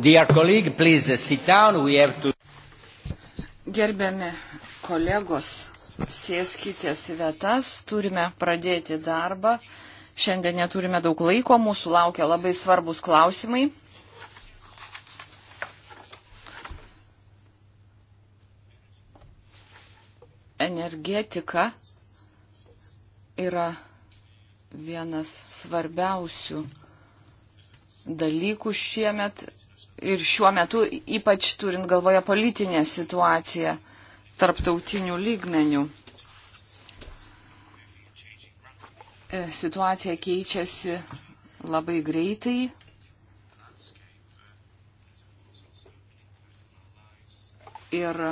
Dear colleague, please sit down. We have to. Gerbiami kolegos, sėskitės į vietas, turime pradėti darbą. Šiandien neturime daug laiko, mūsų laukia labai svarbus klausimai. Energetika yra vienas svarbiausių dalykų šiemet ir šiuo metu, ypač turint galvoje politinę situaciją tarptautinių lygmenių. E, situacija keičiasi labai greitai. Ir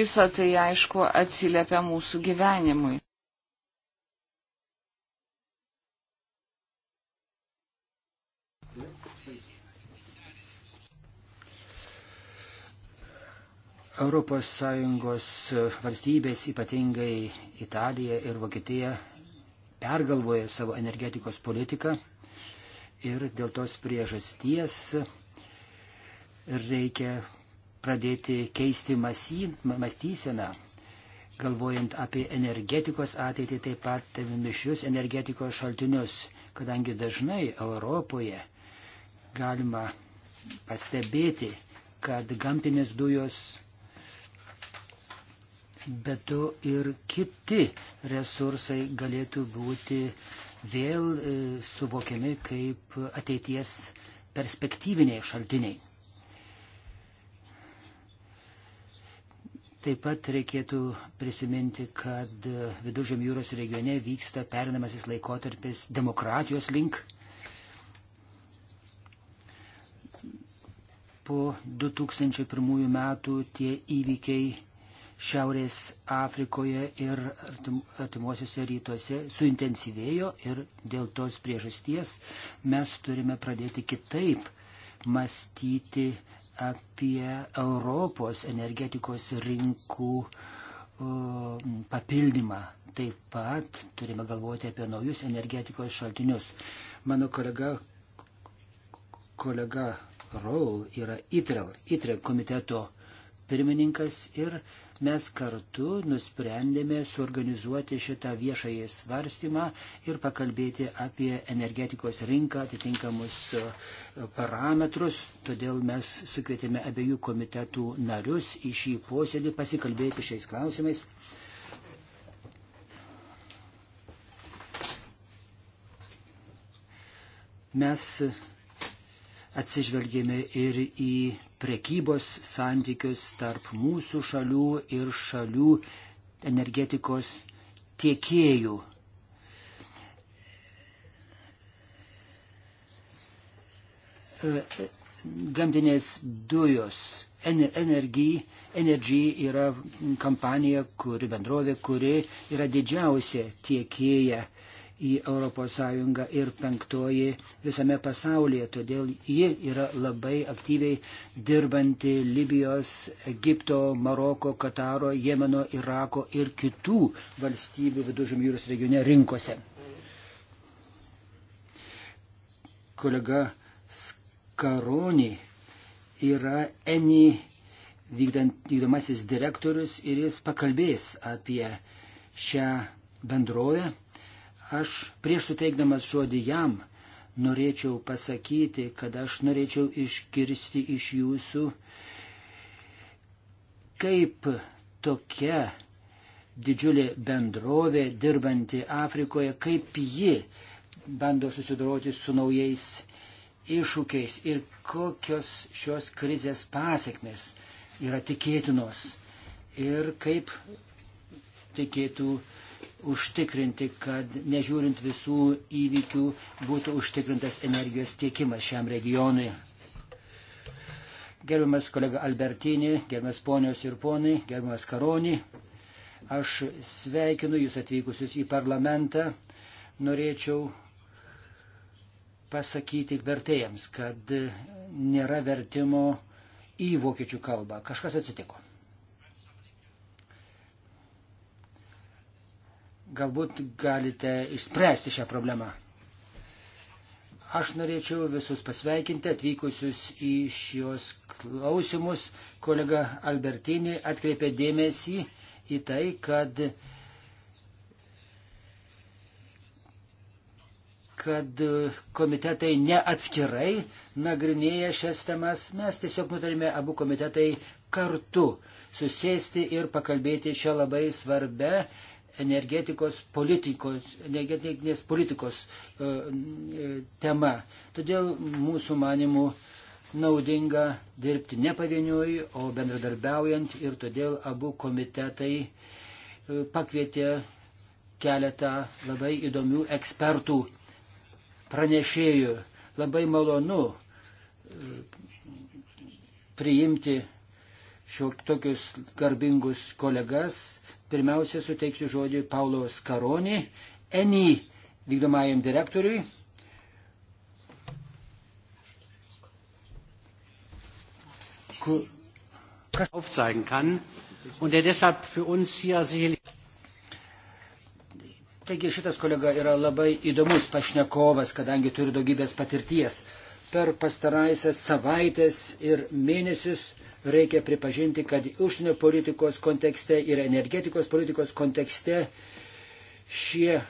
visa tai, aišku, atsiliepia mūsų gyvenimui. ES valstybės, ypatingai Italija ir Vokietija, pergalvoja savo energetikos politiką ir dėl tos priežasties reikia pradėti keisti masy, mąstyseną, galvojant apie energetikos ateitį, taip pat mišrius energetikos šaltinius, kadangi dažnai Europoje galima pastebėti, kad gamtinės dujos bet to ir kiti resursai galėtų būti vėl e, suvokiami kaip ateities perspektyviniai šaltiniai. Taip pat reikėtų prisiminti, kad Viduržėm jūros regione vyksta perinamasis laikotarpis demokratijos link. Po 2001 metų tie įvykiai Šiaurės Afrikoje ir artimuosiuose rytuose suintensyvėjo ir dėl tos priežasties mes turime pradėti kitaip mąstyti apie Europos energetikos rinkų papildymą. Taip pat turime galvoti apie naujus energetikos šaltinius. Mano kolega, kolega Raul yra ITREL, ITREL komiteto pirmininkas ir mes kartu nusprendėme suorganizuoti šitą viešąjį svarstymą ir pakalbėti apie energetikos rinką, atitinkamus e, parametrus. Todėl mes sukvietėme abiejų komitetų narius į šį posėdį pasikalbėti šiais klausimais. Mes atsižvelgėme ir į prekybos santykius tarp mūsų šalių ir šalių energetikos tiekėjų. Gamtinės dujos Energy, Energy yra kompanija, kuri bendrovė, kuri yra didžiausia tiekėja į ES ir penktoji visame pasaulyje. Todėl ji yra labai aktyviai dirbanti Libijos, Egipto, Maroko, Kataro, Jemeno, Irako ir kitų valstybių viduržymį jūros regione rinkose. Kolega Skaroni yra Eni vykdant, vykdomasis direktorius ir jis pakalbės apie šią bendrovę Aš prieš suteikdamas žodį jam norėčiau pasakyti, kad aš norėčiau išgirsti iš jūsų, kaip tokia didžiulė bendrovė dirbanti Afrikoje, kaip ji bando susidoroti su naujais iššūkiais ir kokios šios krizės pasiekmes yra tikėtinos ir kaip tikėtų uh, užtikrinti, kad nežiūrint visų įvykių būtų užtikrintas energijos tiekimas šiam regionui. Gerbiamas kolega Albertini, gerbiamas ponios ir ponai, gerbiamas Karoni, aš sveikinu Jūs atvykusius į parlamentą. Norėčiau pasakyti vertėjams, kad nėra vertimo į vokiečių kalbą. Kažkas atsitiko. Galbūt galite išspręsti šią problemą. Aš norėčiau visus pasveikinti atvykusius į šios klausimus. Kolega Albertini atkreipė dėmesį į tai, kad kad komitetai neatskirai nagrinėja šias temas, mes tiesiog nutarėme abu komitetai kartu susėsti ir pakalbėti šią labai svarbę energetikos politikos, energetinės politikos e, e, tema. Todėl mūsų manimų naudinga dirbti ne pavieniui, o bendradarbiaujant ir todėl abu komitetai e, pakvietė keletą labai įdomių ekspertų pranešėjų. Labai malonu priimti šiokius tokius garbingus kolegas, Pirmiausia, suteiksiu žodį Paulo Skaroni, ENI vykdomajam direktoriui. Kas aufzeigen kann und der deshalb für uns hier sicherlich. Taigi šitas kolega yra labai įdomus pašnekovas, kadangi turi daugybės patirties. Per pastarąsias savaitės ir mėnesius reikia pripažinti, kad užsienio politikos kontekste ir energetikos politikos kontekste šie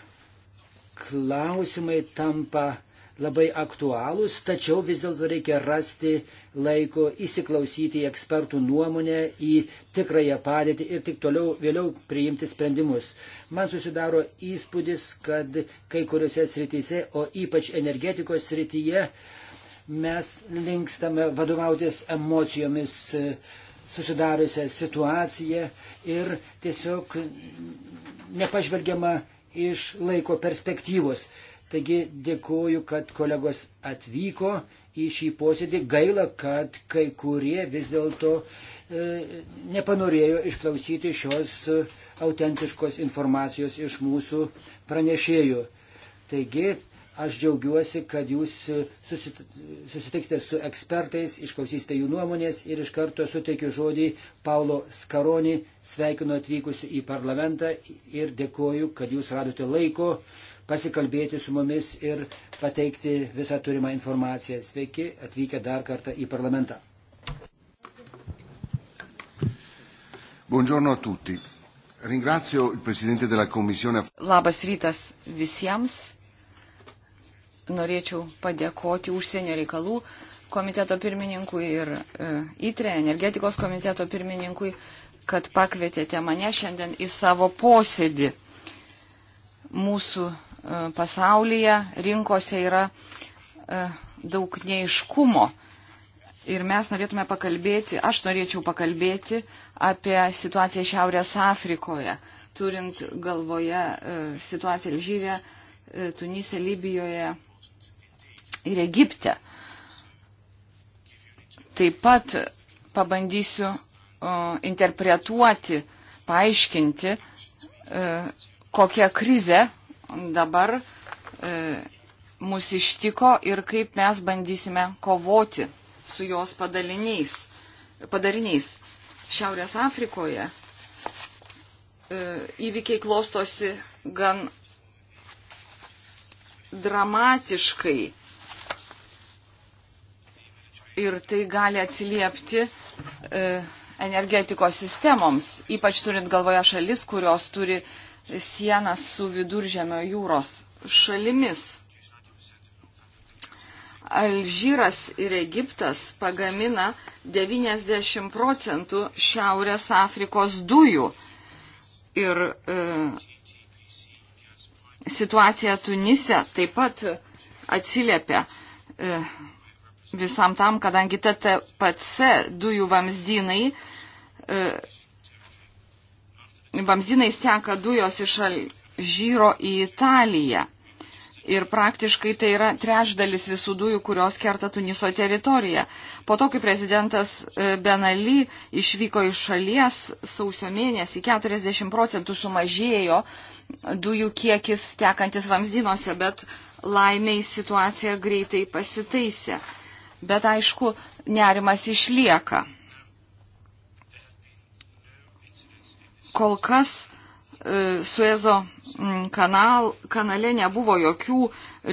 klausimai tampa labai aktualūs, tačiau vis dėlto reikia rasti laiko įsiklausyti į ekspertų nuomonę, į tikrąją padėtį ir tik toliau vėliau priimti sprendimus. Man susidaro įspūdis, kad kai kuriuose srityse, o ypač energetikos srityje, uh, mes linkstame vadovautis emocijomis e, susidariusią situaciją ir tiesiog nepažvelgiama iš laiko perspektyvos. Taigi dėkuoju, kad kolegos atvyko į šį posėdį. Gaila, kad kai kurie vis dėlto e, nepanorėjo išklausyti šios e, autentiškos informacijos iš mūsų pranešėjų. Taigi Aš džiaugiuosi, kad jūs susit... susitiksite su ekspertais, išklausysite jų nuomonės ir iš karto suteikiu žodį Paulo Skaroni. Sveikinu atvykusi į parlamentą ir dėkoju, kad jūs radote laiko pasikalbėti su mumis ir pateikti visą turimą informaciją. Sveiki atvykę dar kartą į parlamentą. Buongiorno a tutti. Ringrazio il Presidente della Commissione. Labas rytas visiems norėčiau padėkoti užsienio reikalų komiteto pirmininkui ir e, ITRE energetikos komiteto pirmininkui, kad pakvietėte mane šiandien į savo posėdį. Mūsų e, pasaulyje rinkose yra e, daug neiškumo. Ir mes norėtume pakalbėti, aš norėčiau pakalbėti apie situaciją Šiaurės Afrikoje, turint galvoje situaciją Alžyrė, Tunise, Libijoje, ir Egipte. Taip pat pabandysiu interpretuoti, paaiškinti, e, kokia krize dabar e, mus ištiko ir kaip mes bandysime kovoti su jos padaliniais, padariniais. Šiaurės Afrikoje e, įvykiai klostosi gan dramatiškai ir tai gali atsiliepti e, energetikos sistemoms, ypač turint galvoje šalis, kurios turi sienas su viduržėmio jūros šalimis. Alžyras ir Egiptas pagamina 90 procentų Šiaurės Afrikos dujų. Ir e, situacija Tunise taip pat atsiliepia e, visam tam, kadangi TTPC dujų vamzdynai, e, vamzdynai steka dujos iš Alžyro į Italiją. Ir praktiškai tai yra trečdalis visų dujų, kurios kerta Tuniso teritoriją. Po to, kai prezidentas e, Benali išvyko iš šalies sausio mėnesį, 40 procentų sumažėjo dujų kiekis tekantis vamzdynuose, bet laimiai situacija greitai pasitaisė bet aišku, nerimas išlieka. Kol kas e, Suezo mm, kanal, kanale nebuvo jokių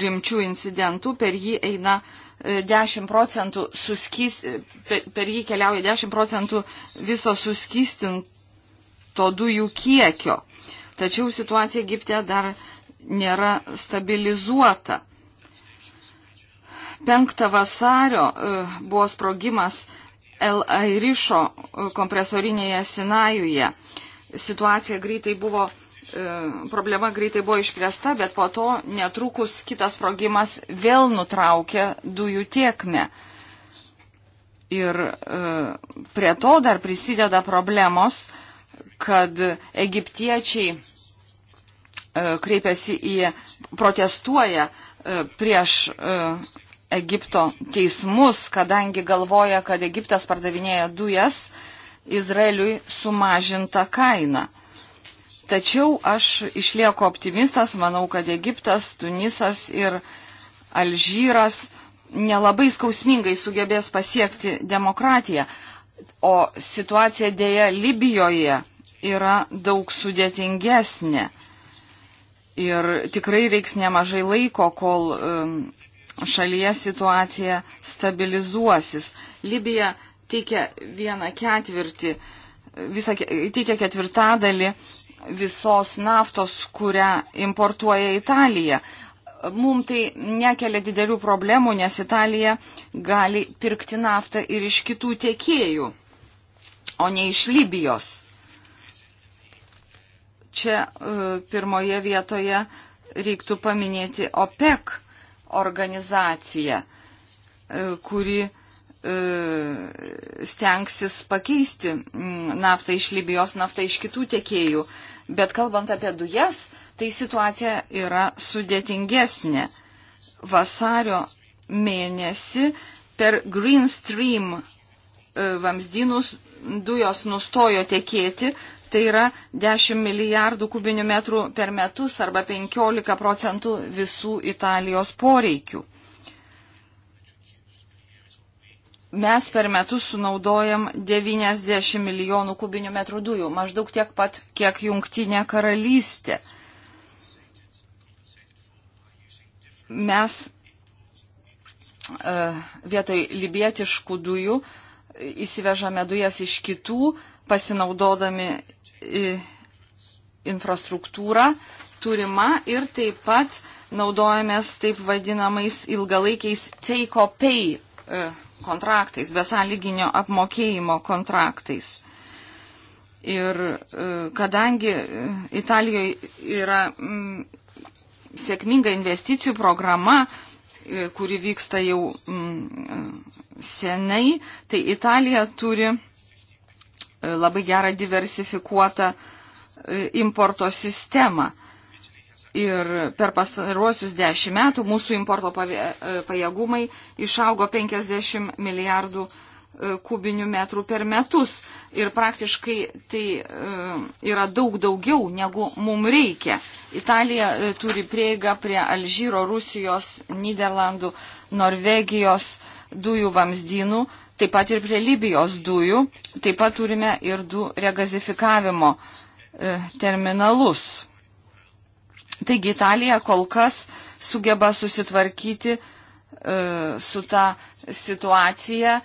rimčių incidentų, per jį eina 10 e, procentų suskys, e, per, per jį keliauja 10 procentų viso suskystinto dujų kiekio. Tačiau situacija Egipte dar nėra stabilizuota. 5 vasario e, buvo sprogimas El Airišo e, kompresorinėje Sinajuje. Situacija greitai buvo, e, problema greitai buvo išspręsta, bet po to netrukus kitas sprogimas vėl nutraukė dujų tiekmę. Ir prie to dar prisideda problemos, kad egiptiečiai kreipiasi į, protestuoja prieš Egipto teismus, kadangi galvoja, kad Egiptas pardavinėja dujas Izraeliui sumažinta kaina. Tačiau aš išlieku optimistas, manau, kad Egiptas, Tunisas ir Alžyras nelabai skausmingai sugebės pasiekti demokratiją. O situacija dėja Libijoje yra daug sudėtingesnė. Ir tikrai reiks nemažai laiko, kol um, šalyje situacija stabilizuosis. Libija teikia vieną ketvirtį, visą, teikia ketvirtadalį visos naftos, kurią importuoja Italija. Mums tai nekelia didelių problemų, nes Italija gali pirkti naftą ir iš kitų tiekėjų, o ne iš Libijos. Čia e, pirmoje vietoje reiktų paminėti OPEC organizacija, e, kuri e, stengsis pakeisti naftą iš Libijos, naftą iš kitų tiekėjų. Bet kalbant apie dujas, tai situacija yra sudėtingesnė. Vasario mėnesį per Green Stream e, vamzdynus dujos nustojo tekėti tai yra 10 milijardų kubinių metrų per metus arba 15 procentų visų Italijos poreikių. Mes per metus sunaudojam 90 milijonų kubinių metrų dujų, maždaug tiek pat, kiek jungtinė karalystė. Mes e, vietoj libietiškų dujų e, įsivežame dujas iš kitų, pasinaudodami infrastruktūra turima ir taip pat naudojamės taip vadinamais ilgalaikiais take-o-pay e, kontraktais, besąlyginio apmokėjimo kontraktais. Ir e, kadangi e, Italijoje yra m, mm, sėkminga investicijų programa, kuri vyksta jau m, mm, seniai, tai Italija turi labai gerą diversifikuotą e, importo sistemą. Ir per pastaruosius dešimt metų mūsų importo e, pajėgumai išaugo 50 milijardų e, kubinių metrų per metus. Ir praktiškai tai yra daug daugiau, negu mums reikia. Italija turi prieigą prie Alžyro, Rusijos, Niderlandų, Norvegijos dujų vamzdynų, taip pat ir prie Libijos dujų, taip pat turime ir du regazifikavimo e, terminalus. Taigi Italija kol kas sugeba susitvarkyti e, su ta situacija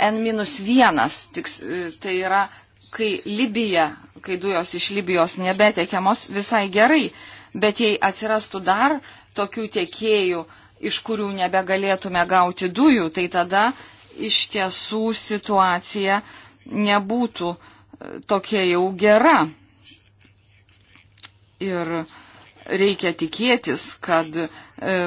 N-1, e, tai yra, kai Libija, kai dujos iš Libijos nebetekiamos visai gerai, bet jei atsirastų dar tokių tiekėjų, iš kurių nebegalėtume gauti dujų, tai tada iš tiesų situacija nebūtų e, tokia jau gera. Ir reikia tikėtis, kad e,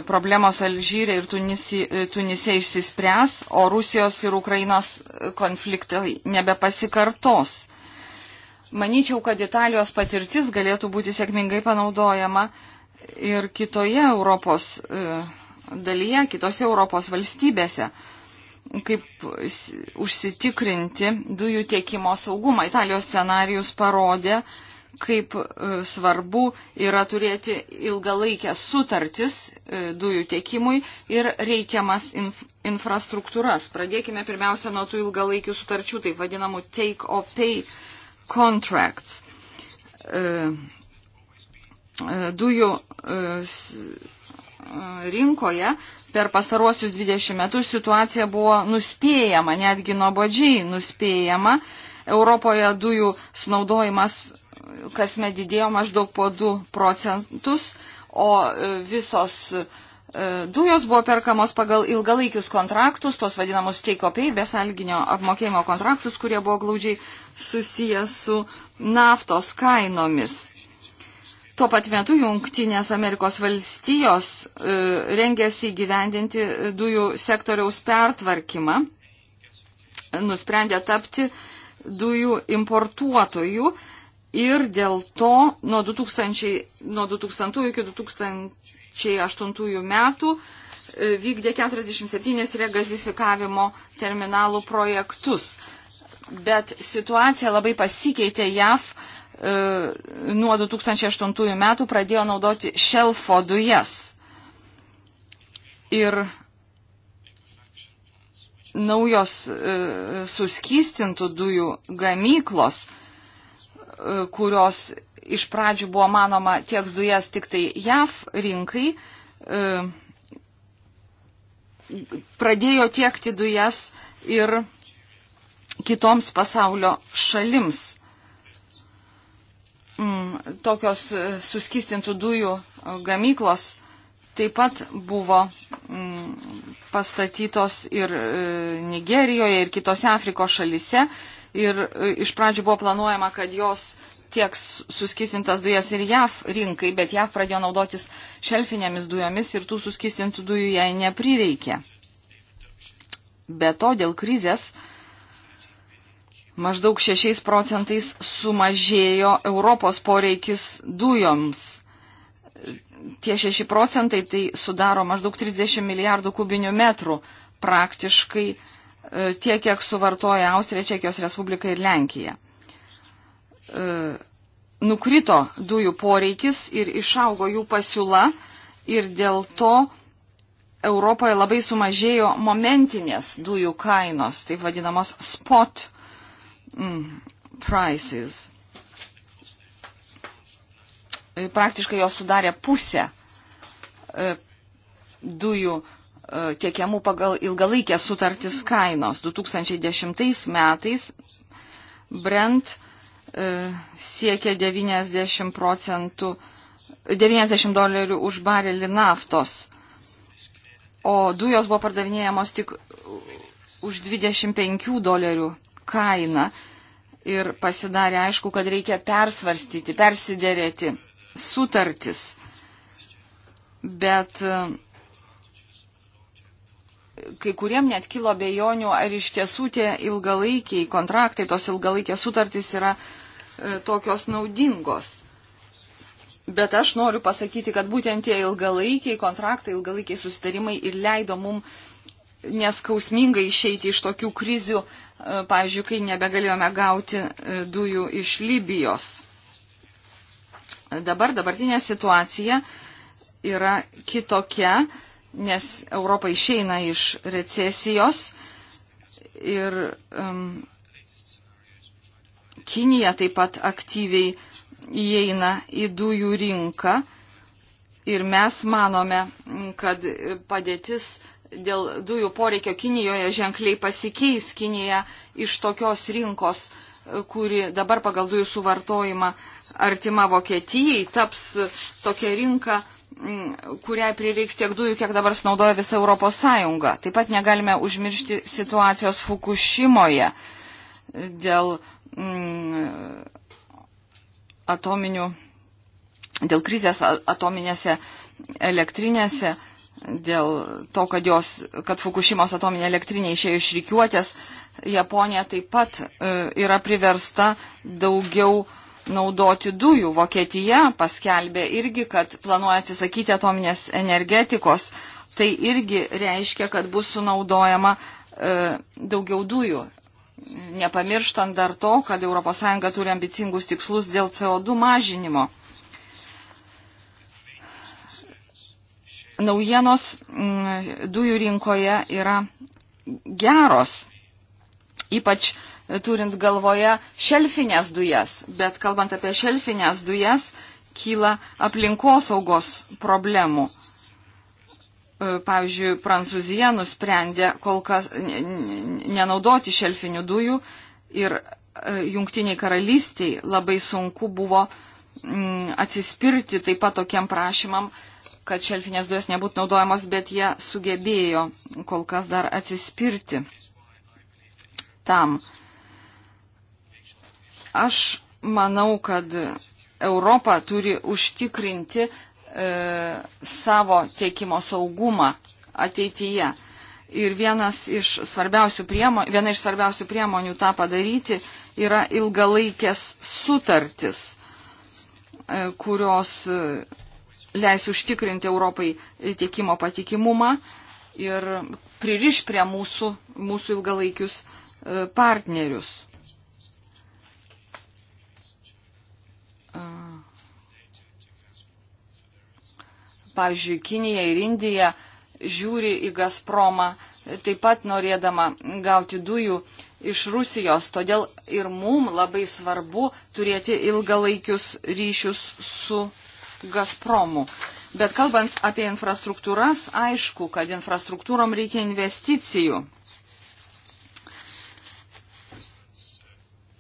problemos Alžyrė ir Tunisė e, išsispręs, o Rusijos ir Ukrainos konfliktai nebepasikartos. Maničiau, kad Italijos patirtis galėtų būti sėkmingai panaudojama ir kitoje Europos dalyje, kitose Europos valstybėse kaip užsitikrinti dujų tiekimo saugumą. Italijos scenarius parodė, kaip e, svarbu yra turėti ilgalaikės sutartis e, dujų tiekimui ir reikiamas inf infrastruktūras. Pradėkime pirmiausia nuo tų ilgalaikių sutarčių, taip vadinamų take or pay contracts. E, dujų rinkoje per pastaruosius 20 metus situacija buvo nuspėjama, netgi nuobodžiai nuspėjama. Europoje dujų sunaudojimas kasmet didėjo maždaug po 2 procentus, o e, visos e, dujos buvo perkamos pagal ilgalaikius kontraktus, tos vadinamus teikopiai, besalginio apmokėjimo kontraktus, kurie buvo glaudžiai susijęs su naftos kainomis. Tuo pat metu Junktinės Amerikos valstijos e, rengėsi įgyvendinti e, dujų sektoriaus pertvarkymą, nusprendė tapti dujų importuotojų ir dėl to nuo 2000, nuo 2000 iki 2008 metų e, vykdė 47 regazifikavimo terminalų projektus. Bet situacija labai pasikeitė JAV E, nuo 2008 metų pradėjo naudoti šelfo dujas. Ir naujos e, suskystintų dujų gamyklos, e, kurios iš pradžių buvo manoma tieks dujas tik tai JAV rinkai, pradėjo tiekti dujas ir kitoms pasaulio šalims mm, tokios e, suskistintų dujų e, gamyklos taip pat buvo mm, pastatytos ir e, Nigerijoje, ir kitose Afrikos šalise. Ir e, iš pradžių buvo planuojama, kad jos tieks suskistintas dujas ir JAF rinkai, bet JAF pradėjo naudotis šelfinėmis dujomis ir tų suskistintų dujų jai neprireikė. Be to, dėl krizės e, maždaug 6 procentais sumažėjo Europos poreikis dujoms. Tie 6 procentai tai sudaro maždaug 30 milijardų kubinių metrų praktiškai e, tiek, kiek suvartoja Austrija, Čekijos Respublika ir Lenkija. E, nukrito dujų poreikis ir išaugo jų pasiūla ir dėl to Europoje labai sumažėjo momentinės dujų kainos, taip vadinamos spot Mm, prices. E, praktiškai jos sudarė pusę e, dujų e, tiekiamų pagal ilgalaikės sutartis kainos. 2010 metais Brent siekia 90 procentų, 90 dolerių už barelį naftos, o dujos buvo pardavinėjamos tik už 25 dolerių kainą ir pasidarė aišku, kad reikia persvarstyti, persiderėti sutartis. Bet e, kai kuriem net kilo bejonių, ar iš tiesų tie ilgalaikiai kontraktai, tos ilgalaikės sutartys yra e, tokios naudingos. Bet aš noriu pasakyti, kad būtent tie ilgalaikiai kontraktai, ilgalaikiai susitarimai ir leido mum neskausmingai išeiti iš tokių krizių pavyzdžiui, kai nebegalėjome gauti e, dujų iš Libijos. Dabar dabartinė situacija yra kitokia, nes Europa išeina iš recesijos ir um, Kinija taip pat aktyviai įeina į dujų rinką ir mes manome, kad padėtis dėl dujų poreikio Kinijoje ženkliai pasikeis. Kinija iš tokios rinkos, kuri dabar pagal dujų suvartojimą artima Vokietijai, taps tokia rinka, mm, kuriai prireiks tiek dujų, kiek dabar sunaudoja visa Europos Sąjunga. Taip pat negalime užmiršti situacijos Fukushimoje dėl mm, atominių, dėl krizės atominėse elektrinėse. Mm dėl to, kad, jos, kad Fukushimos atominė elektrinė išėjo iš rykiuotės, Japonija taip pat e, yra priversta daugiau naudoti dujų. Vokietija paskelbė irgi, kad planuoja atsisakyti atominės energetikos. Tai irgi reiškia, kad bus sunaudojama e, daugiau dujų. Nepamirštant dar to, kad ES turi ambicingus tikslus dėl CO2 mažinimo. naujienos mm, dujų rinkoje yra geros, ypač turint galvoje šelfinės dujas. Bet kalbant apie šelfinės dujas, kyla aplinkosaugos problemų. E, pavyzdžiui, Prancūzija nusprendė kol kas nenaudoti šelfinių dujų ir e, jungtiniai karalystiai labai sunku buvo mm, atsispirti taip pat tokiam prašymam kad šelfinės dujos nebūtų naudojamos, bet jie sugebėjo kol kas dar atsispirti tam. Aš manau, kad Europa turi užtikrinti e, savo tiekimo saugumą ateityje. Ir vienas iš svarbiausių priemonių, viena iš svarbiausių priemonių tą padaryti yra ilgalaikės sutartis, e, kurios. E, leis užtikrinti Europai tiekimo patikimumą ir pririš prie mūsų, mūsų ilgalaikius e, partnerius. E, pavyzdžiui, Kinija ir Indija žiūri į Gazpromą, taip pat norėdama gauti dujų iš Rusijos. Todėl ir mum labai svarbu turėti ilgalaikius ryšius su Gazpromu. Bet kalbant apie infrastruktūras, aišku, kad infrastruktūrom reikia investicijų.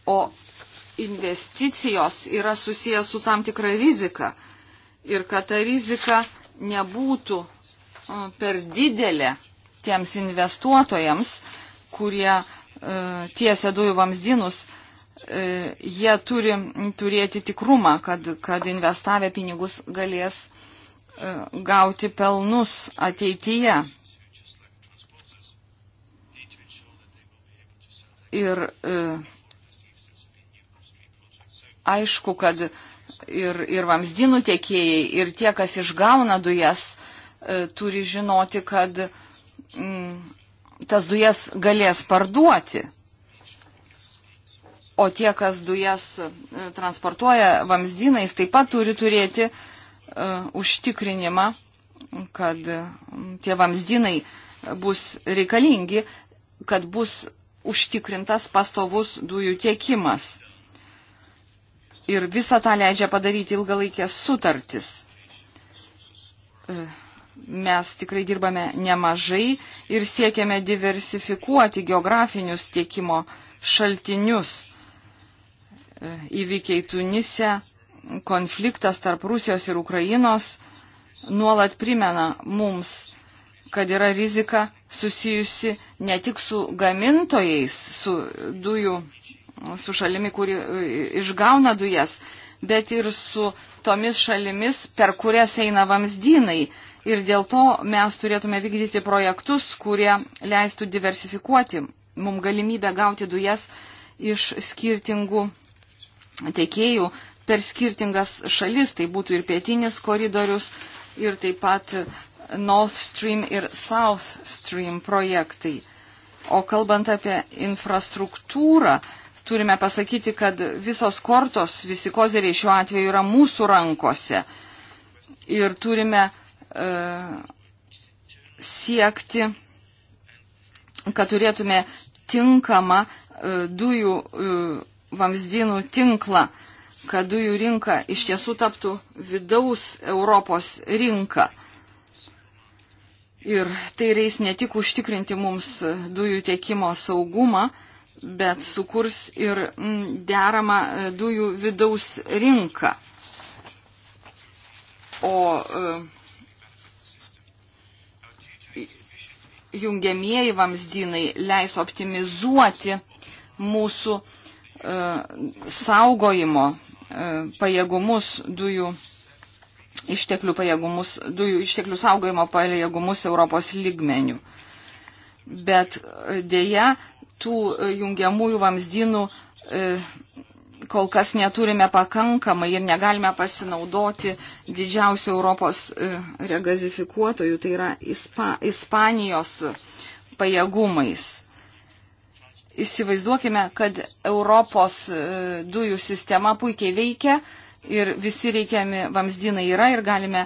O investicijos yra susijęs su tam tikra rizika. Ir kad ta rizika nebūtų uh, per didelė tiems investuotojams, kurie e, tiesia dujų vamzdynus, e, E, jie turi turėti tikrumą, kad, kad investavę pinigus galės e, gauti pelnus ateityje. Ir e, aišku, kad ir, ir vamzdynų tiekėjai, ir tie, kas išgauna dujas, turi žinoti, kad mm, tas dujas galės parduoti. O tie, kas dujas e, transportuoja vamzdynais, taip pat turi turėti uh, užtikrinimą, kad e, tie vamzdynai bus reikalingi, kad bus užtikrintas pastovus dujų tiekimas. Ir visą tą leidžia padaryti ilgalaikės sutartis. Mes tikrai dirbame nemažai ir siekiame diversifikuoti geografinius tiekimo šaltinius įvykiai Tunise, konfliktas tarp Rusijos ir Ukrainos nuolat primena mums, kad yra rizika susijusi ne tik su gamintojais, su dujų, su šalimi, kuri e, išgauna dujas, bet ir su tomis šalimis, per kurias eina vamzdynai. Ir dėl to mes turėtume vykdyti projektus, kurie leistų diversifikuoti mum galimybę gauti dujas iš skirtingų tiekėjų per skirtingas šalis, tai būtų ir pietinis koridorius, ir taip pat North Stream ir South Stream projektai. O kalbant apie infrastruktūrą, turime pasakyti, kad visos kortos, visi kozeriai šiuo atveju yra mūsų rankose. Ir turime e, siekti, kad turėtume tinkamą e, dujų. E, vamzdynų tinklą, kad dujų rinka iš tiesų taptų vidaus Europos rinka. Ir tai reis ne tik užtikrinti mums dujų tiekimo saugumą, bet sukurs ir mm, deramą e, dujų vidaus rinką. O e, jungiamieji vamzdynai leis optimizuoti mūsų E, saugojimo e, pajėgumus dujų išteklių pajėgumus, dujų išteklių saugojimo pajėgumus Europos lygmenių. Bet e, dėja, tų jungiamųjų vamzdynų kol kas neturime pakankamai ir negalime pasinaudoti didžiausių Europos regazifikuotojų, tai yra Ispa, Ispanijos pajėgumais. Įsivaizduokime, kad Europos e, dujų sistema puikiai veikia ir visi reikiami vamzdynai yra ir galime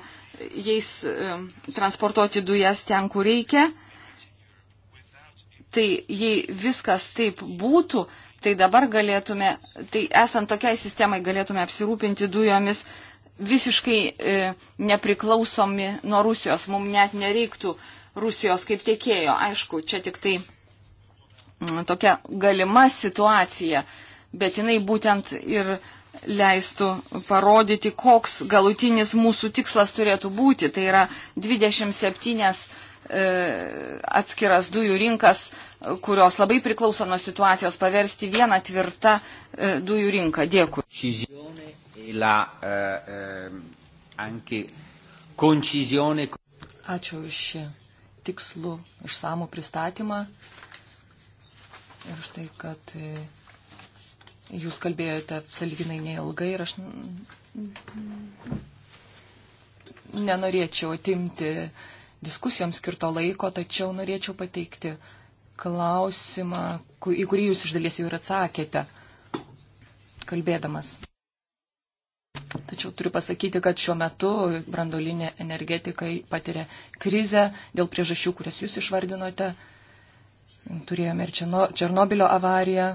jais e, transportuoti dujas ten, kur reikia. Tai jei viskas taip būtų, tai dabar galėtume, tai esant tokiai sistemai galėtume apsirūpinti dujomis visiškai e, nepriklausomi nuo Rusijos. Mums net nereiktų Rusijos kaip tiekėjo. Aišku, čia tik tai Mm, tokia galima situacija, bet jinai būtent ir leistų parodyti, koks galutinis mūsų tikslas turėtų būti. Tai yra 27 e, atskiras dujų rinkas, kurios labai priklauso nuo situacijos, paversti vieną tvirtą e, dujų rinką. Dėkui. E e, e, Ačiū už šį tikslų išsamų pristatymą ir už tai, kad e, jūs kalbėjote saliginai neilgai ir aš nenorėčiau atimti diskusijoms skirto laiko, tačiau norėčiau pateikti klausimą, į kurį jūs iš dalies jau ir atsakėte, kalbėdamas. Tačiau turiu pasakyti, kad šiuo metu brandolinė energetika patiria krizę dėl priežasčių, kurias jūs išvardinote. Turėjome ir Černo, Černobilio avariją.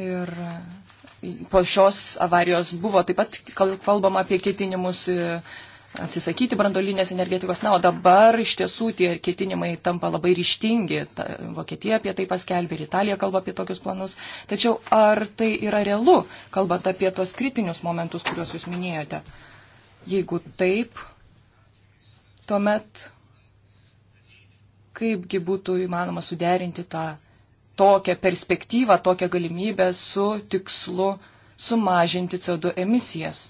Ir po šios avarijos buvo taip pat kalbama apie ketinimus e, atsisakyti brandolinės energetikos. Na, o dabar iš tiesų tie ketinimai tampa labai ryštingi. Ta, Vokietija apie tai paskelbė ir Italija kalba apie tokius planus. Tačiau ar tai yra realu, kalbant apie tos kritinius momentus, kuriuos jūs minėjote? Jeigu taip, tuomet kaipgi būtų įmanoma suderinti tą tokią perspektyvą, tokią galimybę su tikslu sumažinti CO2 emisijas.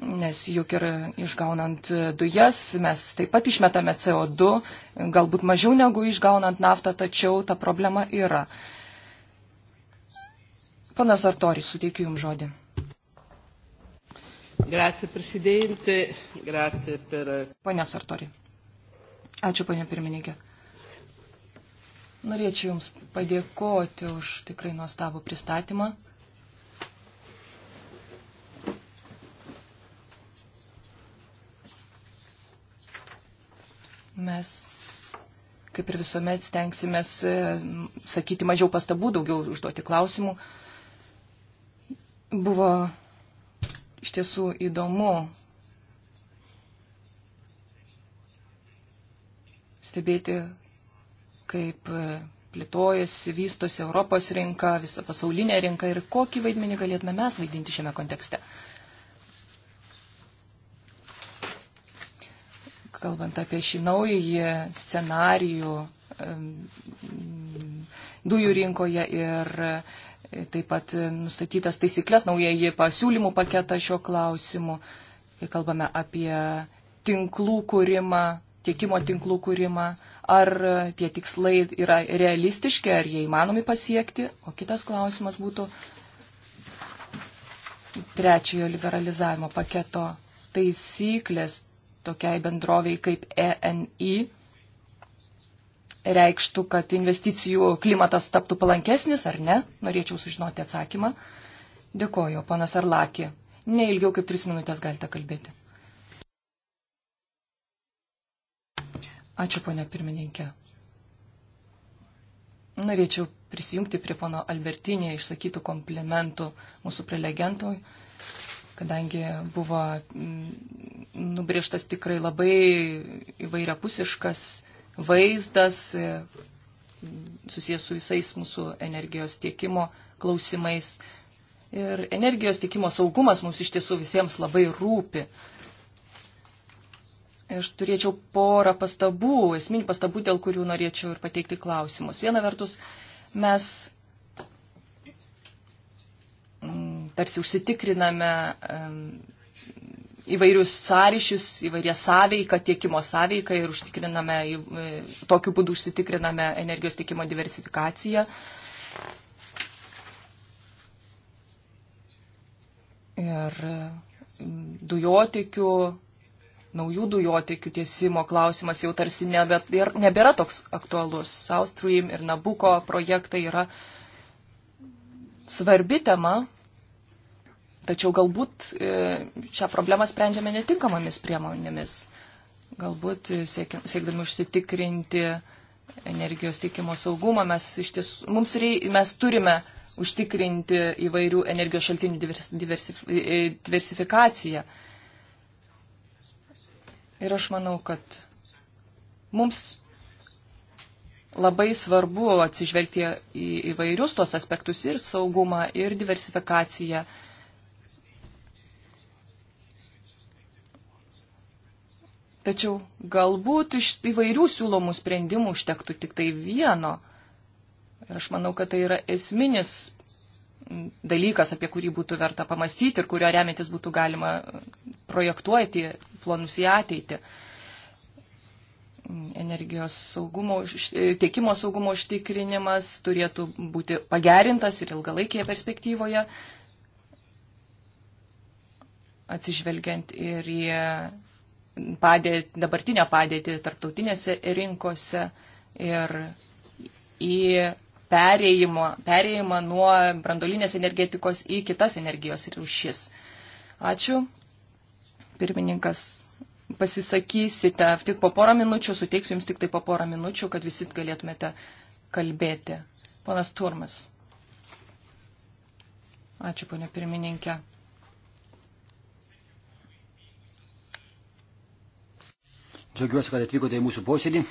Nes juk ir išgaunant dujas mes taip pat išmetame CO2, galbūt mažiau negu išgaunant naftą, tačiau ta problema yra. Panas Artori, suteikiu Jums žodį. Grazie, prezidente. Grazie per. Pone Sartori. Ačiū, panė pirmininkė. Norėčiau Jums padėkoti už tikrai nuostabų pristatymą. Mes, kaip ir visuomet, stengsimės e, sakyti mažiau pastabų, daugiau užduoti klausimų. Buvo iš tiesų įdomu stebėti, kaip e, plėtojasi, vystosi Europos rinka, visa pasaulinė rinka ir kokį vaidmenį galėtume mes vaidinti šiame kontekste. Kalbant apie šį naująjį scenarijų dujų rinkoje ir e, taip pat nustatytas taisyklės, naujieji pasiūlymų paketą šiuo klausimu, kai kalbame apie tinklų kūrimą tiekimo tinklų kūrimą, ar tie tikslai yra realistiški, ar jie įmanomi pasiekti. O kitas klausimas būtų trečiojo liberalizavimo paketo taisyklės tokiai bendroviai kaip ENI reikštų, kad investicijų klimatas taptų palankesnis ar ne? Norėčiau sužinoti atsakymą. Dėkoju, panas Arlaki. Neilgiau kaip tris minutės galite kalbėti. Ačiū, ponia pirmininkė. Norėčiau prisijungti prie pono Albertinė išsakytų komplementų mūsų prelegentui, kadangi buvo mm, nubriežtas tikrai labai įvairiapusiškas vaizdas susijęs su visais mūsų energijos tiekimo klausimais. Ir energijos tiekimo saugumas mums iš tiesų visiems labai rūpi. Aš turėčiau porą pastabų, esminių pastabų, dėl kurių norėčiau ir pateikti klausimus. Viena vertus, mes mm, tarsi užsitikriname įvairius sąryšius, įvairią sąveiką, tiekimo sąveiką ir užtikriname, e, tokiu būdu užsitikriname energijos tiekimo diversifikaciją. Ir mm, dujotikių naujų dujotekių tiesimo klausimas jau tarsi nebe, nebėra toks aktualus. South Stream ir Nabuko projektai yra svarbi tema, tačiau galbūt e, šią problemą sprendžiame netinkamomis priemonėmis. Galbūt e, siekdami užsitikrinti energijos tiekimo saugumą, mes, ties, mums rei, mes turime užtikrinti įvairių energijos šaltinių diversif, e, diversifikaciją. Diversif, Ir aš manau, kad mums labai svarbu atsižvelgti į įvairius tuos aspektus ir saugumą, ir diversifikaciją. Tačiau galbūt iš įvairių siūlomų sprendimų užtektų tik tai vieno. Ir aš manau, kad tai yra esminis dalykas, apie kurį būtų verta pamastyti ir kurio remintis būtų galima projektuoti planus į ateitį. Energijos saugumo, tiekimo saugumo užtikrinimas turėtų būti pagerintas ir ilgalaikėje perspektyvoje, atsižvelgiant ir į padėt, dabartinę padėtį tarptautinėse rinkose ir į perėjimą, perėjimą nuo brandolinės energetikos į kitas energijos rūšis. Ačiū. Pirmininkas, pasisakysite tik po porą minučių, suteiksiu jums tik tai po porą minučių, kad visi galėtumėte kalbėti. Ponas Turmas. Ačiū, ponė pirmininkė. Džiaugiuosi, kad atvykote į mūsų posėdį.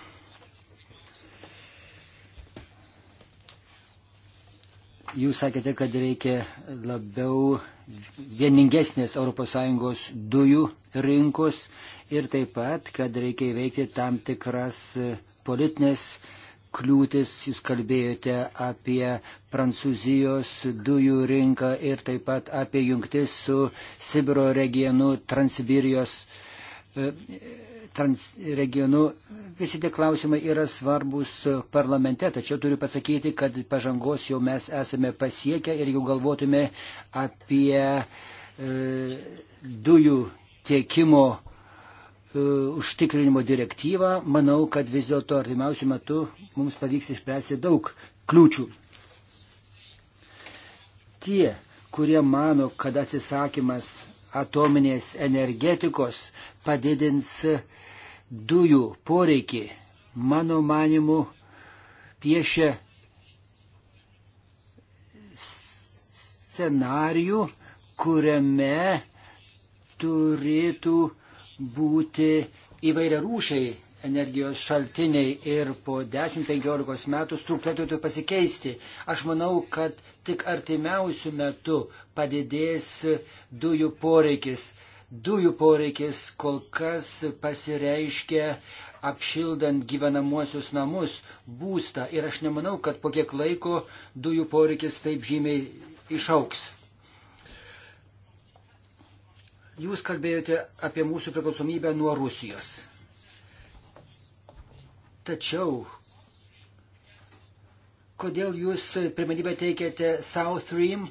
Jūs sakėte, kad reikia labiau vieningesnės ES dujų rinkos ir taip pat, kad reikia įveikti tam tikras politinės kliūtis. Jūs kalbėjote apie Prancūzijos dujų rinką ir taip pat apie jungtis su Sibiro regionu Transsibirijos trans regionu. Visi tie klausimai yra svarbus parlamente, tačiau turiu pasakyti, kad pažangos jau mes esame pasiekę ir jau galvotume apie e, dujų tiekimo e, užtikrinimo direktyvą. Manau, kad vis dėlto artimiausių metų mums pavyks išspręsti daug kliūčių. Tie, kurie mano, kad atsisakymas atominės energetikos padidins dujų poreikį. Mano manimu, piešia scenarijų, kuriame turėtų būti įvairia rūšiai energijos šaltiniai ir po 10-15 metų struktūra turėtų pasikeisti. Aš manau, kad tik artimiausių metų padidės dujų poreikis dujų poreikis kol kas pasireiškia apšildant gyvenamuosius namus, būstą. Ir aš nemanau, kad po kiek laiko dujų poreikis taip žymiai išauks. Jūs kalbėjote apie mūsų priklausomybę nuo Rusijos. Tačiau, kodėl jūs pirmenybę teikėte South Stream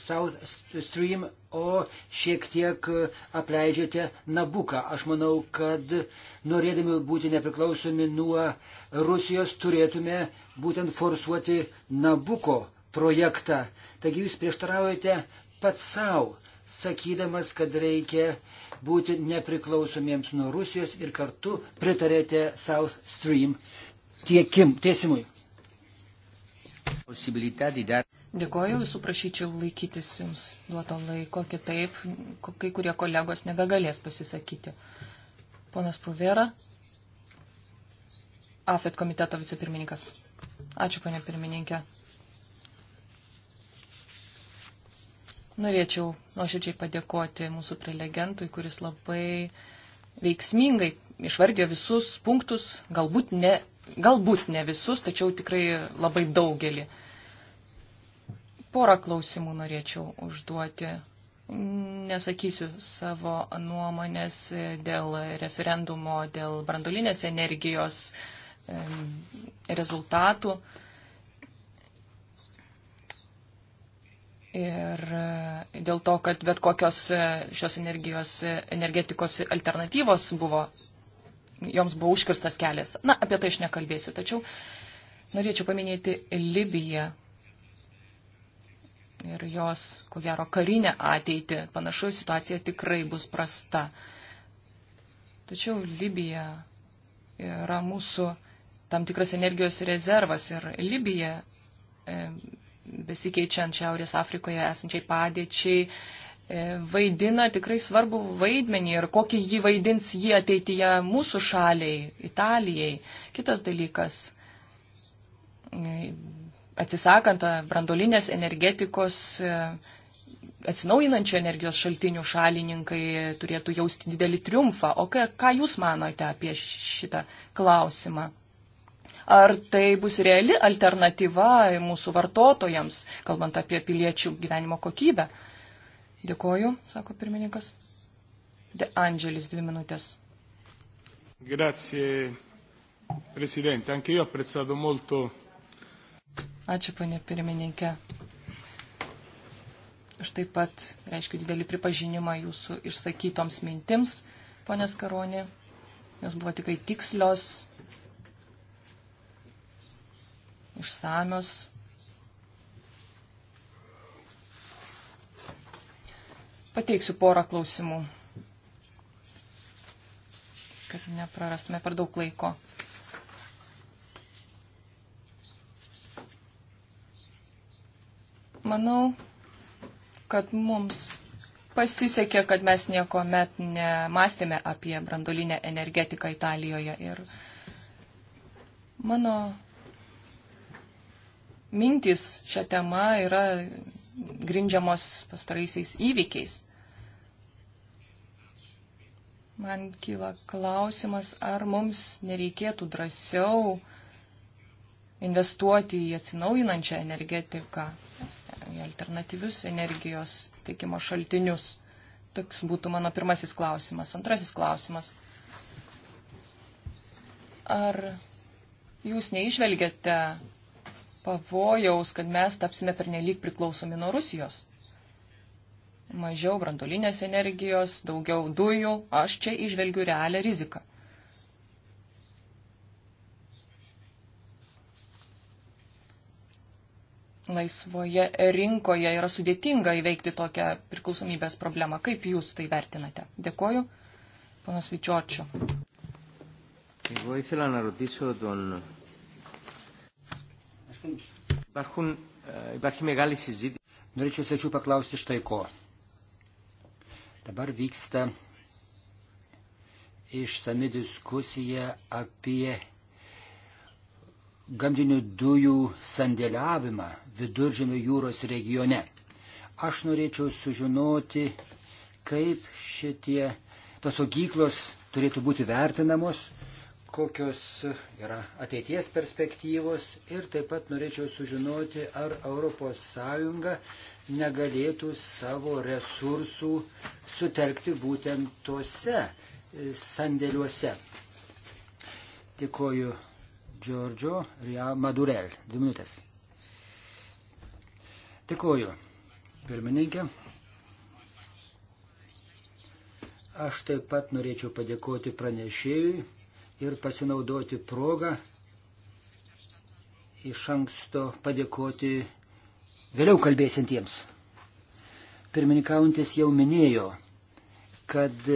South Stream, o šiek tiek e, apleidžiate Nabuką. Aš manau, kad norėdami būti nepriklausomi nuo Rusijos turėtume būtent forsuoti Nabuko projektą. Taigi jūs prieštaraujate pats savo, sakydamas, kad reikia būti nepriklausomiems nuo Rusijos ir kartu pritarėte South Stream tiekim, tiesimui. Possibilità di dare Dėkoju, visų prašyčiau laikytis jums duoto laiko, kitaip kai kurie kolegos nebegalės pasisakyti. Ponas Pruvera, AFET komiteto vicepirmininkas. Ačiū, ponė pirmininkė. Norėčiau nuoširdžiai padėkoti mūsų prelegentui, kuris labai veiksmingai išvardė visus punktus, galbūt ne, galbūt ne visus, tačiau tikrai labai daugelį. Porą klausimų norėčiau užduoti. Nesakysiu savo nuomonės dėl referendumo, dėl brandolinės energijos rezultatų. Ir e, dėl to, kad bet kokios e, šios energijos, e, energetikos alternatyvos buvo, joms buvo užkirstas kelias. Na, apie tai aš nekalbėsiu, tačiau norėčiau paminėti Libiją ir jos, ko gero, karinę ateitį. Panašu, situacija tikrai bus prasta. Tačiau Libija yra mūsų tam tikras energijos rezervas ir Libija, e, besikeičiant Šiaurės Afrikoje esančiai padėčiai, e, vaidina tikrai svarbu vaidmenį ir kokį jį vaidins jį ateityje mūsų šaliai, Italijai. Kitas dalykas e, atsisakant brandolinės energetikos e, atsinaujinančių energijos šaltinių šalininkai turėtų jausti didelį triumfą. O ką, ką Jūs manote apie šitą klausimą? Ar tai bus reali alternatyva mūsų vartotojams, kalbant apie piliečių gyvenimo kokybę? Dėkoju, sako pirmininkas. De Angelis, dvi minutės. Grazie, Presidente. Anche io ho apprezzato molto Ačiū, ponė pirmininkė. Aš taip pat reiškiu didelį pripažinimą jūsų išsakytoms mintims, ponė Skaronė. Jos buvo tikrai tikslios, išsamios. Pateiksiu porą klausimų, kad neprarastume per daug laiko. Manau, kad mums pasisekė, kad mes nieko met nemastėme apie brandolinę energetiką Italijoje. Ir mano mintis šią temą yra grindžiamos pastaraisiais įvykiais. Man kyla klausimas, ar mums nereikėtų drąsiau investuoti į atsinaujinančią energetiką, alternatyvius energijos teikimo šaltinius? Toks būtų mano pirmasis klausimas. Antrasis klausimas. Ar jūs neišvelgiate pavojaus, kad mes tapsime pernelyg priklausomi nuo Rusijos? Mažiau brandolinės energijos, daugiau dujų, aš čia išvelgiu realią riziką. laisvoje rinkoje yra sudėtinga įveikti tokią priklausomybės problemą. Kaip Jūs tai vertinate? Dėkoju, panas Vičiočiu. Norėčiau svečių paklausti štai ko. Dabar vyksta išsami diskusija apie gamtinių dujų sandėliavimą viduržėmio jūros regione. Aš norėčiau sužinoti, kaip šitie tos augyklos turėtų būti vertinamos, kokios yra ateities perspektyvos ir taip pat norėčiau sužinoti, ar ES negalėtų savo resursų sutelkti būtent tuose sandėliuose. Dėkoju Giorgio Ria Madurel. Dvi minutės. Dėkuoju, pirmininkė. Aš taip pat norėčiau padėkoti pranešėjui ir pasinaudoti progą iš anksto padėkoti vėliau kalbėsintiems. Pirmininkaujantis jau minėjo, kad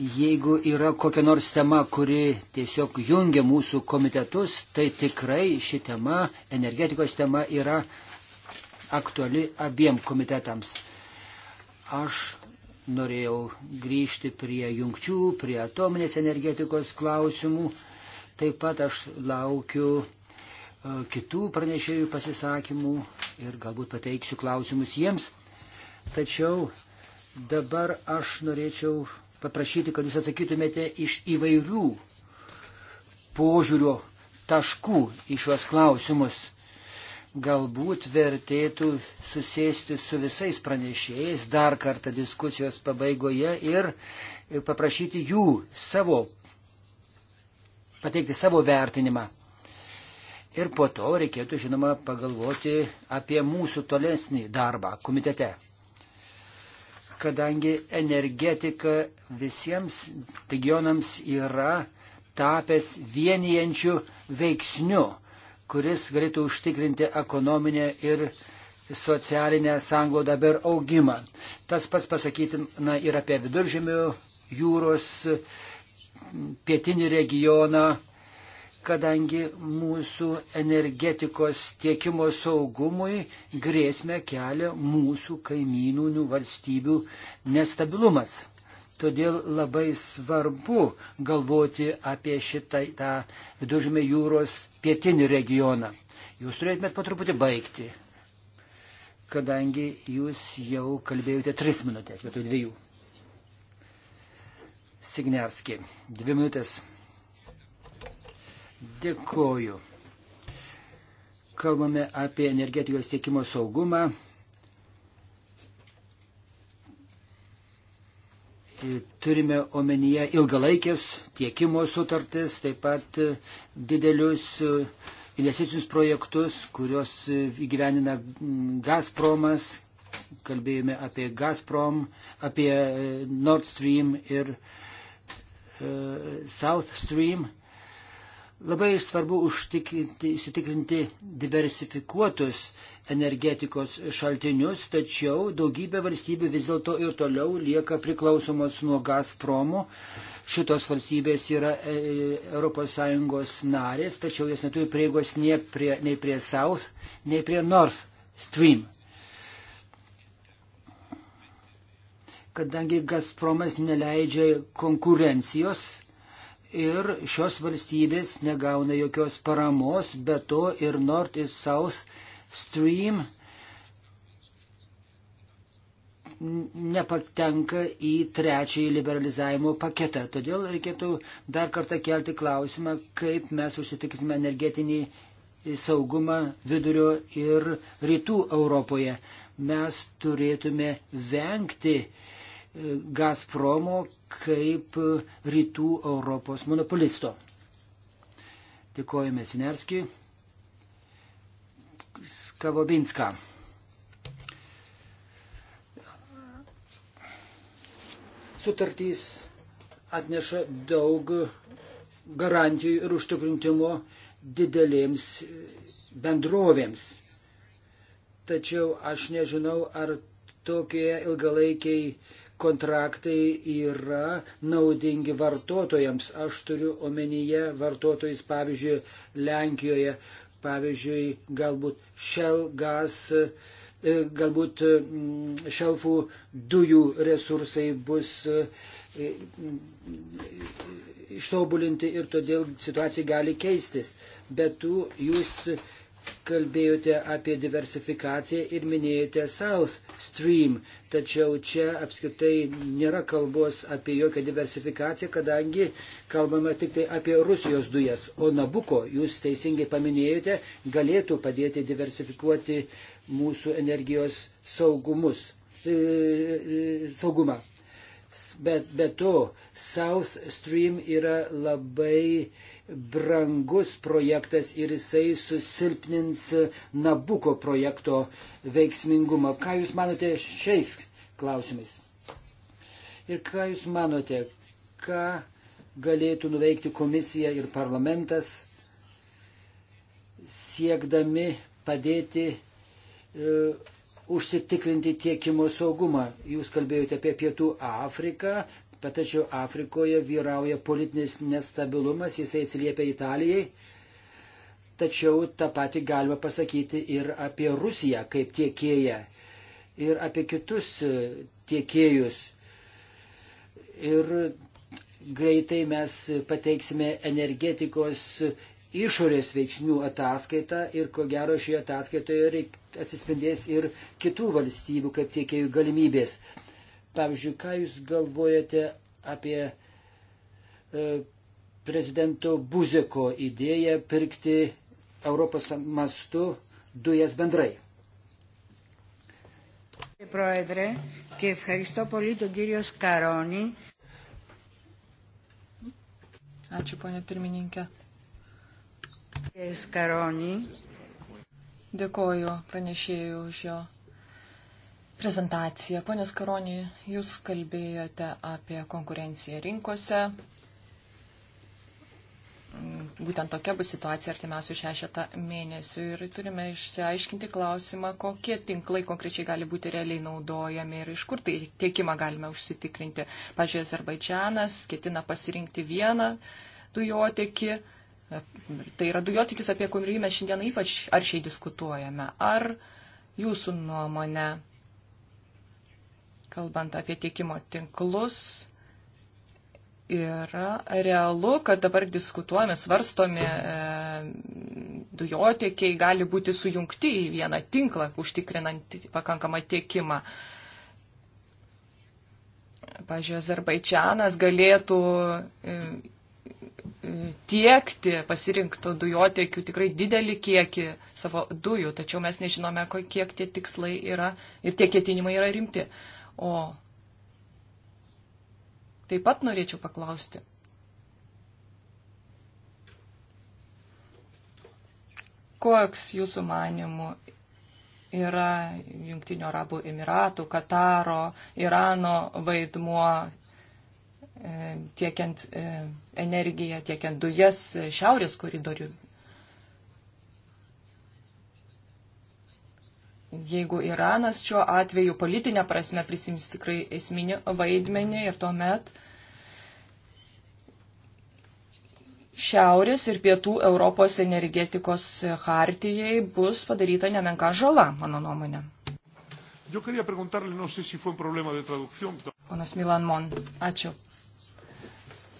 Jeigu yra kokia nors tema, kuri tiesiog jungia mūsų komitetus, tai tikrai ši tema, energetikos tema, yra aktuali abiem komitetams. Aš norėjau grįžti prie jungčių, prie atominės energetikos klausimų. Taip pat aš laukiu e, kitų pranešėjų pasisakymų ir galbūt pateiksiu klausimus jiems. Tačiau dabar aš norėčiau paprašyti, kad jūs atsakytumėte iš įvairių požiūrio taškų į šios klausimus. Galbūt vertėtų susėsti su visais pranešėjais dar kartą diskusijos pabaigoje ir paprašyti jų savo, pateikti savo vertinimą. Ir po to reikėtų, žinoma, pagalvoti apie mūsų tolesnį darbą komitete kadangi energetika visiems regionams yra tapęs vienijančių veiksnių, kuris galėtų užtikrinti ekonominę ir socialinę sanglodą ir augimą. Tas pats pasakytina ir apie viduržėmių jūros pietinį regioną, kadangi mūsų energetikos tiekimo saugumui grėsmę kelia mūsų kaimynų nu, valstybių nestabilumas. Todėl labai svarbu galvoti apie šitą tą viduržymę jūros pietinį regioną. Jūs turėtumėt patruputį baigti, kadangi jūs jau kalbėjote tris minutės vietoj dviejų. Signerski, dvi minutės. Dėkoju. Kalbame apie energetikos tiekimo saugumą. Turime omenyje ilgalaikės tiekimo sutartis, taip pat didelius investicinius projektus, kuriuos įgyvenina Gazpromas. Kalbėjome apie Gazprom, apie Nord Stream ir e, South Stream Labai svarbu užsitikrinti diversifikuotus energetikos šaltinius, tačiau daugybė valstybių vis dėlto ir toliau lieka priklausomos nuo Gazpromo. Šitos valstybės yra ES narės, tačiau jas neturi prieigos nei prie, nei prie South, nei prie North Stream. Kadangi Gazpromas neleidžia konkurencijos, ir šios valstybės negauna jokios paramos, be to ir North is South Stream nepatenka į trečiąjį liberalizavimo paketą. Todėl reikėtų dar kartą kelti klausimą, kaip mes užsitiksime energetinį saugumą vidurio ir rytų Europoje. Mes turėtume vengti uh, Gazpromo kaip rytų Europos monopolisto. Dėkojame Sinerski. Skavobinska. Sutartys atneša daug garantijų ir užtikrintimo didelėms bendrovėms. Tačiau aš nežinau, ar tokie ilgalaikiai kontraktai yra naudingi vartotojams. Aš turiu omenyje vartotojus, pavyzdžiui, Lenkijoje, pavyzdžiui, galbūt šel gas, e, galbūt šelfų mm, dujų resursai bus e, e, ištobulinti ir todėl situacija gali keistis. Bet tu, jūs kalbėjote apie diversifikaciją ir minėjote South Stream, tačiau čia apskritai nėra kalbos apie jokią diversifikaciją, kadangi kalbama tik tai apie Rusijos dujas, o Nabuko, jūs teisingai paminėjote, galėtų padėti diversifikuoti mūsų energijos saugumus, e, e saugumą. Bet be to, South Stream yra labai uh, brangus projektas ir jisai susilpnins Nabuko projekto veiksmingumą. Ką Jūs manote šiais klausimais? Ir ką Jūs manote, ką galėtų nuveikti komisija ir parlamentas siekdami padėti e, užsitikrinti tiekimo saugumą. Jūs kalbėjote apie Pietų Afriką, bet tačiau Afrikoje vyrauja politinis nestabilumas, jisai atsiliepia Italijai. Tačiau tą patį galima pasakyti ir apie Rusiją kaip tiekėją ir apie kitus e, tiekėjus. Ir greitai mes pateiksime energetikos išorės veiksnių ataskaitą ir ko gero šioje ataskaitoje atsispindės ir kitų valstybių kaip tiekėjų galimybės. Pavyzdžiui, ką Jūs galvojate apie e, prezidento Buzeko idėją pirkti Europos mastu dujas bendrai? Πρόεδρε, και ευχαριστώ πολύ τον κύριο Σκαρόνη. Ačiū, ponė pirmininkė. Skaronį. Dėkoju pranešėjų už jo prezentaciją. Pone Skaronį, jūs kalbėjote apie konkurenciją rinkose. Būtent tokia bus situacija artimiausių šešetą mėnesių ir turime išsiaiškinti klausimą, kokie tinklai konkrečiai gali būti realiai naudojami ir iš kur tai tiekimą galime užsitikrinti. Pavyzdžiui, Azerbaidžianas ketina pasirinkti vieną dujotekį. Tai yra dujotekis, apie kurį mes šiandien ypač aršiai diskutuojame. Ar jūsų nuomonė kalbant apie tiekimo tinklus, yra realu, kad dabar diskutuojami, svarstomi e, dujotiekiai gali būti sujungti į vieną tinklą, užtikrinant pakankamą tiekimą. Pavyzdžiui, Azerbaidžianas galėtų e, e tiekti pasirinkto dujotiekių tikrai didelį kiekį savo dujų, tačiau mes nežinome, kiek tie tikslai yra ir tie ketinimai yra rimti. E, O taip pat norėčiau paklausti. Koks jūsų manimų yra Junktinio Arabų Emiratų, Kataro, Irano vaidmuo e, tiekiant e, energiją, tiekiant dujas e, šiaurės koridorių jeigu Iranas šiuo atveju politinė prasme prisims tikrai esminį vaidmenį ir tuomet Šiaurės ir Pietų Europos energetikos hartijai bus padaryta nemenka žala, mano nuomonė. No sé si Ponas Milan Mon, ačiū.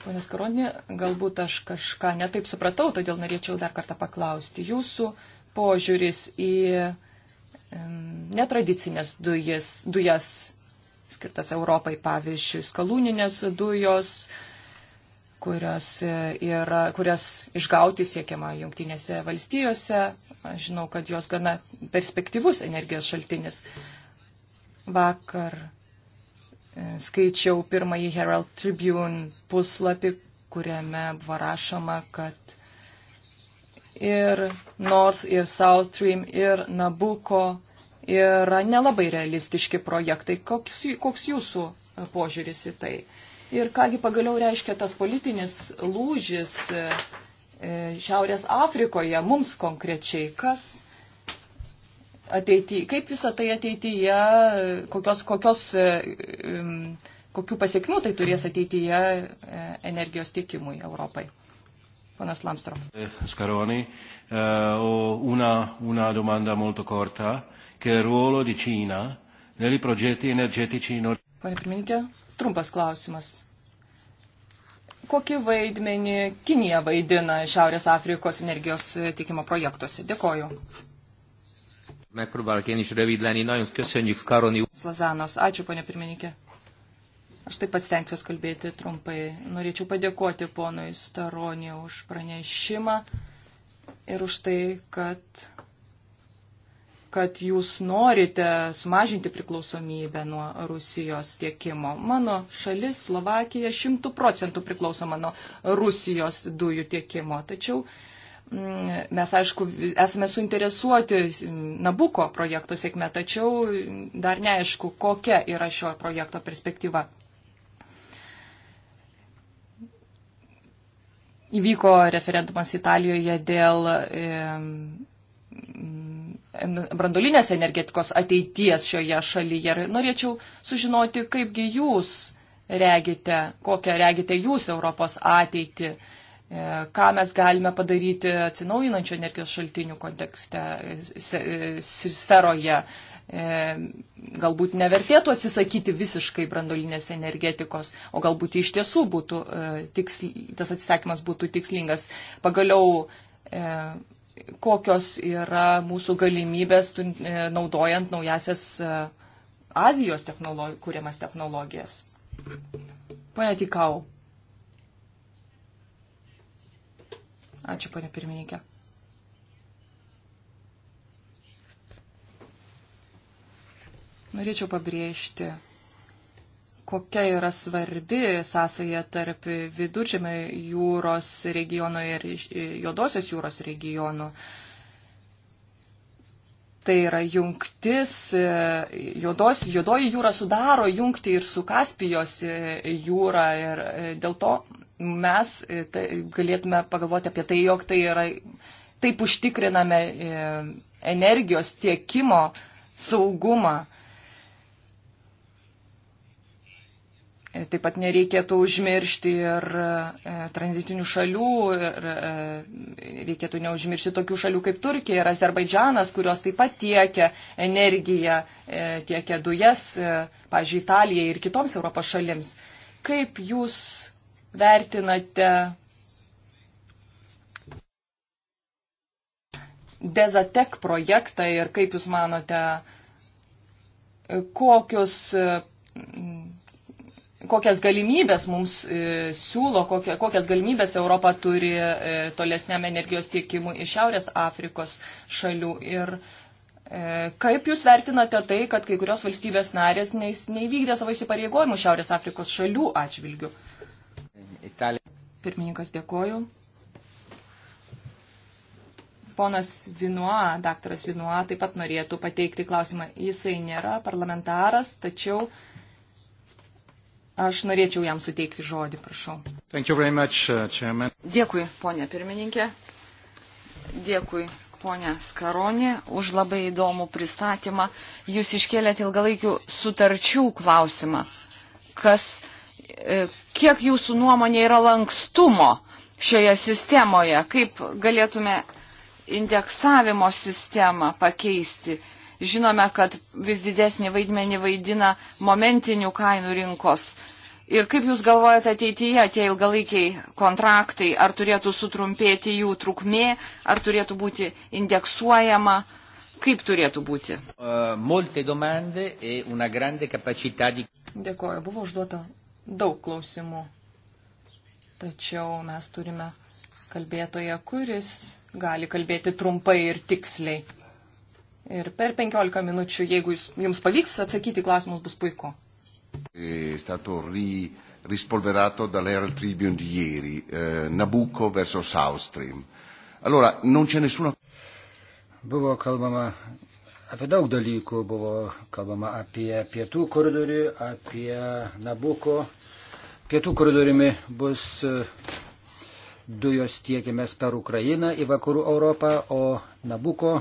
Ponas Karonė, galbūt aš kažką netaip supratau, todėl norėčiau dar kartą paklausti. Jūsų požiūris į netradicinės dujas, dujas skirtas Europai, pavyzdžiui, skalūninės dujos, kurios, e, yra, kurias išgauti siekiama jungtinėse valstijose. Aš žinau, kad jos gana perspektyvus energijos šaltinis. Vakar e, skaičiau pirmąjį Herald Tribune puslapį, kuriame buvo rašoma, kad Ir North, ir South Stream, ir Nabuko yra nelabai realistiški projektai. Koks, koks jūsų požiūris į tai? Ir kągi pagaliau reiškia tas politinis lūžis e, e, Šiaurės Afrikoje, mums konkrečiai, kas ateityje, kaip visą tai ateityje, kokios, kokios, e, kokių pasiekmių tai turės ateityje energijos tiekimui Europai. Ponas Lamstrov. Eh, Scaroni, eh, ho una, una domanda molto corta. Che ruolo di Cina nel progetti energetici in Pane pirmininkė, trumpas klausimas. Kokį vaidmenį Kinija vaidina Šiaurės Afrikos energijos e, tikimo projektuose? Dėkoju. Megpróbálok én is rövid lenni. Nagyon köszönjük, Skaroni. Lazános, ácsú, pane pirmininkė. Aš taip pat stengsiuosi kalbėti trumpai. Norėčiau padėkoti ponui Staronė už pranešimą ir už tai, kad, kad jūs norite sumažinti priklausomybę nuo Rusijos tiekimo. Mano šalis, Slovakija, šimtų procentų priklausoma nuo Rusijos dujų tiekimo. Tačiau mm, mes, aišku, esame suinteresuoti Nabuko projekto sėkme, tačiau dar neaišku, kokia yra šio projekto perspektyva. Įvyko referendumas Italijoje dėl e, brandolinės energetikos ateities šioje šalyje. Ir norėčiau sužinoti, kaipgi jūs regite, kokią regite jūs Europos ateitį, e, ką mes galime padaryti atsinaujinančio energijos šaltinių kontekste, e, sferoje, E, galbūt nevertėtų atsisakyti visiškai brandolinės energetikos, o galbūt iš tiesų būtų, e, tiksl, tas atsisakymas būtų tikslingas. Pagaliau, e, kokios yra mūsų galimybės naudojant naujasias Azijos technolog, kūriamas technologijas. Pane Tikau. Ačiū, pane pirmininkė. Norėčiau pabrėžti, kokia yra svarbi sąsaja tarp viduržėmio jūros regiono ir juodosios jūros regionų. Tai yra jungtis, juodos, juodoji jūra sudaro jungti ir su Kaspijos jūra ir dėl to mes tai, galėtume pagalvoti apie tai, jog tai yra, taip užtikriname e, energijos tiekimo saugumą Taip pat nereikėtų užmiršti ir e, tranzitinių šalių, ir e, reikėtų neužmiršti tokių šalių kaip Turkija ir Azerbaidžanas, kurios taip pat tiekia energiją, e, tiekia dujas, pažiūrėjau, Italijai ir kitoms Europos šalims. Kaip jūs vertinate Dezatek projektą ir kaip jūs manote, kokios kokias galimybės mums e, siūlo, kokia, kokias galimybės Europa turi e, tolesniam energijos tiekimui iš Šiaurės Afrikos šalių. Ir e, Kaip Jūs vertinate tai, kad kai kurios valstybės narės neįvykdė savo įsipareigojimų Šiaurės Afrikos šalių atžvilgių? Italija. Pirmininkas dėkoju. Ponas Vinua, daktaras Vinua, taip pat norėtų pateikti klausimą. Jisai nėra parlamentaras, tačiau uh, Aš norėčiau jam suteikti žodį, prašau. Much, uh, Dėkui, ponė pirmininkė. Dėkui, ponė Skaronė, už labai įdomų pristatymą. Jūs iškėlėt ilgalaikių sutarčių klausimą. Kas, e, kiek jūsų nuomonė yra lankstumo šioje sistemoje? Kaip galėtume indeksavimo sistemą pakeisti? Žinome, kad vis didesnį vaidmenį vaidina momentinių kainų rinkos. Ir kaip Jūs galvojate ateityje, tie ilgalaikiai kontraktai, ar turėtų sutrumpėti jų trukmė, ar turėtų būti indeksuojama? Kaip turėtų būti? Uh, e Dėkoju, buvo užduota daug klausimų. Tačiau mes turime kalbėtoje, kuris gali kalbėti trumpai ir tiksliai. Ir per 15 minučių, jeigu jūs, jums pavyks atsakyti klausimus, bus puiku. E rispolverato dall'Herald Tribune di ieri, eh, Nabucco verso South Stream. Allora, non c'è nessuna... Buvo kalbama apie daug dalykų, buvo kalbama apie pietų koridorių, apie Nabuko. Pietų koridoriumi bus eh, dujos tiekiamės per Ukrainą į vakarų Europą, o Nabuko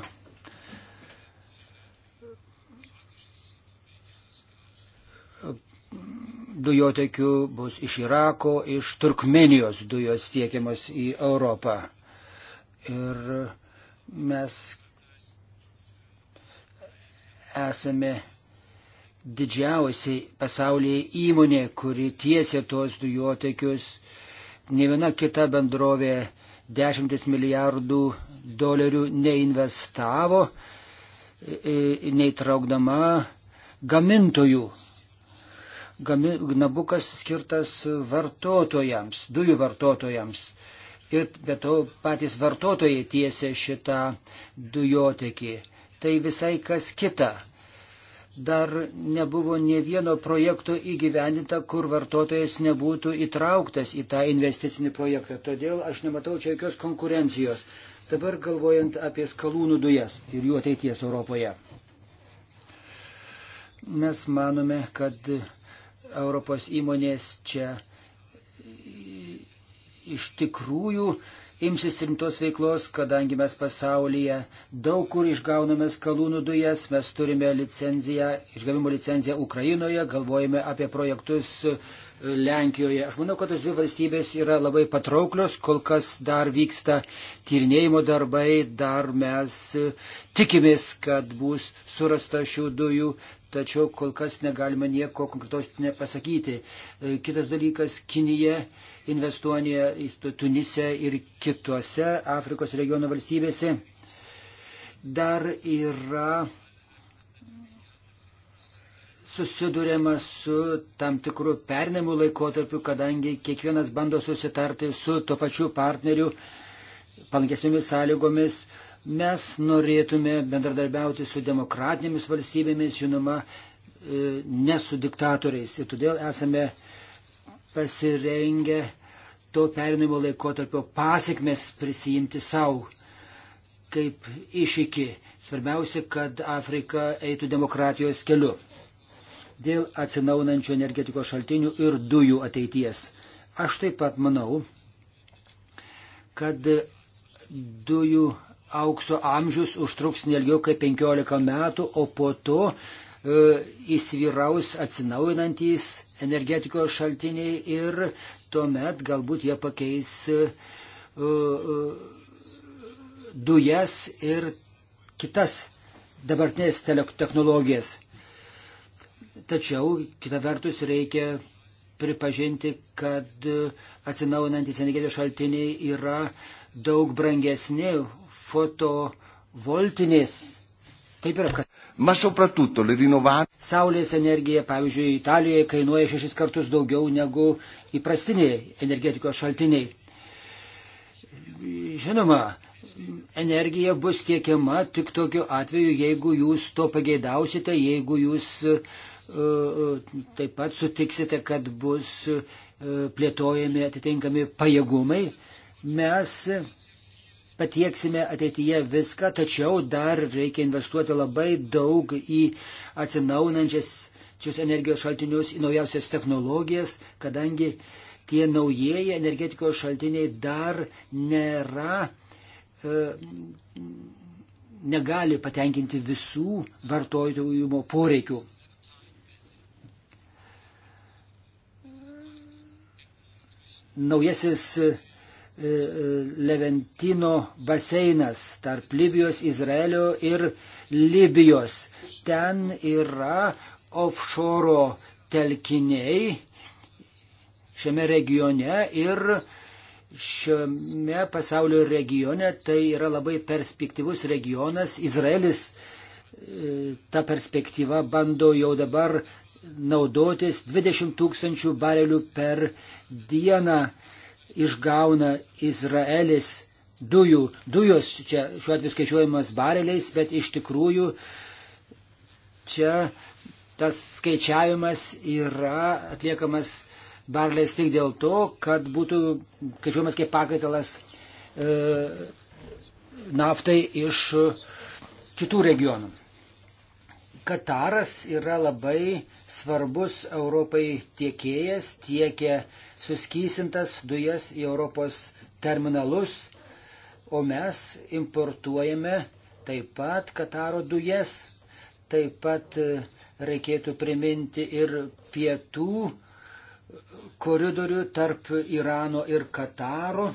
dujotekių bus iš Irako, iš Turkmenijos dujos tiekiamas į Europą. Ir mes esame didžiausiai pasaulyje įmonė, kuri tiesia tuos dujotekius. Ne viena kita bendrovė dešimtis milijardų dolerių neinvestavo, e, e, neįtraukdama gamintojų gami, nabukas skirtas vartotojams, dujų vartotojams. Ir be to patys vartotojai tiesia šitą dujotekį. Tai visai kas kita. Dar nebuvo ne vieno projekto įgyvendinta, kur vartotojas nebūtų įtrauktas į tą investicinį projektą. Todėl aš nematau čia jokios konkurencijos. Dabar galvojant apie skalūnų dujas ir jų ateities Europoje mes manome, kad Europos įmonės čia iš tikrųjų imsis rimtos veiklos, kadangi mes pasaulyje daug kur išgauname skalūnų dujas, mes turime licenciją, išgavimo licenciją Ukrainoje, galvojame apie projektus e, Lenkijoje. Aš manau, kad tos dvi valstybės yra labai patrauklios, kol kas dar vyksta tyrinėjimo darbai, dar mes e, tikimės, kad bus surasta šių dujų, tačiau kol kas negalima nieko konkretaus nepasakyti. E, kitas dalykas - Kinija investuoja į Tunisę ir kitose Afrikos regiono valstybėse. Dar yra susidurėma su tam tikru pernamu laikotarpiu, kadangi kiekvienas bando susitarti su tuo pačiu partneriu palankesnėmis sąlygomis Mes norėtume bendradarbiauti su demokratinėmis valstybėmis, žinoma, e, ne su diktatoriais. Ir todėl esame pasirengę to perinimo laikotarpio pasiekmes prisijimti savo kaip išiki. Svarbiausia, kad Afrika eitų demokratijos keliu dėl atsinaunančių energetikos šaltinių ir dujų ateities. Aš taip pat manau, kad dujų aukso amžius užtruks nelgiau kaip 15 metų, o po to e, įsivyraus atsinaujinantis energetikos šaltiniai ir tuomet galbūt jie pakeis e, e, dujas ir kitas dabartinės technologijas. Tačiau, kita vertus, reikia pripažinti, kad e, atsinaujinantis energijos šaltiniai yra daug brangesni fotovoltinės. Kaip yra, kad. Ma soprattutto le rinnovabili. Saulės energija, pavyzdžiui, Italijoje kainuoja šešis kartus daugiau negu įprastiniai energetikos šaltiniai. Žinoma, energija bus tiekiama tik tokiu atveju, jeigu jūs to pageidausite, jeigu jūs e, e, taip pat sutiksite, kad bus e, plėtojami atitinkami pajėgumai. Mes patieksime ateityje viską, tačiau dar reikia investuoti labai daug į atsinaunančias šios energijos šaltinius, į naujausias technologijas, kadangi tie naujieji energetikos šaltiniai dar nėra, e, negali patenkinti visų vartotojų poreikių. Naujasis E, e, Leventino baseinas tarp Libijos, Izraelio ir Libijos. Ten yra offshore telkiniai šiame regione ir šiame pasaulio regione tai yra labai perspektyvus regionas. Izraelis e, tą perspektyvą bando jau dabar naudotis 20 tūkstančių barelių per dieną išgauna Izraelis dujų. Dujos čia šiuo atveju skaičiuojamas bareliais, bet iš tikrųjų čia tas skaičiavimas yra atliekamas bareliais tik dėl to, kad būtų skaičiuojamas kaip pakaitalas e, naftai iš kitų regionų. Kataras yra labai svarbus Europai tiekėjas, tiekia suskysintas dujas į Europos terminalus, o mes importuojame taip pat Kataro dujas. Taip pat e, reikėtų priminti ir pietų koridorių tarp Irano ir Kataro.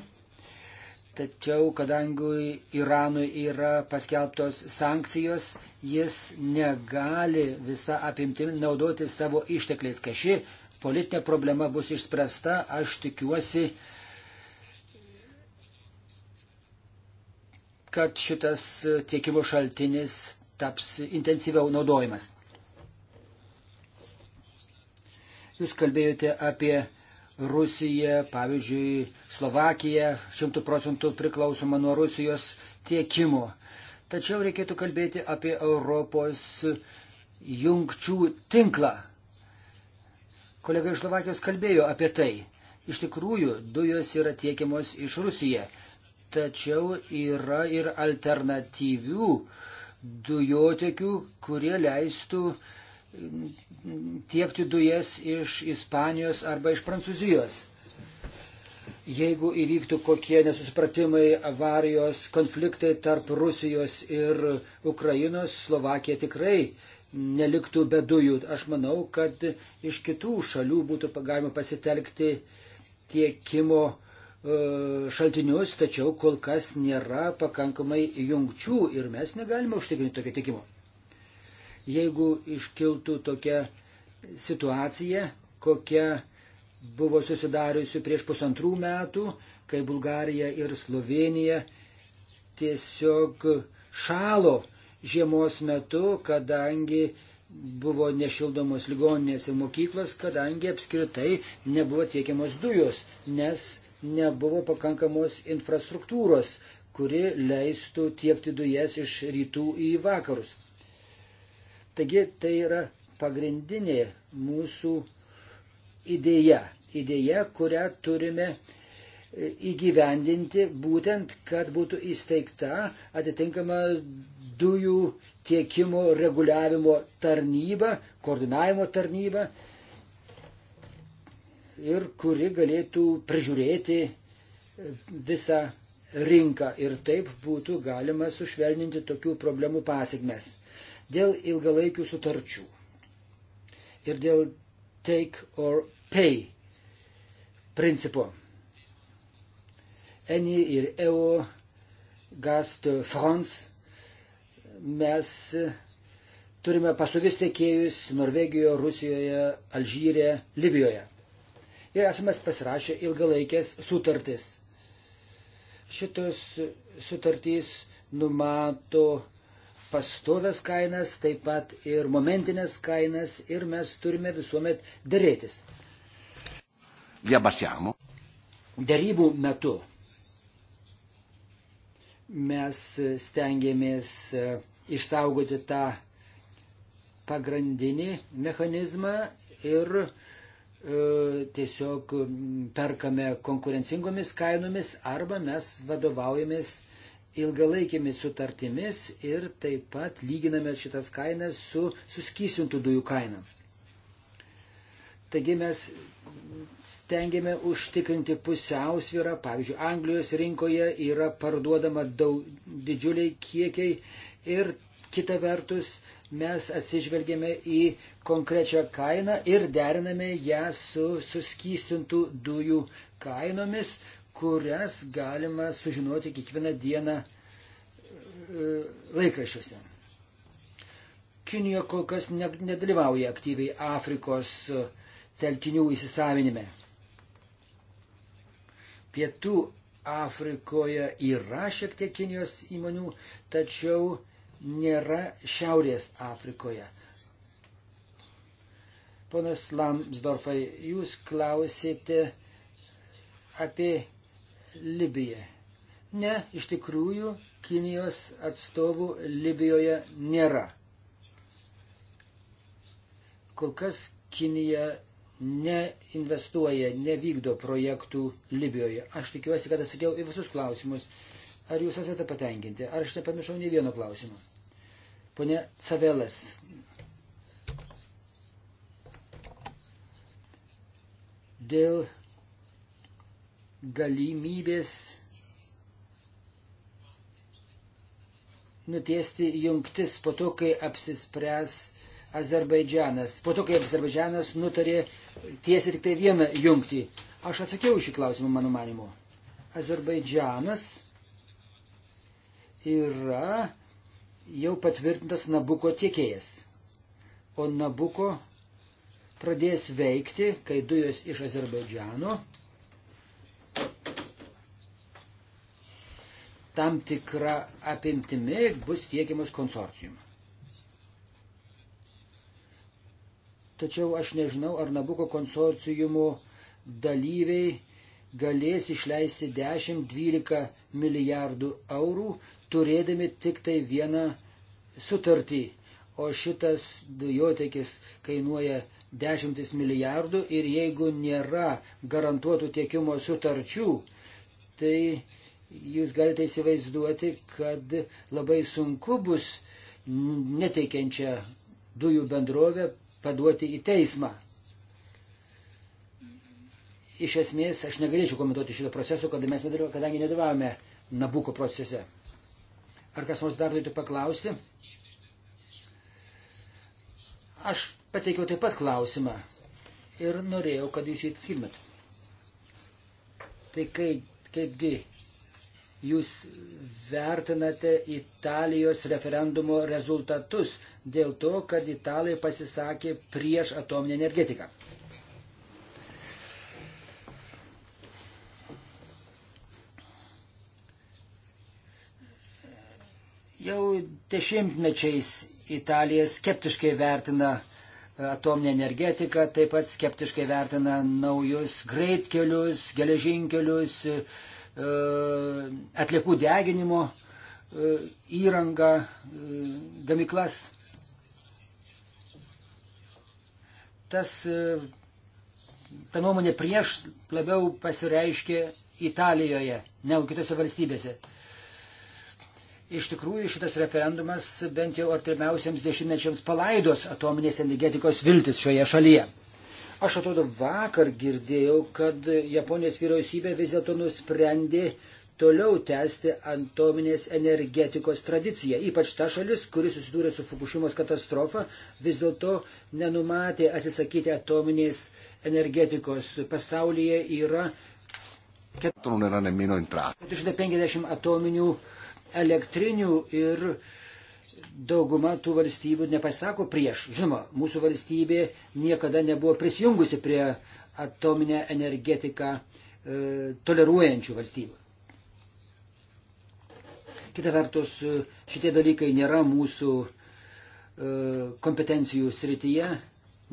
Tačiau, kadangi Iranui yra paskelbtos sankcijos, jis negali visą apimtim naudoti savo ištekliais, kai ši politinė problema bus išspręsta, aš tikiuosi, kad šitas tiekimo šaltinis taps intensyviau naudojimas. Jūs kalbėjote apie Rusiją, pavyzdžiui, Slovakiją, šimtų procentų priklausoma nuo Rusijos tiekimo. Tačiau reikėtų kalbėti apie Europos jungčių tinklą. Kolega iš Slovakijos kalbėjo apie tai. Iš tikrųjų, dujos yra tiekiamos iš Rusija, tačiau yra ir alternatyvių dujotekių, kurie leistų mm, tiekti dujas iš Ispanijos arba iš Prancūzijos. Jeigu įvyktų kokie nesusipratimai, avarijos, konfliktai tarp Rusijos ir Ukrainos, Slovakija tikrai uh, neliktų be dujų. Aš manau, kad iš kitų šalių būtų galima pasitelkti tiekimo e, šaltinius, tačiau kol kas nėra pakankamai jungčių ir mes negalime užtikrinti tokio tiekimo. Jeigu iškiltų tokia situacija, kokia buvo susidariusi prieš pusantrų metų, kai Bulgarija ir Slovenija tiesiog šalo žiemos metu, kadangi buvo nešildomos ligoninės ir mokyklos, kadangi apskritai nebuvo tiekiamos dujos, nes nebuvo pakankamos infrastruktūros, kuri leistų tiekti dujas iš rytų į vakarus. Taigi tai yra pagrindinė mūsų idėja, idėja, kurią turime įgyvendinti būtent, kad būtų įsteigta atitinkama dujų tiekimo reguliavimo tarnyba, koordinavimo tarnyba ir kuri galėtų prižiūrėti visą rinką ir taip būtų galima sušvelninti tokių problemų pasiekmes. Dėl ilgalaikių sutarčių ir dėl take or pay principo. ENI ir EO Gast France. Mes turime pastovius tiekėjus Norvegijoje, Rusijoje, Alžyre, Libijoje. Ir esame pasirašę ilgalaikės sutartis. Šitos sutartys numato pastovės kainas, taip pat ir momentinės kainas ir mes turime visuomet dėrėtis. Dėrybų metu mes stengiamės e, išsaugoti tą pagrindinį mechanizmą ir e, tiesiog perkame konkurencingomis kainomis arba mes vadovaujamės ilgalaikėmis sutartimis ir taip pat lyginame šitas kainas su suskysintų dujų kaina. Taigi mes stengiame užtikrinti pusiausvyrą. Pavyzdžiui, Anglijos rinkoje yra parduodama daug, didžiuliai kiekiai ir kita vertus mes atsižvelgėme į konkrečią kainą ir deriname ją su suskystintų dujų kainomis, kurias galima sužinoti kiekvieną dieną e, laikrašiuose. Kinija kol kas nedalyvauja aktyviai Afrikos e, telkinių įsisavinime. Pietų Afrikoje yra šiek tiek Kinijos įmonių, tačiau nėra Šiaurės Afrikoje. Ponas Lamsdorfai, jūs klausėte apie Libiją. Ne, iš tikrųjų, Kinijos atstovų Libijoje nėra. Kol kas Kinija neinvestuoja, nevykdo projektų Libijoje. Aš tikiuosi, kad atsakiau į visus klausimus. Ar jūs esate patenkinti? Ar aš nepamiršau nei vieno klausimo? Pone Cavelas. Dėl galimybės nutiesti jungtis po to, kai apsispręs Azerbaidžianas. Po to, kai Azerbaidžianas nutarė tiesia tik tai vieną jungtį. Aš atsakiau šį klausimą, mano manimu. Azerbaidžianas yra jau patvirtintas Nabuko tiekėjas. O Nabuko pradės veikti, kai dujos iš Azerbaidžiano tam tikra apimtimi bus tiekiamas konsorciumą. tačiau aš nežinau, ar Nabuko konsorciumo dalyviai galės išleisti 10-12 milijardų eurų, turėdami tik tai vieną sutartį. O šitas dujotekis kainuoja dešimtis milijardų ir jeigu nėra garantuotų tiekimo sutarčių, tai jūs galite įsivaizduoti, kad labai sunku bus neteikiančią dujų bendrovę paduoti į teismą. Iš esmės, aš negalėčiau komentuoti šito proceso, kad mes nedarėme, kadangi nedalyvavome Nabuko procese. Ar kas nors dar norėtų paklausti? Aš pateikiau taip pat klausimą ir norėjau, kad jūs jį atskirmet. Tai kai, kaipgi jūs vertinate Italijos referendumo rezultatus dėl to, kad Italai pasisakė prieš atominę energetiką? Jau dešimtmečiais Italija skeptiškai vertina e, atominę energetiką, taip pat skeptiškai vertina naujus greitkelius, geležinkelius, E, atliekų deginimo e, įrangą, e, gamiklas. Tas, ta nuomonė prieš labiau pasireiškė Italijoje, negu kitose valstybėse. Iš tikrųjų šitas referendumas bent jau artimiausiams dešimtmečiams palaidos atominės energetikos viltis šioje šalyje. Aš atrodo vakar girdėjau, kad Japonijos vyriausybė vis dėlto nusprendė toliau tęsti atominės energetikos tradiciją. Ypač ta šalis, kuris susidūrė su Fukushimos katastrofa, vis dėlto nenumatė atsisakyti atominės energetikos. Pasaulyje yra 450 atominių elektrinių ir dauguma tų valstybių nepasako prieš. Žinoma, mūsų valstybė niekada nebuvo prisijungusi prie atominę energetiką e, toleruojančių valstybių. Kita vertus, e, šitie dalykai nėra mūsų e, kompetencijų srityje,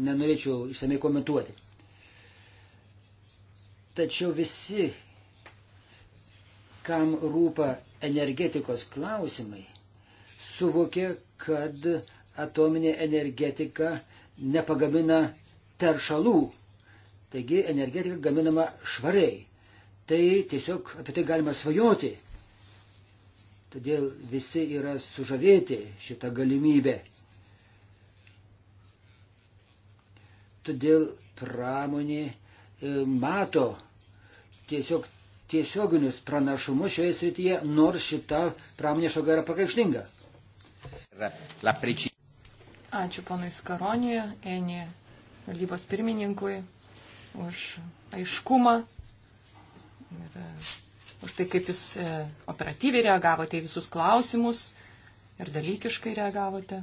nenorėčiau išsamei komentuoti. Tačiau visi, kam rūpa energetikos klausimai, suvokė, kad atominė energetika nepagamina teršalų. Taigi energetika gaminama švariai. Tai tiesiog apie tai galima svajoti. Todėl visi yra sužavėti šitą galimybę. Todėl pramonė e, mato tiesiog tiesioginius pranašumus šioje srityje, nors šita pramonė šoga yra pakaištinga. Ačiū ponui Skaronijoje, Enė valdybos pirmininkui už aiškumą ir e, už tai, kaip jūs e, operatyviai reagavote į visus klausimus ir dalykiškai reagavote.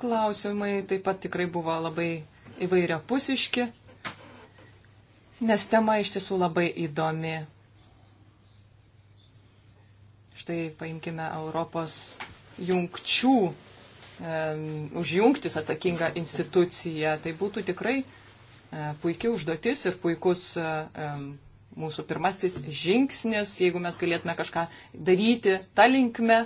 Klausimai taip pat tikrai buvo labai įvairia pusiški, nes tema iš tiesų labai įdomi. Štai paimkime Europos jungčių, um, už jungtis atsakingą instituciją. Tai būtų tikrai uh, e, puikia užduotis ir puikus. Uh, um, Mūsų pirmasis žingsnis, jeigu mes galėtume kažką daryti tą linkmę,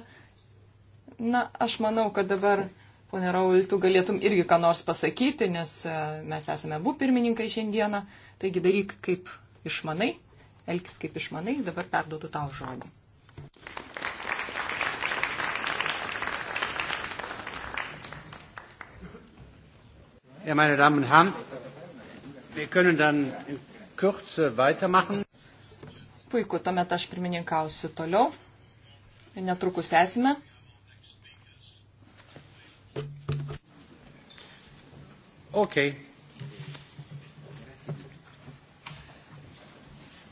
na, aš manau, kad dabar Pone Raul, tu galėtum irgi ką nors pasakyti, nes e, mes esame abu pirmininkai šiandieną. Taigi daryk kaip išmanai, elgis kaip išmanai, dabar perduodu tau žodį. Ja, meine Damen und Herren, wir können dann in Kürze weitermachen. Puiku, tuomet aš pirmininkausiu toliau. Netrukus tęsime. Okay.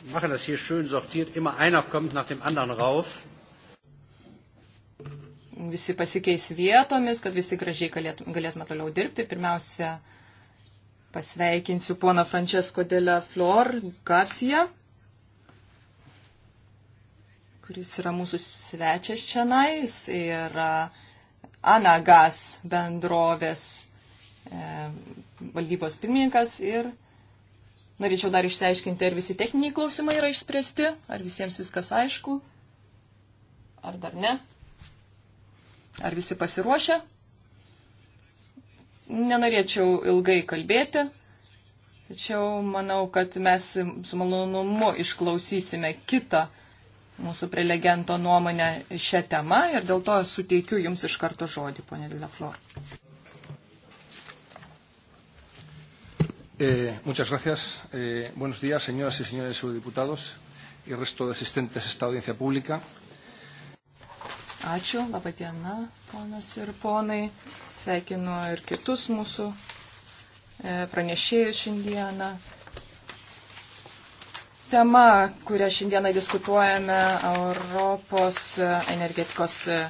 Ich mache das hier schön sortiert. Immer einer kommt nach dem anderen rauf visi pasikeis vietomis, kad visi gražiai galėtume, galėtume toliau dirbti. Pirmiausia, pasveikinsiu poną Francesco Dela Flor Garcia, kuris yra mūsų svečias čia nais ir Anagas bendrovės e, valdybos pirmininkas ir norėčiau dar išsiaiškinti, ar visi techniniai klausimai yra išspręsti, ar visiems viskas aišku, ar dar ne. Ar visi pasiruošę? Nenorėčiau ilgai kalbėti, tačiau manau, kad mes su malonumu išklausysime kitą mūsų prelegento nuomonę šią temą ir dėl to suteikiu Jums iš karto žodį, ponė Dilaflor. Eh, muchas gracias. Eh, buenos días, señoras y señores eurodiputados y resto de asistentes a esta audiencia pública. Ačiū, laba diena, ponios ir ponai. Sveikinu ir kitus mūsų e, pranešėjus šiandieną. Tema, kurią šiandieną diskutuojame, Europos e, energetikos e,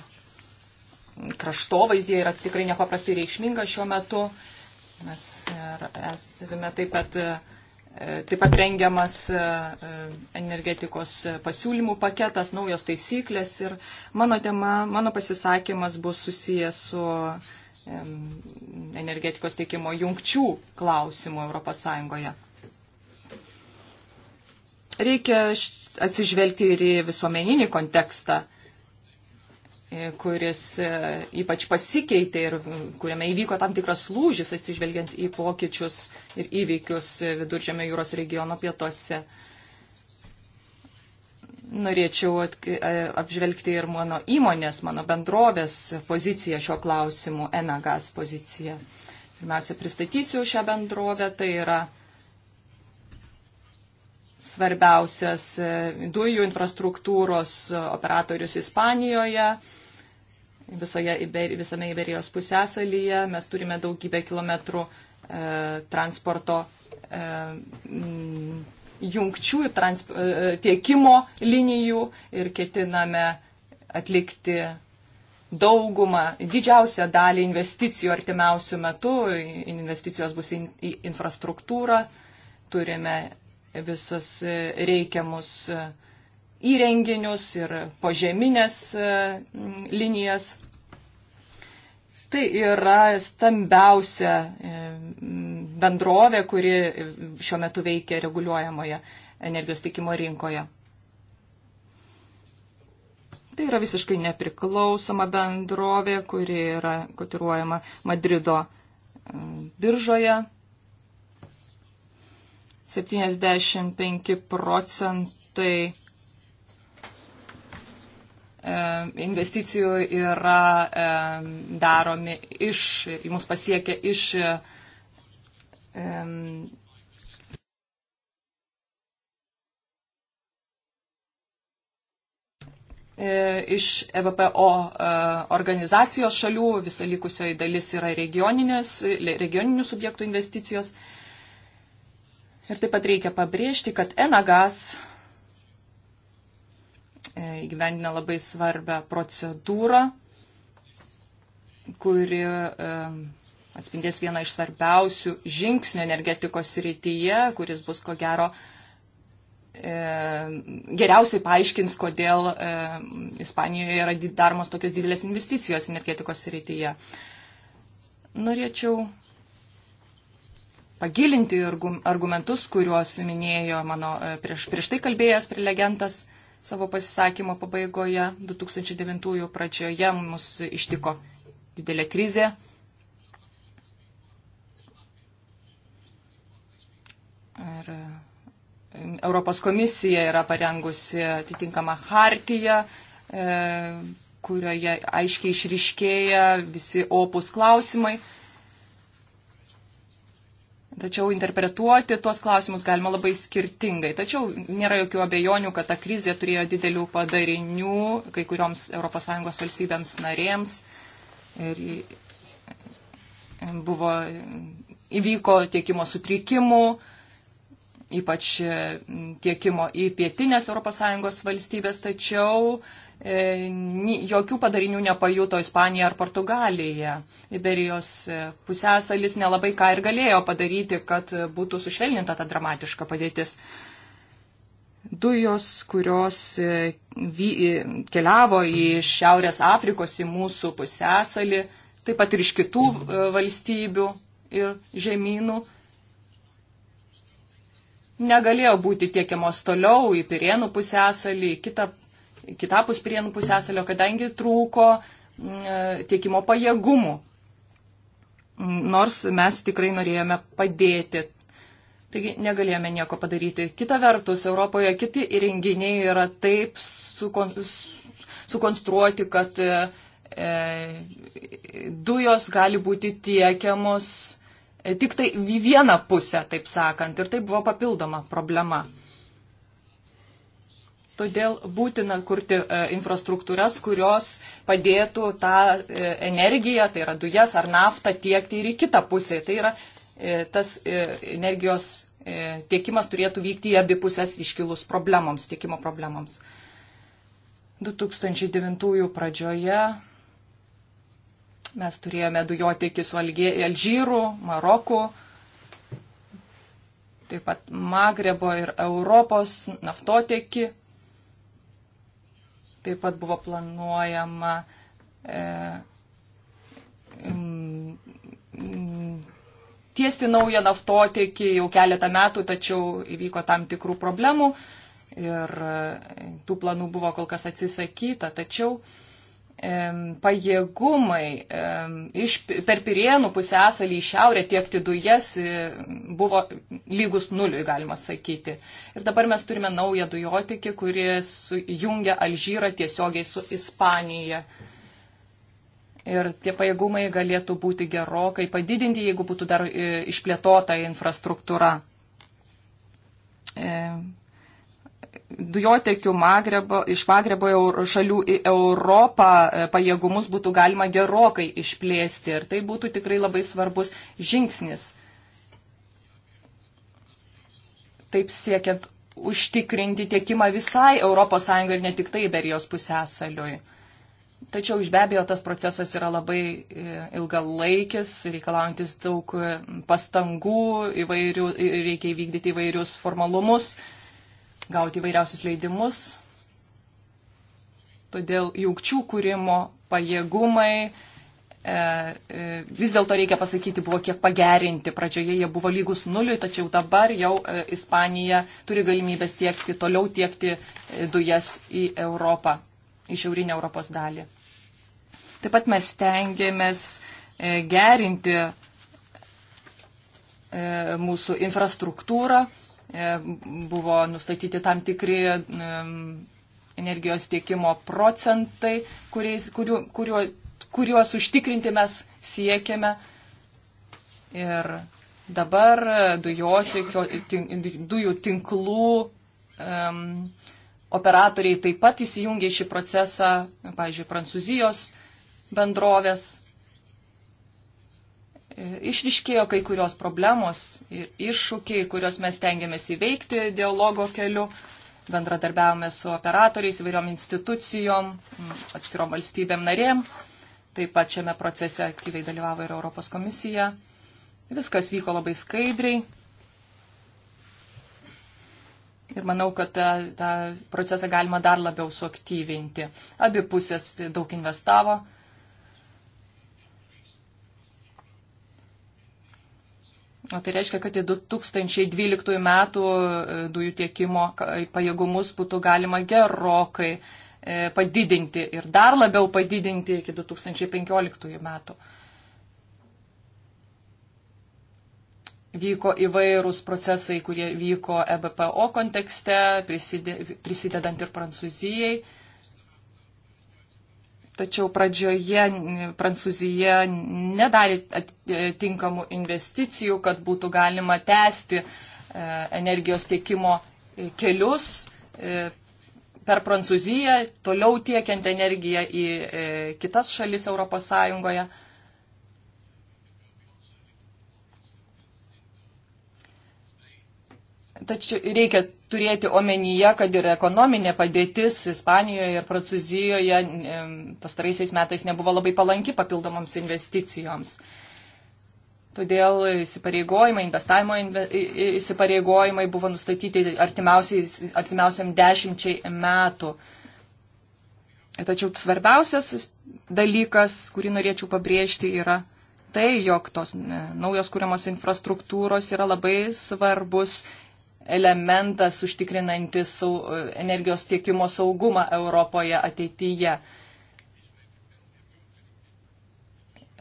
kraštovaizdė yra tikrai nepaprastai reikšminga šiuo metu. Mes esame taip pat E, taip pat rengiamas e, e, energetikos pasiūlymų paketas, naujos taisyklės ir mano tema, mano pasisakymas bus susijęs su energetikos teikimo jungčių klausimu ES. Reikia atsižvelgti ir į visuomeninį kontekstą. E, kuris e, ypač pasikeitė ir e, kuriame įvyko tam tikras lūžis atsižvelgiant į pokyčius ir įvykius viduržėmio jūros regiono pietuose. Norėčiau apžvelgti ir mano įmonės, mano bendrovės poziciją šio klausimu, Enagas poziciją. Pirmiausia, pristatysiu šią bendrovę, tai yra svarbiausias dujų infrastruktūros operatorius Ispanijoje visoje, visame Iberijos pusėsalyje. Mes turime daugybę kilometrų e, transporto e, jungčių ir trans, e, e, tiekimo linijų ir ketiname atlikti daugumą, didžiausią dalį investicijų artimiausių metų. Investicijos bus in, į infrastruktūrą. Turime visus e, reikiamus. E, įrenginius ir požeminės e, linijas. Tai yra stambiausia e, bendrovė, kuri šiuo metu veikia reguliuojamoje energijos tikimo rinkoje. Tai yra visiškai nepriklausoma bendrovė, kuri yra kotiruojama Madrido e, biržoje. 75 procentai E, investicijų yra e, daromi iš, į mus pasiekia iš e, iš EBPO organizacijos šalių, visa likusioji dalis yra regioninių subjektų investicijos. Ir taip pat reikia pabrėžti, kad Enagas E, įgyvendina labai svarbę procedūrą, kuri e, atspindės vieną iš svarbiausių žingsnių energetikos rytyje, kuris bus ko gero e, geriausiai paaiškins, kodėl Ispanijoje yra daromos tokios didelės investicijos energetikos rytyje. Norėčiau pagilinti argumentus, kuriuos minėjo mano prieš, prieš tai kalbėjęs prelegentas. Prie Savo pasisakymo pabaigoje 2009 pradžioje mus ištiko didelė krizė. Ir Europos komisija yra parengusi atitinkamą hartiją, e, kurioje aiškiai išriškėja visi opus klausimai. Tačiau interpretuoti tuos klausimus galima labai skirtingai. Tačiau nėra jokių abejonių, kad ta krizė turėjo didelių padarinių kai kurioms ES valstybėms narėms. Ir buvo, įvyko tiekimo sutrikimų, ypač e, tiekimo į pietinės ES valstybės, tačiau e, jokių padarinių nepajuto Ispanija ar Portugalija. Iberijos e, pusėsalis nelabai ką ir galėjo padaryti, kad būtų sušvelninta ta dramatiška padėtis. Dujos, kurios e, vy, keliavo į Šiaurės Afrikos, į mūsų pusėsalį, taip pat ir iš kitų valstybių ir žemynų, negalėjo būti tiekiamos toliau į Pirienų pusęsalį, kita, kitapus Pirienų pusęsalio, kadangi trūko mm, e, tiekimo pajėgumų. Nors mes tikrai norėjome padėti. Taigi negalėjome nieko padaryti. Kita vertus, Europoje kiti įrenginiai yra taip sukon, sukonstruoti, kad e, e, dujos gali būti tiekiamos tik tai į vieną pusę, taip sakant, ir tai buvo papildoma problema. Todėl būtina kurti e, infrastruktūras, kurios padėtų tą e, energiją, tai yra dujas ar naftą, tiekti ir į kitą pusę. Tai yra e, tas energijos tiekimas turėtų vykti į abi pusės iškilus problemoms, tiekimo problemoms. 2009 pradžioje Mes turėjome dujotiekį su Alžyru, Maroku, taip pat Magrebo ir Europos naftotiekį. Taip pat buvo planuojama e, m, tiesti naują naftotiekį jau keletą metų, tačiau įvyko tam tikrų problemų ir e, tų planų buvo kol kas atsisakyta. Tačiau e, pajėgumai iš, per Pirienų pusęsalį į šiaurę tiekti dujas e, buvo lygus nuliui, galima sakyti. Ir dabar mes turime naują dujotikį, kuris jungia Alžyrą tiesiogiai su Ispanija. Ir tie pajėgumai galėtų būti gerokai padidinti, jeigu būtų dar e, išplėtota infrastruktūra dujotekių Magrebo, iš Magrebo šalių į Europą e, pajėgumus būtų galima gerokai išplėsti ir tai būtų tikrai labai svarbus žingsnis. Taip siekiant užtikrinti tiekimą visai ES ir ne tik tai Iberijos pusėsaliui. Tačiau iš be abejo tas procesas yra labai e, ilgalaikis, reikalaujantis daug e, pastangų, įvairių, reikia įvykdyti įvairius formalumus, gauti vairiausius leidimus. Todėl jaukčių kūrimo pajėgumai, e, e, vis dėlto reikia pasakyti, buvo kiek pagerinti. Pradžioje jie buvo lygus nuliui, tačiau dabar jau e, Ispanija turi galimybės tiekti, toliau tiekti dujas į Europą, į šiaurinę Europos dalį. Taip pat mes tengiamės gerinti mūsų infrastruktūrą, E, buvo nustatyti tam tikri e, energijos tiekimo procentai, kuriais, kuriu, kuriuo, kuriuos užtikrinti mes siekiame. Ir dabar dujotikio, dujų tinklų um, operatoriai taip pat įsijungia į šį procesą, pavyzdžiui, prancūzijos bendrovės E, išriškėjo kai kurios problemos ir iššūkiai, kuriuos mes tengiamės įveikti dialogo keliu. Bendradarbiavome su operatoriais, įvairiom institucijom, atskirom valstybėm narėm. Taip pat šiame procese aktyviai dalyvavo ir Europos komisija. Viskas vyko labai skaidriai. Ir manau, kad tą, tą procesą galima dar labiau suaktyvinti. Abi pusės daug investavo O tai reiškia, kad į 2012 metų e, dujų tiekimo pajėgumus būtų galima gerokai e, padidinti ir dar labiau padidinti iki 2015 metų. Vyko įvairūs procesai, kurie vyko EBPO kontekste, prisidedant ir Prancūzijai. Tačiau pradžioje Prancūzija nedarė e, tinkamų investicijų, kad būtų galima tęsti e, energijos tiekimo e, kelius per Prancūziją, toliau tiekiant energiją į kitas šalis ES. Tačiau reikia turėti omenyje, kad ir ekonominė padėtis Ispanijoje ir Prancūzijoje pastaraisiais metais nebuvo labai palanki papildomoms investicijoms. Todėl įsipareigojimai, investavimo įsipareigojimai buvo nustatyti artimiausiam dešimčiai metų. Tačiau svarbiausias dalykas, kurį norėčiau pabrėžti, yra tai, jog tos naujos kūriamos infrastruktūros yra labai svarbus elementas užtikrinantis energijos tiekimo saugumą Europoje ateityje.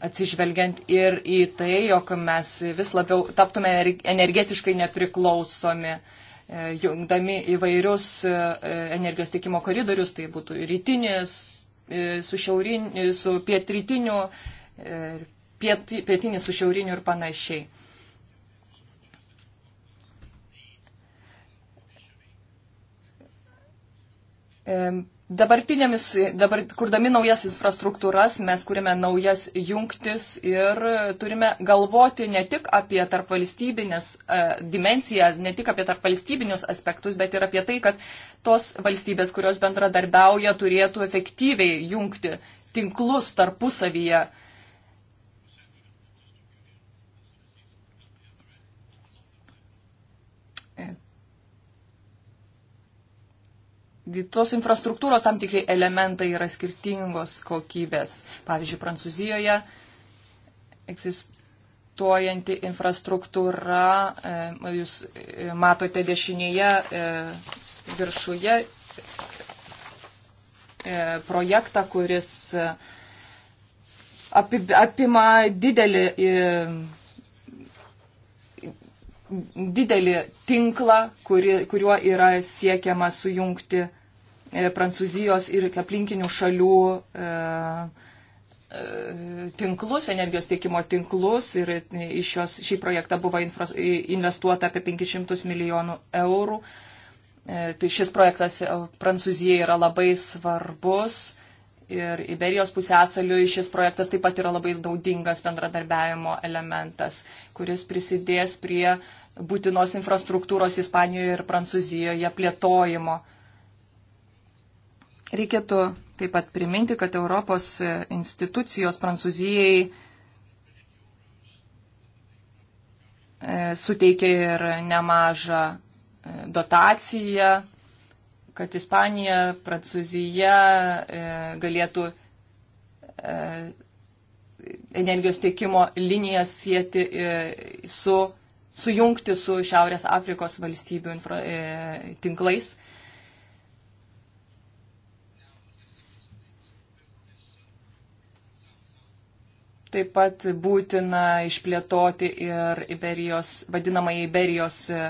Atsižvelgiant ir į tai, jog mes vis labiau taptume energetiškai nepriklausomi, e, jungdami įvairius e, energijos tiekimo koridorius, tai būtų rytinis, e, su, šiaurin, su pietrytiniu, piet, pietinis su šiauriniu ir panašiai. E, dabartinėmis, e, dabar, kurdami naujas infrastruktūras, mes kūrime naujas jungtis ir turime galvoti ne tik apie tarpvalstybinės e, dimenciją, ne tik apie tarpvalstybinius aspektus, bet ir apie tai, kad tos valstybės, kurios bendradarbiauja, turėtų efektyviai jungti tinklus tarpusavyje. E, tos infrastruktūros tam tikri elementai yra skirtingos kokybės. Pavyzdžiui, Prancūzijoje egzistuojanti infrastruktūra, e, jūs e, matote dešinėje e, viršuje projektą, kuris apima didelį didelį tinklą, kuri, kuriuo yra siekiama sujungti E, Prancūzijos ir aplinkinių šalių e, e, tinklus, energijos tiekimo tinklus ir į šios, šį projektą buvo infra, investuota apie 500 milijonų eurų. Tai šis projektas Prancūzijai yra labai svarbus ir Iberijos pusėsaliui šis projektas taip pat yra labai naudingas bendradarbiavimo elementas, kuris prisidės prie būtinos infrastruktūros Ispanijoje ir Prancūzijoje plėtojimo. Reikėtų taip pat priminti, kad Europos institucijos Prancūzijai e, suteikė ir nemažą e, dotaciją, kad Ispanija, Prancūzija e, galėtų energijos tiekimo linijas sieti su, sujungti su Šiaurės Afrikos valstybių infra, tinklais. Taip pat būtina išplėtoti ir Iberijos, vadinamą Iberijos e,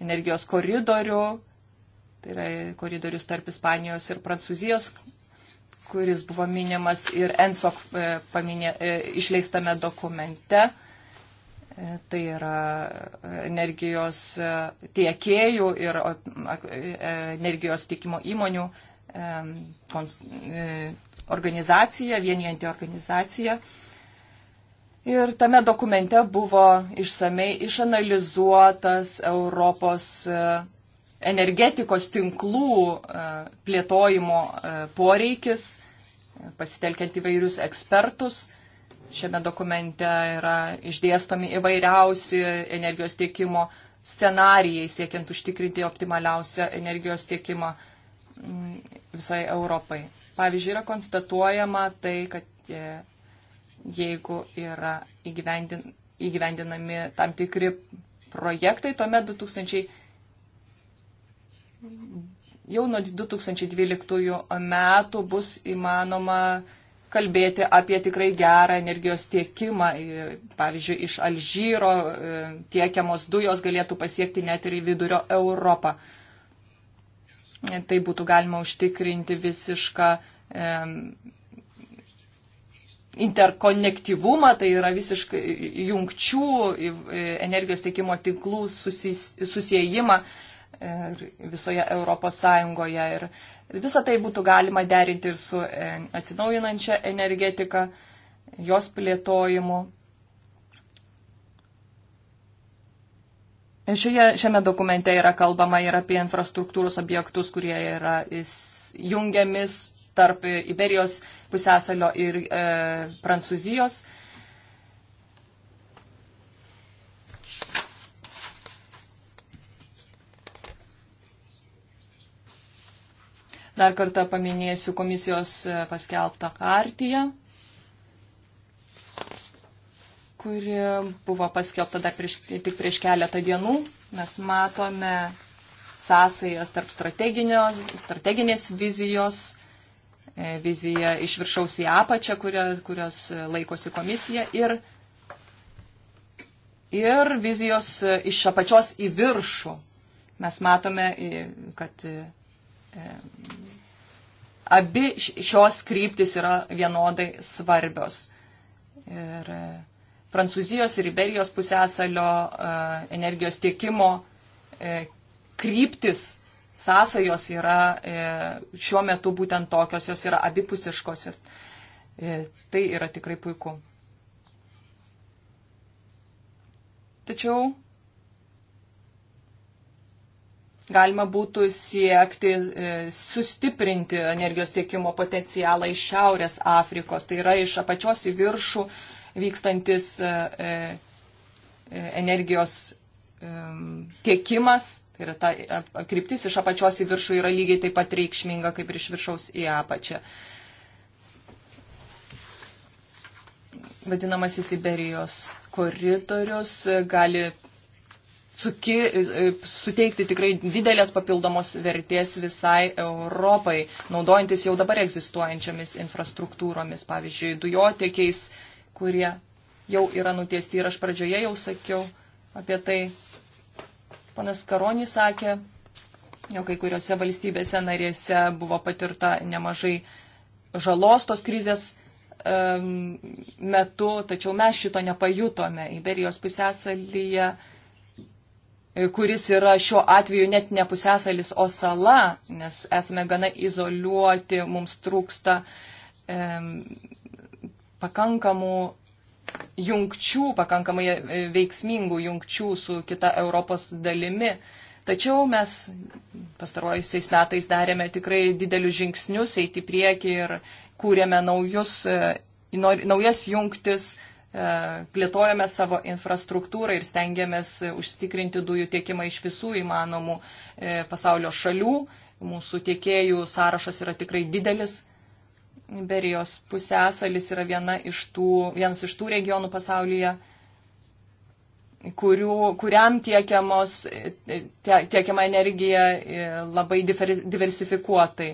energijos koridorių, tai yra koridorius tarp Ispanijos ir Prancūzijos, kuris buvo minimas ir ENSOC e, paminė, e, išleistame dokumente. Tai yra energijos tiekėjų ir energijos tiekimo įmonių organizacija, vienijanti organizacija. Ir tame dokumente buvo išsamei išanalizuotas Europos e, energetikos tinklų e, plėtojimo e, poreikis, pasitelkiant įvairius ekspertus. Šiame dokumente yra išdėstomi įvairiausi energijos tiekimo scenarijai, siekiant užtikrinti optimaliausią energijos tiekimą mm, visai Europai. Pavyzdžiui, yra konstatuojama tai, kad jeigu yra įgyvendin, įgyvendinami tam tikri projektai, tuomet 2000, jau nuo 2012 metų bus įmanoma kalbėti apie tikrai gerą energijos tiekimą. Pavyzdžiui, iš Alžyro e, tiekiamos dujos galėtų pasiekti net ir į vidurio Europą. Tai būtų galima užtikrinti visišką interkonektyvumą, tai yra visiškai jungčių, energijos teikimo tinklų susis, susijimą visoje Europos Sąjungoje. Ir visą tai būtų galima derinti ir su e, atsinaujinančia energetika, jos plėtojimu. Šioje, šiame dokumente yra kalbama ir apie infrastruktūros objektus, kurie yra jungiamis tarp Iberijos pusėsalio ir e, Prancūzijos. Dar kartą paminėsiu komisijos e, paskelbtą kartiją, kuri buvo paskelbta dar prieš, tik prieš keletą dienų. Mes matome sąsajas tarp strateginės vizijos E, viziją iš viršaus į apačią, kurios, kurios e, laikosi komisija, ir, ir vizijos e, iš apačios į viršų. Mes matome, kad abi šios kryptis yra vienodai svarbios. Ir Prancūzijos ir Iberijos pusėsalio energijos tiekimo kryptis sąsajos yra e, šiuo metu būtent tokios, jos yra abipusiškos ir e, tai yra tikrai puiku. Tačiau galima būtų siekti e, sustiprinti energijos tiekimo potencialą iš Šiaurės Afrikos, tai yra iš apačios į viršų vykstantis energijos tiekimas Tai yra ta kryptis iš apačios į viršų yra lygiai taip pat reikšminga kaip ir iš viršaus į apačią. Vadinamasis Iberijos koridorius gali suki, suteikti tikrai didelės papildomos vertės visai Europai, naudojantis jau dabar egzistuojančiomis infrastruktūromis, pavyzdžiui, dujotiekiais, kurie jau yra nutiesti ir aš pradžioje jau sakiau apie tai, Panas Karonis sakė, jog kai kuriuose valstybėse narėse buvo patirta nemažai žalos tos krizės um, metu, tačiau mes šito nepajutome. Iberijos pusėsalyje, kuris yra šiuo atveju net ne pusėsalis, o sala, nes esame gana izoliuoti, mums trūksta um, pakankamų jungčių, pakankamai e, veiksmingų jungčių su kita Europos dalimi. Tačiau mes pastaruojusiais metais darėme tikrai didelius žingsnius eiti prieki ir kūrėme naujus, e, naujas jungtis, e, plėtojame savo infrastruktūrą ir stengiamės užtikrinti dujų tiekimą iš visų įmanomų pasaulio šalių. Mūsų tiekėjų sąrašas yra tikrai didelis Berijos pusėsalis yra viena iš tų, vienas iš tų regionų pasaulyje, kurių, kuriam tiekiamos, tie, tiekiama energija e, labai diversifikuotai.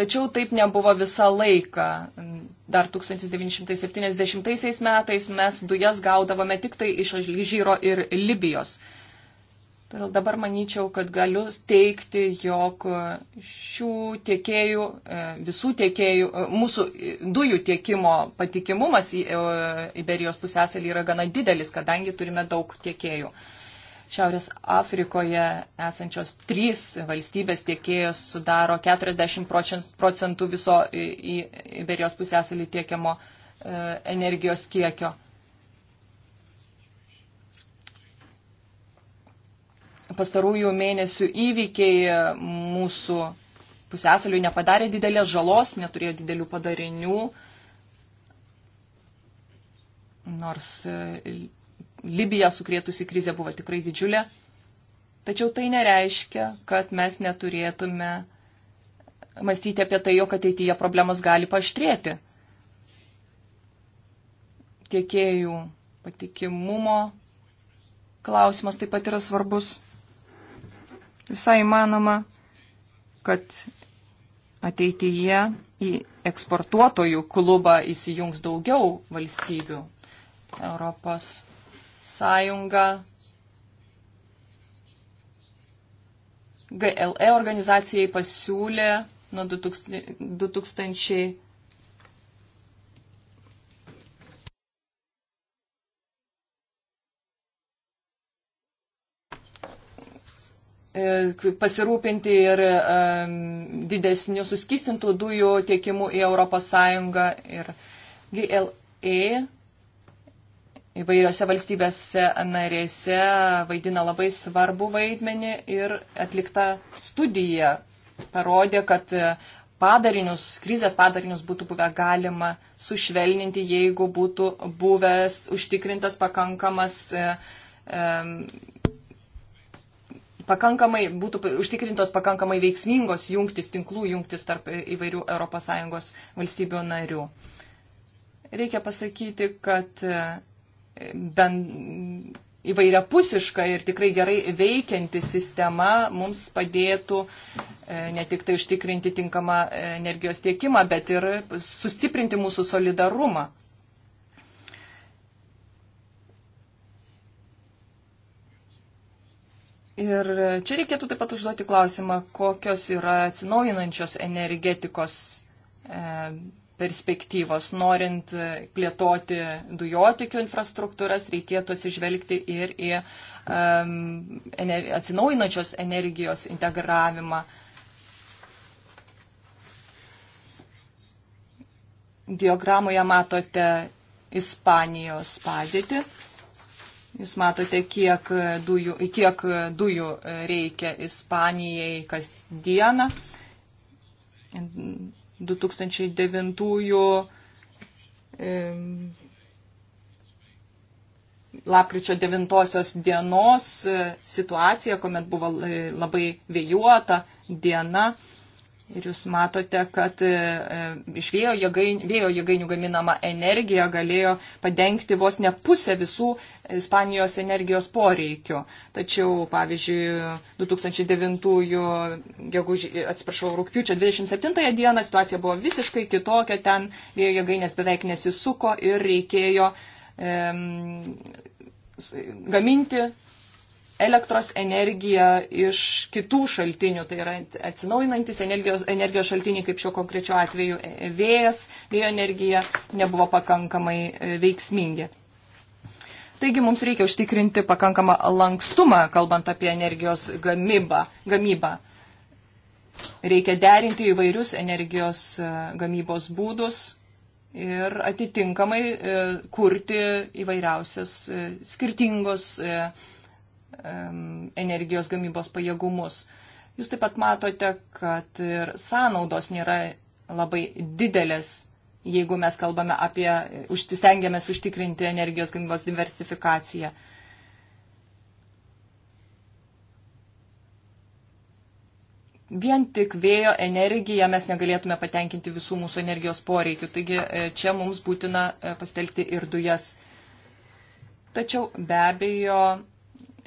Tačiau taip nebuvo visą laiką. Dar 1970 metais mes dujas gaudavome tik tai iš Alžyro ir Libijos. Todėl dabar manyčiau, kad galiu teikti, jog šių tiekėjų, e, visų tiekėjų, e, mūsų e, dujų tiekimo patikimumas į Iberijos pusęsalį yra gana didelis, kadangi turime daug tiekėjų. Šiaurės Afrikoje esančios trys valstybės tiekėjos sudaro 40 procentų viso į Iberijos pusęsalį tiekiamo energijos kiekio. pastarųjų mėnesių įvykiai mūsų pusėsaliui nepadarė didelės žalos, neturėjo didelių padarinių, nors e, Libija sukrėtusi krizė buvo tikrai didžiulė. Tačiau tai nereiškia, kad mes neturėtume mąstyti apie tai, jog ateityje problemos gali paštrėti. Tiekėjų patikimumo klausimas taip pat yra svarbus. Visai manoma, kad ateityje į eksportuotojų klubą įsijungs daugiau valstybių. Europos Sąjunga, GLE organizacijai pasiūlė nuo 2000. E, pasirūpinti ir um, e, didesnių suskistintų dujų tiekimų į ES ir GLE įvairiose valstybėse narėse vaidina labai svarbu vaidmenį ir atlikta studija parodė, kad e, padarinius, krizės padarinius būtų buvę galima sušvelninti, jeigu būtų buvęs užtikrintas pakankamas um, pakankamai, būtų užtikrintos pakankamai veiksmingos jungtis, tinklų jungtis tarp įvairių ES valstybių narių. Reikia pasakyti, kad e, ben, įvairiapusiška ir tikrai gerai veikianti sistema mums padėtų e, ne tik tai užtikrinti tinkamą e, energijos tiekimą, bet ir sustiprinti mūsų solidarumą. Ir čia reikėtų taip pat užduoti klausimą, kokios yra atsinaujinančios energetikos e, perspektyvos. Norint plėtoti dujotikio infrastruktūras, reikėtų atsižvelgti ir į um, ener atsinaujinančios energijos integravimą. Diagramoje matote Ispanijos padėtį. Jūs matote, kiek e, dujų, kiek e, dujų e, reikia Ispanijai kasdieną. 2009 lapkričio 9 dienos situacija, kuomet buvo labai vėjuota diena, Ir jūs matote, kad e, e, iš vėjo, jėgain, vėjo jėgainių gaminama energija galėjo padengti vos ne pusę visų Ispanijos energijos poreikių. Tačiau, pavyzdžiui, 2009, geguž, atsiprašau, rūpiučio 27 dieną situacija buvo visiškai kitokia, ten vėjo jėgainės beveik nesisuko ir reikėjo um, gaminti elektros energiją iš kitų šaltinių, tai yra atsinaujinantis energijos, energijos šaltiniai, kaip šiuo konkrečiu atveju e, e, vėjas, vėjo energija nebuvo pakankamai e, veiksmingi. Taigi mums reikia užtikrinti pakankamą lankstumą, kalbant apie energijos gamybą. gamybą. Reikia derinti įvairius energijos gamybos būdus, ir atitinkamai kurti įvairiausias skirtingos energijos gamybos pajėgumus. Jūs taip pat matote, kad ir sąnaudos nėra labai didelės, jeigu mes kalbame apie, stengiamės užtikrinti energijos gamybos diversifikaciją. Vien tik vėjo energiją mes negalėtume patenkinti visų mūsų energijos poreikių, taigi e, čia mums būtina e, pasitelkti ir dujas. Tačiau be abejo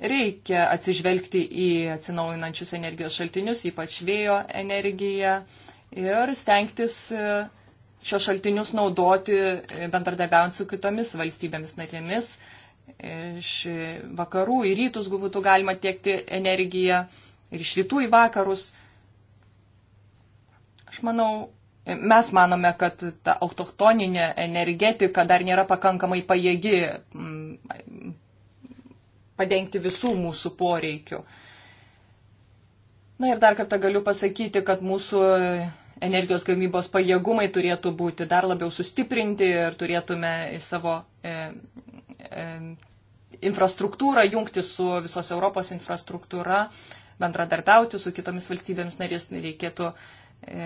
reikia atsižvelgti į atsinaujinančius energijos šaltinius, ypač vėjo energiją ir stengtis e, šios šaltinius naudoti e, bendradarbiaujant su kitomis valstybėmis narėmis. E, iš vakarų į rytus būtų galima tiekti energiją ir iš rytų į vakarus. Aš manau, Mes manome, kad ta autochtoninė energetika dar nėra pakankamai pajėgi padengti visų mūsų poreikių. Na ir dar kartą galiu pasakyti, kad mūsų energijos gamybos pajėgumai turėtų būti dar labiau sustiprinti ir turėtume į savo e, e, infrastruktūrą jungti su visos Europos infrastruktūra, bendradarbiauti su kitomis valstybėmis narės, reikėtų e,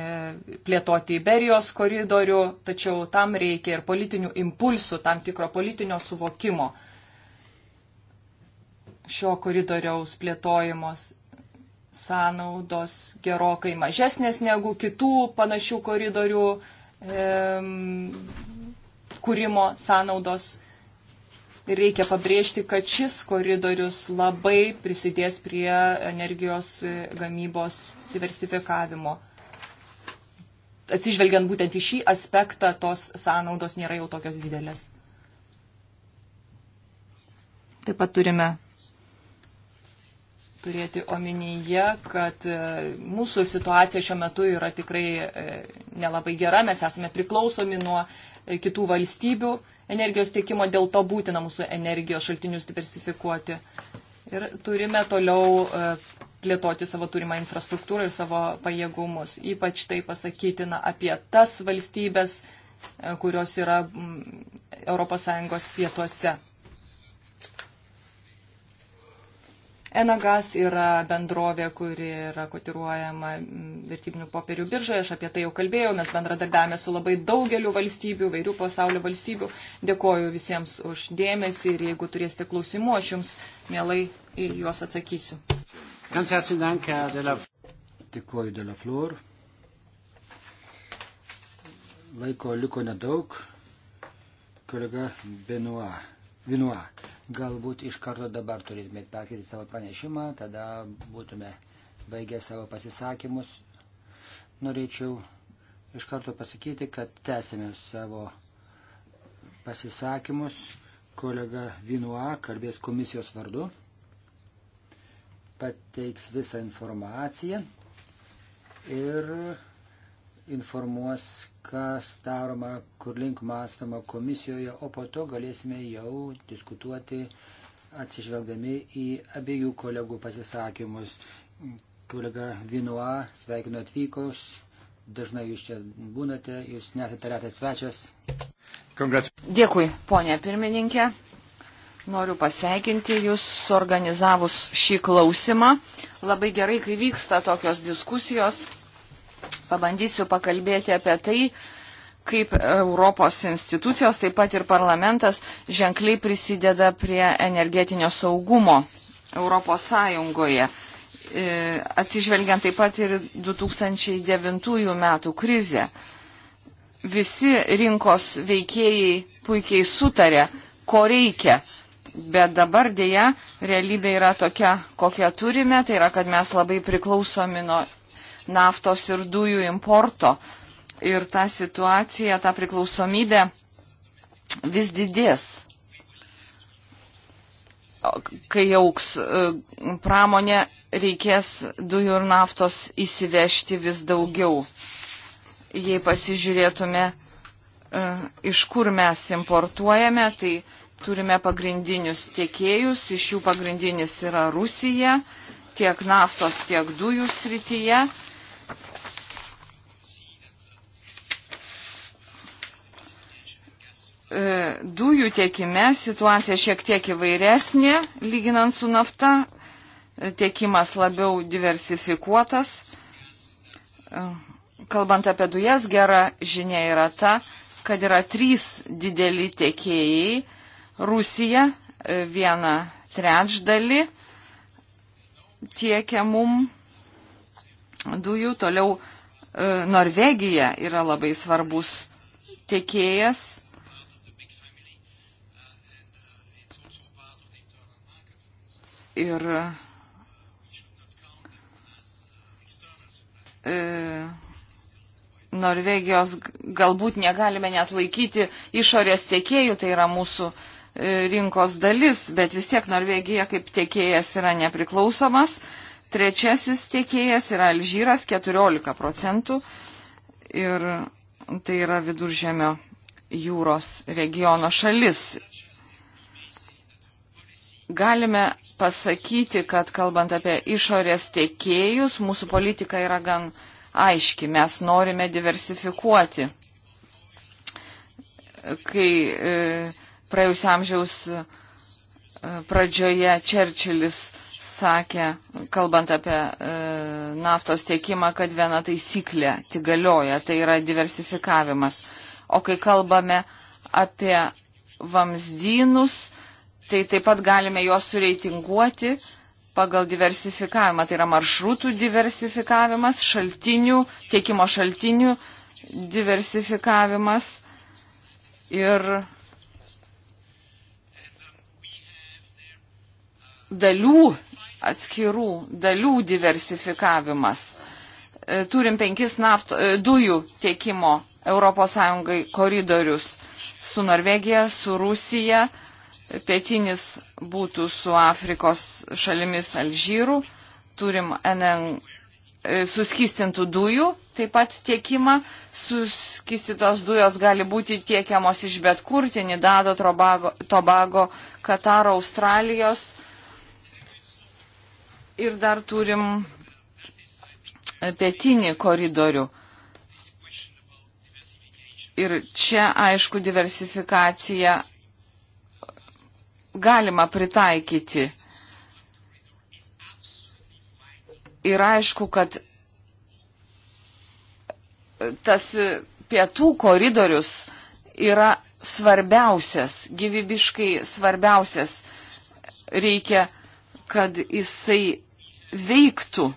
plėtoti Iberijos koridorių, tačiau tam reikia ir politinių impulsų, tam tikro politinio suvokimo. E, šio koridoriaus plėtojimos sąnaudos gerokai mažesnės negu kitų panašių koridorių e, kūrimo sąnaudos. Ir reikia pabrėžti, kad šis koridorius labai prisidės prie energijos e, gamybos diversifikavimo. Atsižvelgiant būtent į šį aspektą, tos sąnaudos nėra jau tokios didelės. Taip pat turime turėti omenyje, kad e, mūsų situacija šiuo metu yra tikrai e, nelabai gera, mes esame priklausomi nuo e, kitų valstybių energijos tiekimo, dėl to būtina mūsų energijos šaltinius diversifikuoti. Ir turime toliau plėtoti savo turimą infrastruktūrą ir savo pajėgumus. Ypač tai pasakytina apie tas valstybės, kurios yra ES pietuose. Enagas yra bendrovė, kuri yra kotiruojama vertybinių popierių biržoje. Aš apie tai jau kalbėjau. Mes bendradarbiavame su labai daugeliu valstybių, vairių pasaulio valstybių. Dėkoju visiems už dėmesį ir jeigu turėsite klausimų, aš jums mielai į juos atsakysiu. Dėkoju, Dela Flor. Laiko liko nedaug. Kolega Benoit. Vinoa Galbūt iš karto dabar turėtumėt perskaityti savo pranešimą, tada būtume baigę savo pasisakymus. Norėčiau iš karto pasakyti, kad tęsime savo pasisakymus. Kolega Vinua kalbės komisijos vardu, pateiks visą informaciją ir informuos, kas daroma, kur link mąstama komisijoje, o po to galėsime jau diskutuoti atsižvelgdami į abiejų kolegų pasisakymus. Kolega Vinua, sveikinu atvykus, dažnai jūs čia būnate, jūs nesate retas svečias. Congrats. Dėkui, ponė pirmininkė. Noriu pasveikinti Jūs suorganizavus šį klausimą. Labai gerai, kai vyksta tokios diskusijos, Pabandysiu pakalbėti apie tai, kaip Europos institucijos, taip pat ir parlamentas ženkliai prisideda prie energetinio saugumo Europos Sąjungoje. E, atsižvelgiant taip pat ir 2009 metų krizę. Visi rinkos veikėjai puikiai sutarė, ko reikia. Bet dabar dėja realybė yra tokia, kokią turime, tai yra, kad mes labai priklausomi nuo naftos ir dujų importo. Ir ta situacija, ta priklausomybė vis didės, kai auks e, pramonė, reikės dujų ir naftos įsivežti vis daugiau. Jei pasižiūrėtume, e, iš kur mes importuojame, tai turime pagrindinius tiekėjus, iš jų pagrindinis yra Rusija, tiek naftos, tiek dujų srityje. E, dujų tiekime situacija šiek tiek įvairesnė, lyginant su nafta. E, tiekimas labiau diversifikuotas. E, kalbant apie dujas, gera žinia yra ta, kad yra trys dideli tiekėjai. Rusija vieną trečdalį tiekia mum dujų, toliau Norvegija yra labai svarbus tiekėjas ir e, Norvegijos galbūt negalime net laikyti išorės tiekėjų, tai yra mūsų e, rinkos dalis, bet vis tiek Norvegija kaip tiekėjas yra nepriklausomas. Trečiasis tiekėjas yra Alžyras 14 procentų ir tai yra viduržėmio jūros regiono šalis. Galime pasakyti, kad kalbant apie išorės tiekėjus, mūsų politika yra gan aiški. Mes norime diversifikuoti. Kai e, praėjusio amžiaus e, pradžioje Čerčilis sakė, kalbant apie e, naftos tiekimą, kad viena taisyklė tik galioja, tai yra diversifikavimas. O kai kalbame apie vamzdynus, tai taip pat galime juos sureitinguoti pagal diversifikavimą. Tai yra maršrutų diversifikavimas, šaltinių, tiekimo šaltinių diversifikavimas ir dalių, atskirų dalių diversifikavimas. E, turim penkis naft, e, dujų tiekimo ES koridorius su Norvegija, su Rusija, pietinis būtų su Afrikos šalimis Alžyru, turim NN e, suskistintų dujų, taip pat tiekimą. Suskistytos dujos gali būti tiekiamos iš bet kur, Tinidado, Tobago, Tobago Kataro, Australijos. Ir dar turim e, pietinį koridorių. Ir čia, aišku, diversifikacija galima pritaikyti. Ir aišku, kad tas pietų koridorius yra svarbiausias, gyvybiškai svarbiausias. Reikia, kad jisai veiktų.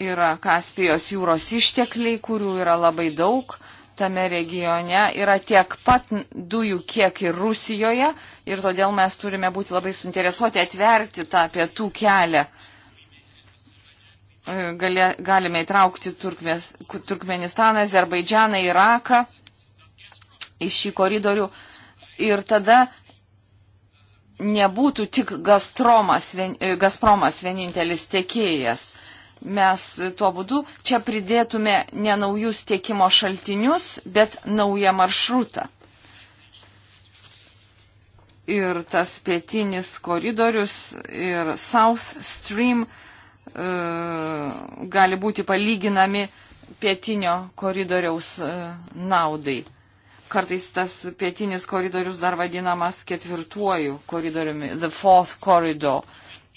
Yra Kaspijos jūros ištekliai, kurių yra labai daug tame regione yra tiek pat dujų, kiek ir Rusijoje ir todėl mes turime būti labai suinteresuoti atverti tą pietų kelią. E, galė, galime įtraukti Turkmės, Turkmenistaną, Azerbaidžianą, Iraką į šį koridorių ir tada nebūtų tik Gazpromas, vien, e, Gazpromas vienintelis tiekėjas mes tuo būdu čia pridėtume ne naujus tiekimo šaltinius, bet naują maršrutą. Ir tas pietinis koridorius ir South Stream e, gali būti palyginami pietinio koridoriaus e, naudai. Kartais tas pietinis koridorius dar vadinamas ketvirtuoju koridoriumi, the fourth corridor.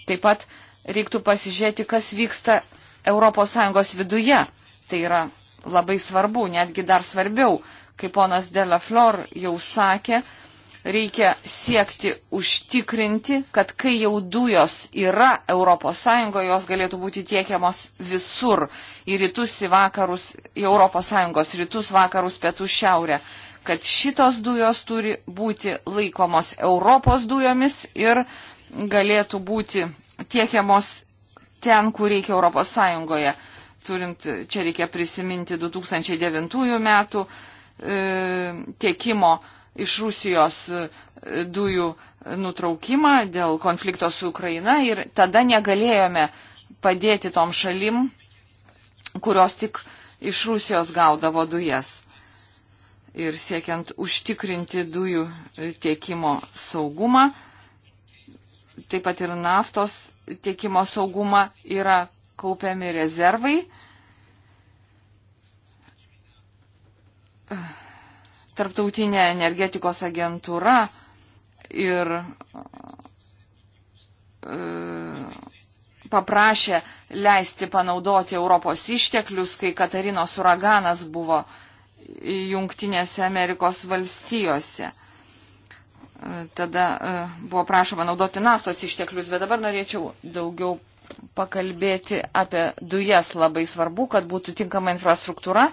Taip pat reiktų pasižiūrėti, kas vyksta ES viduje. Tai yra labai svarbu, netgi dar svarbiau, kaip ponas Delaflor jau sakė, reikia siekti užtikrinti, kad kai jau dujos yra ES, jos galėtų būti tiekiamos visur, į rytus, į vakarus, į ES rytus, vakarus, pietus, šiaurę, kad šitos dujos turi būti laikomos Europos dujomis ir galėtų būti tiekiamos ten, kur reikia Europos Sąjungoje. Turint, čia reikia prisiminti 2009 metų e, tiekimo iš Rusijos e, dujų nutraukimą dėl konflikto su Ukraina ir tada negalėjome padėti tom šalim, kurios tik iš Rusijos gaudavo dujas. Ir siekiant užtikrinti dujų tiekimo saugumą, taip pat ir naftos tiekimo saugumą yra kaupiami rezervai. Tarptautinė energetikos agentūra ir e, paprašė leisti panaudoti Europos išteklius, kai Katarinos uraganas buvo Junktinėse Amerikos valstijose tada e, buvo prašoma naudoti naftos išteklius, bet dabar norėčiau daugiau pakalbėti apie dujas. Labai svarbu, kad būtų tinkama infrastruktūra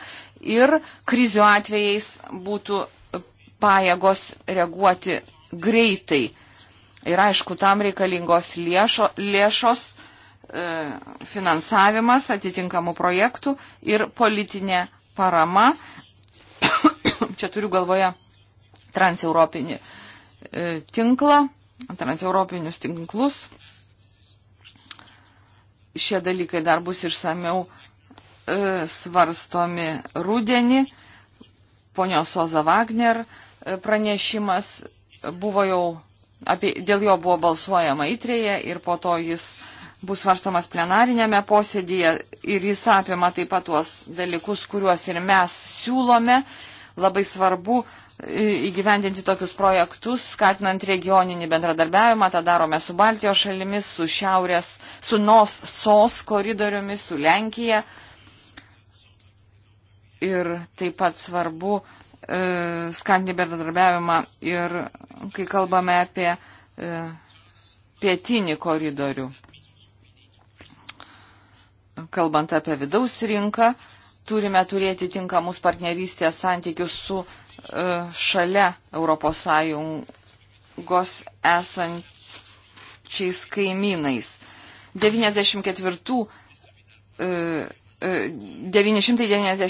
ir krizių atvejais būtų pajėgos reaguoti greitai. Ir aišku, tam reikalingos lėšo, lėšos, e, finansavimas atitinkamų projektų ir politinė parama. Čia turiu galvoje transeuropinį E, tinklą, transeuropinius tinklus. Šie dalykai dar bus išsameu e, svarstomi rūdienį. Ponios Soza Wagner e, pranešimas buvo jau, apie, dėl jo buvo balsuojama įtrėje ir po to jis bus svarstomas plenarinėme posėdėje ir jis apima taip pat tuos dalykus, kuriuos ir mes siūlome. Labai svarbu įgyvendinti tokius projektus, skatinant regioninį bendradarbiavimą. Ta darome su Baltijos šalimis, su Šiaurės, su NOS SOS koridoriumis, su Lenkija. Ir taip pat svarbu e, skatinti bendradarbiavimą ir kai kalbame apie e, pietinį koridorių. Kalbant apie vidaus rinką, turime turėti tinkamus partnerystės santykius su E, šalia ES esančiais kaimynais. 94 994 e, e,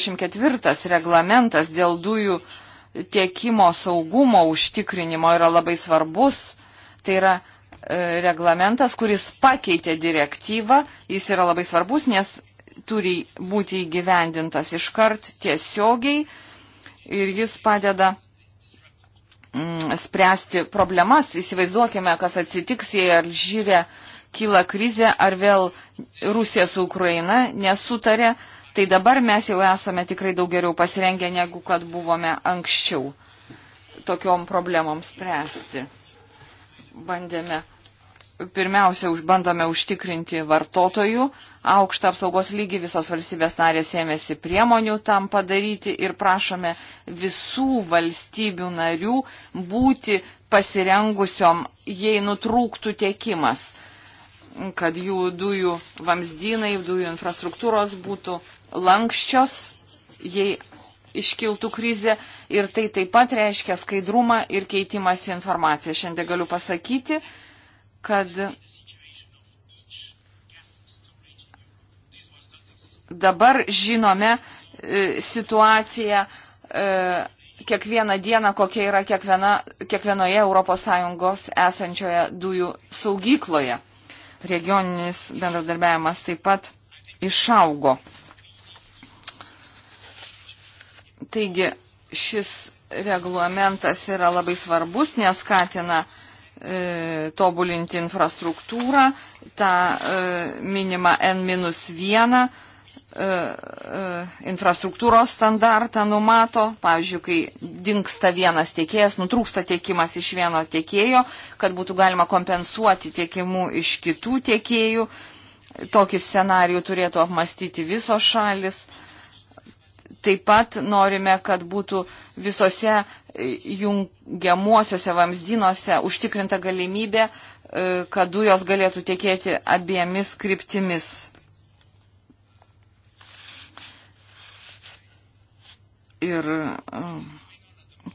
reglamentas dėl dujų tiekimo saugumo užtikrinimo yra labai svarbus. Tai yra reglamentas, kuris pakeitė direktyvą, jis yra labai svarbus, nes turi būti įgyvendintas iškart tiesiogiai ir jis padeda mm, spręsti problemas. Įsivaizduokime, kas atsitiks, jei Alžyrė kyla krizė ar vėl Rusija su Ukraina nesutarė. Tai dabar mes jau esame tikrai daug geriau pasirengę, negu kad buvome anksčiau tokiom problemom spręsti. Bandėme pirmiausia, bandome užtikrinti vartotojų aukštą apsaugos lygį, visos valstybės narės ėmėsi priemonių tam padaryti ir prašome visų valstybių narių būti pasirengusiom, jei nutrūktų tiekimas, kad jų dujų vamzdynai, dujų infrastruktūros būtų lankščios, jei iškiltų krizė ir tai taip pat reiškia skaidrumą ir keitimas informaciją. Šiandien galiu pasakyti, kad dabar žinome e, situaciją e, kiekvieną dieną, kokia yra kiekviena, kiekvienoje ES esančioje dujų saugykloje. Regioninis bendradarbiavimas taip pat išaugo. Taigi šis reglamentas yra labai svarbus, neskatina uh, E, tobulinti infrastruktūrą, tą e, minimą N-1 e, infrastruktūros standartą numato, pavyzdžiui, kai dinksta vienas tiekėjas, nutrūksta tiekimas iš vieno tiekėjo, kad būtų galima kompensuoti tiekimu iš kitų tiekėjų. Tokį scenarijų turėtų apmastyti visos šalis. E, Taip pat norime, kad būtų visose jungiamuosiuose vamzdynuose užtikrinta galimybė, e, kad dujos galėtų tiekėti abiemis kryptimis. Ir e,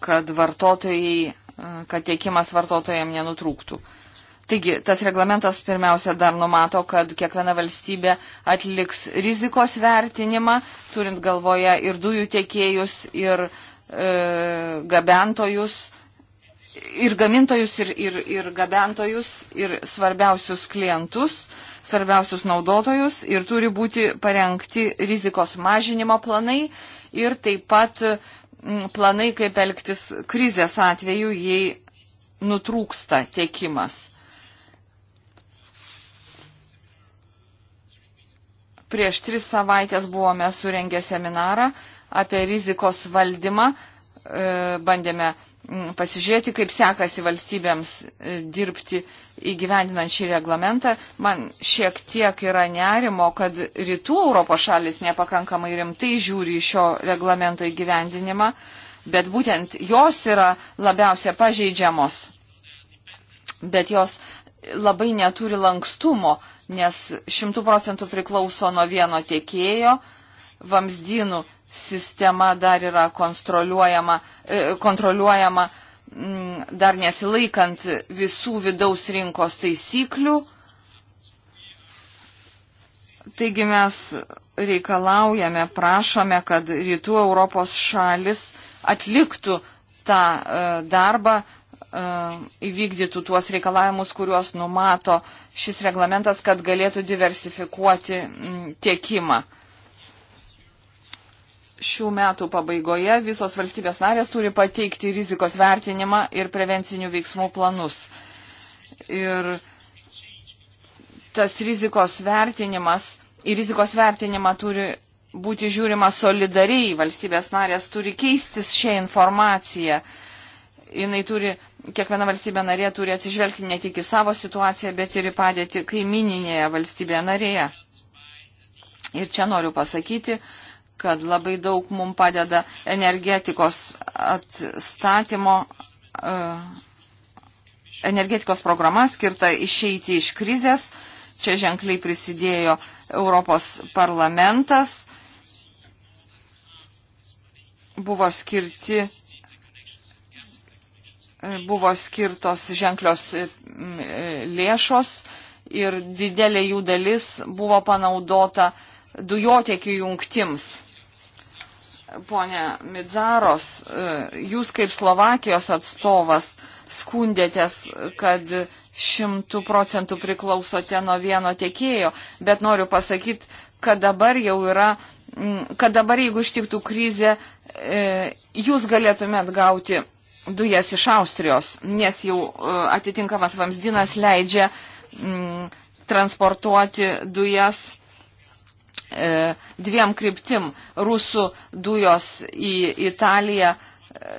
kad vartotojai, e, kad tiekimas vartotojams nenutrūktų. Taigi, tas reglamentas pirmiausia dar numato, kad kiekviena valstybė atliks rizikos vertinimą, turint galvoje ir dujų tiekėjus, ir e, gabentojus, ir gamintojus, ir, ir, ir gabentojus, ir svarbiausius klientus, svarbiausius naudotojus, ir turi būti parengti rizikos mažinimo planai, ir taip pat planai, kaip elgtis krizės atveju, jei nutrūksta tiekimas. Prieš tris savaitės buvome surengę seminarą apie rizikos valdymą. E, bandėme mm, pasižiūrėti, kaip sekasi valstybėms e, dirbti įgyvendinant šį reglamentą. Man šiek tiek yra nerimo, kad rytų Europos šalis nepakankamai rimtai žiūri šio reglamento įgyvendinimą, bet būtent jos yra labiausia pažeidžiamos, bet jos labai neturi lankstumo nes šimtų procentų priklauso nuo vieno tiekėjo, vamzdynų sistema dar yra kontroliuojama, e, kontroliuojama mm, dar nesilaikant visų vidaus rinkos taisyklių. Taigi mes reikalaujame, prašome, kad rytų Europos šalis atliktų tą e, darbą Um, įvykdytų tuos reikalavimus, kuriuos numato šis reglamentas, kad galėtų diversifikuoti mm, tiekimą. Šių metų pabaigoje visos valstybės narės turi pateikti rizikos vertinimą ir prevencinių veiksmų planus. Ir tas rizikos vertinimas, į rizikos vertinimą turi būti žiūrima solidariai, valstybės narės turi keistis šią informaciją. Uh, jinai turi, kiekviena valstybė narė turi atsižvelgti ne tik į savo situaciją, bet ir į padėtį kaimininėje valstybėje narėje. Ir čia noriu pasakyti, kad labai daug mum padeda energetikos atstatymo, e, energetikos programa skirta išeiti iš krizės. Čia ženkliai prisidėjo Europos parlamentas. Buvo skirti buvo skirtos ženklios e, e, lėšos ir didelė jų dalis buvo panaudota dujotiekių jungtims. Pone Midzaros, e, jūs kaip Slovakijos atstovas skundėtės, kad šimtų procentų priklausote nuo vieno tiekėjo, bet noriu pasakyti, kad dabar jau yra, kad dabar jeigu ištiktų krizė, jūs galėtumėt gauti dujas iš Austrijos, nes jau e, atitinkamas vamzdynas leidžia m, mm, transportuoti dujas e, dviem kryptim. Rusų dujos į Italiją, e,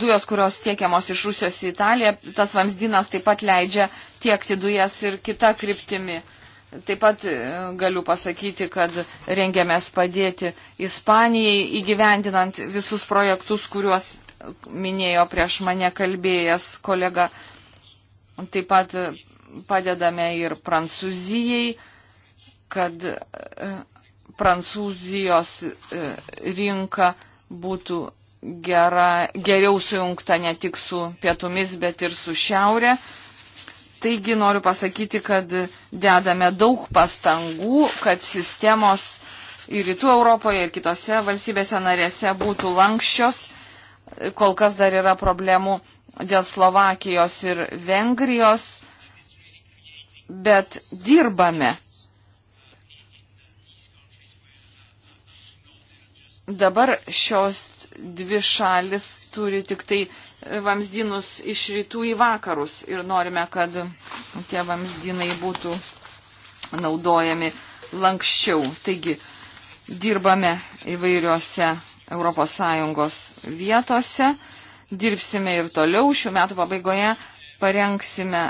dujos, kurios tiekiamos iš Rusijos į Italiją, tas vamzdynas taip pat leidžia tiekti dujas ir kita kryptimi. Taip pat e, galiu pasakyti, kad rengiamės padėti Ispanijai įgyvendinant visus projektus, kuriuos minėjo prieš mane kalbėjęs kolega. Taip pat padedame ir Prancūzijai, kad e, Prancūzijos e, rinka būtų gera, geriau sujungta ne tik su pietumis, bet ir su šiaurė. Taigi noriu pasakyti, kad dedame daug pastangų, kad sistemos ir rytų Europoje, ir kitose valstybėse narėse būtų lankščios kol kas dar yra problemų dėl Slovakijos ir Vengrijos, bet dirbame. Dabar šios dvi šalis turi tik tai vamzdynus iš rytų į vakarus ir norime, kad tie vamzdynai būtų naudojami lankščiau. Taigi dirbame įvairiuose ES vietose. Dirbsime ir toliau. Šių metų pabaigoje parengsime